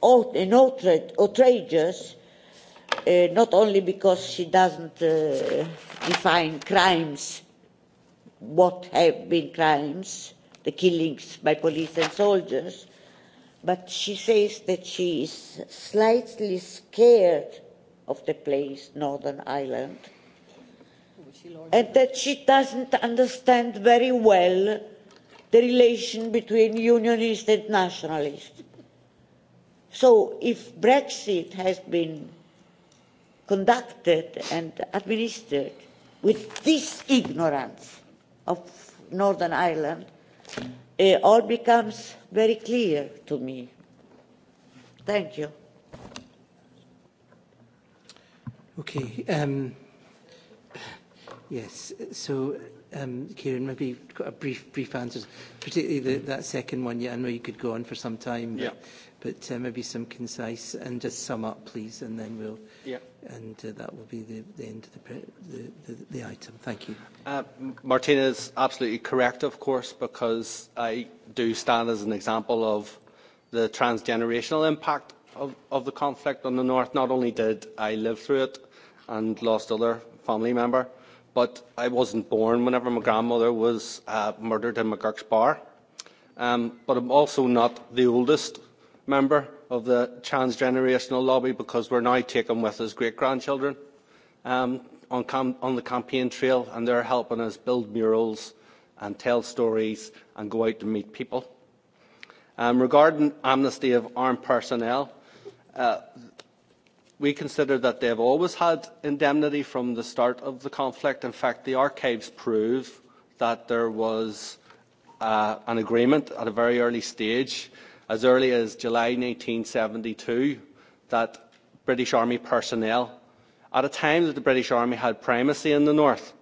out, an outrage, outrageous, uh, not only because she doesn't uh, define crimes, what have been crimes, the killings by police and soldiers, but she says that she is slightly scared of the place, Northern Ireland, and that she doesn't understand very well the relation between unionist and nationalist. So if Brexit has been conducted and administered with this ignorance of Northern Ireland, it all becomes very clear to me. Thank you. Okay. Um, yes. So, um, Kieran, maybe you've got a brief, brief answers, particularly the, that second one. Yeah, I know you could go on for some time. Yeah. But, but uh, maybe some concise and just sum up, please, and then we'll. Yeah. And uh, that will be the, the end of the, the, the, the item. Thank you. Uh, Martina is absolutely correct, of course, because I do stand as an example of the transgenerational impact of, of the conflict on the north. Not only did I live through it, and lost other family member. But I wasn't born whenever my grandmother was uh, murdered in McGurk's Bar. Um, but I'm also not the oldest member of the transgenerational lobby because we're now taken with as great-grandchildren um, on, cam- on the campaign trail and they're helping us build murals and tell stories and go out to meet people. Um, regarding amnesty of armed personnel, uh, We consider that they have always had indemnity from the start of the conflict. In fact, the archives prove that there was uh, an agreement at a very early stage, as early as July 1972, that British Army personnel, at a time that the British Army had primacy in the north,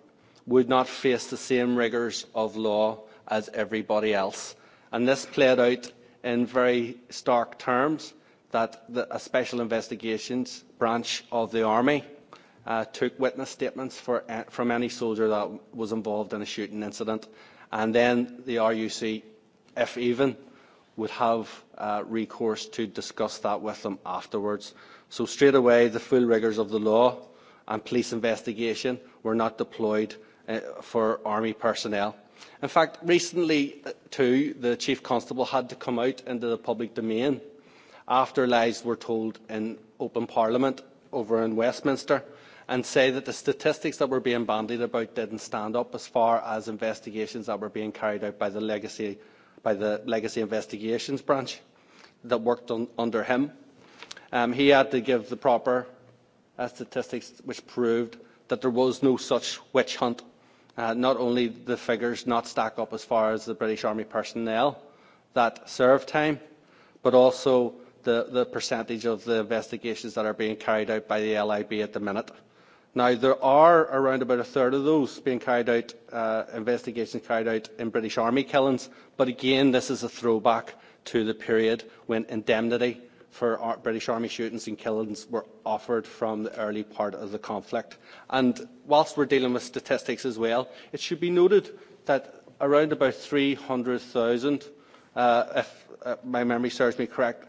would not face the same rigours of law as everybody else. And this played out in very stark terms that the, a special investigations branch of the Army uh, took witness statements for, uh, from any soldier that was involved in a shooting incident. And then the RUC, if even, would have uh, recourse to discuss that with them afterwards. So straight away, the full rigours of the law and police investigation were not deployed uh, for army personnel. In fact, recently uh, too, the chief constable had to come out into the public domain uh, after lies were told in open parliament over in Westminster and say that the statistics that were being bandied about didn't stand up as far as investigations that were being carried out by the legacy, by the legacy investigations branch that worked on, under him. Um, he had to give the proper uh, statistics which proved that there was no such witch hunt. Uh, not only the figures not stack up as far as the British Army personnel that served time, but also the, the percentage of the investigations that are being carried out by the LIB at the minute. Now, there are around about a third of those being carried out, uh, investigations carried out in British Army killings, but again, this is a throwback to the period when indemnity for our British Army shootings and killings were offered from the early part of the conflict. And whilst we're dealing with statistics as well, it should be noted that around about 300,000, uh, if uh, my memory serves me correct,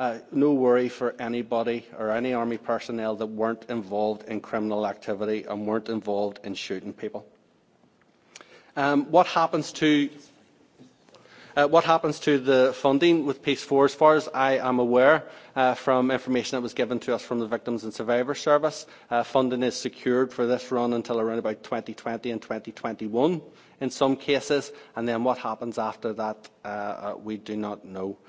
Uh, no worry for anybody or any army personnel that weren't involved in criminal activity and weren't involved in shooting people. Um, what happens to uh, what happens to the funding with Peace Four? As far as I am aware, uh, from information that was given to us from the Victims and Survivors Service, uh, funding is secured for this run until around about 2020 and 2021 in some cases, and then what happens after that, uh, uh we do not know. Uh,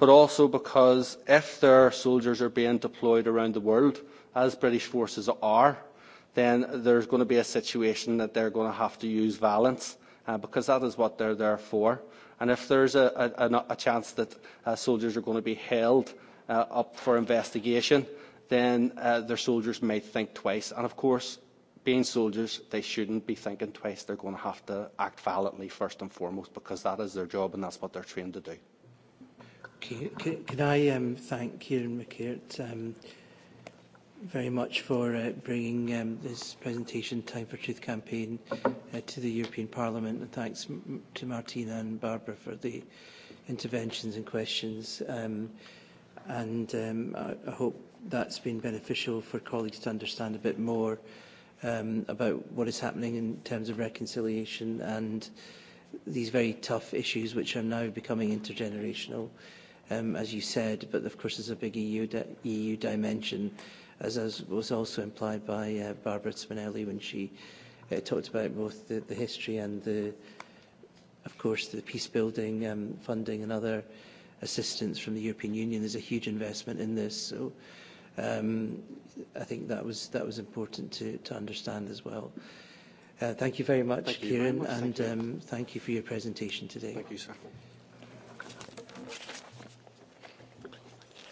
but also because if their soldiers are being deployed around the world, as British forces are, then there's going to be a situation that they're going to have to use violence, uh, because that is what they're there for. And if there's a, a, a chance that uh, soldiers are going to be held uh, up for investigation, then uh, their soldiers may think twice. And of course, being soldiers, they shouldn't be thinking twice. They're going to have to act violently first and foremost because that is their job and that's what they're trained to do. Okay. Could, could I um, thank Kieran McCart um, very much for uh, bringing um, this presentation, Time for Truth campaign, uh, to the European Parliament. And thanks m to Martina and Barbara for the interventions and questions. Um, and um, I, I hope that's been beneficial for colleagues to understand a bit more um, about what is happening in terms of reconciliation and these very tough issues which are now becoming intergenerational. Uh, um, as you said, but of course there's a big EU, di EU dimension, as, as was also implied by uh, Barbara Spinelli when she uh, talked about both the, the history and the, of course, the peace building um, funding and other assistance from the European Union. There's a huge investment in this, so um, I think that was that was important to, to understand as well. Uh, thank you very much, thank Kieran, you very much. and thank you. Um, thank you for your presentation today. Thank you, sir.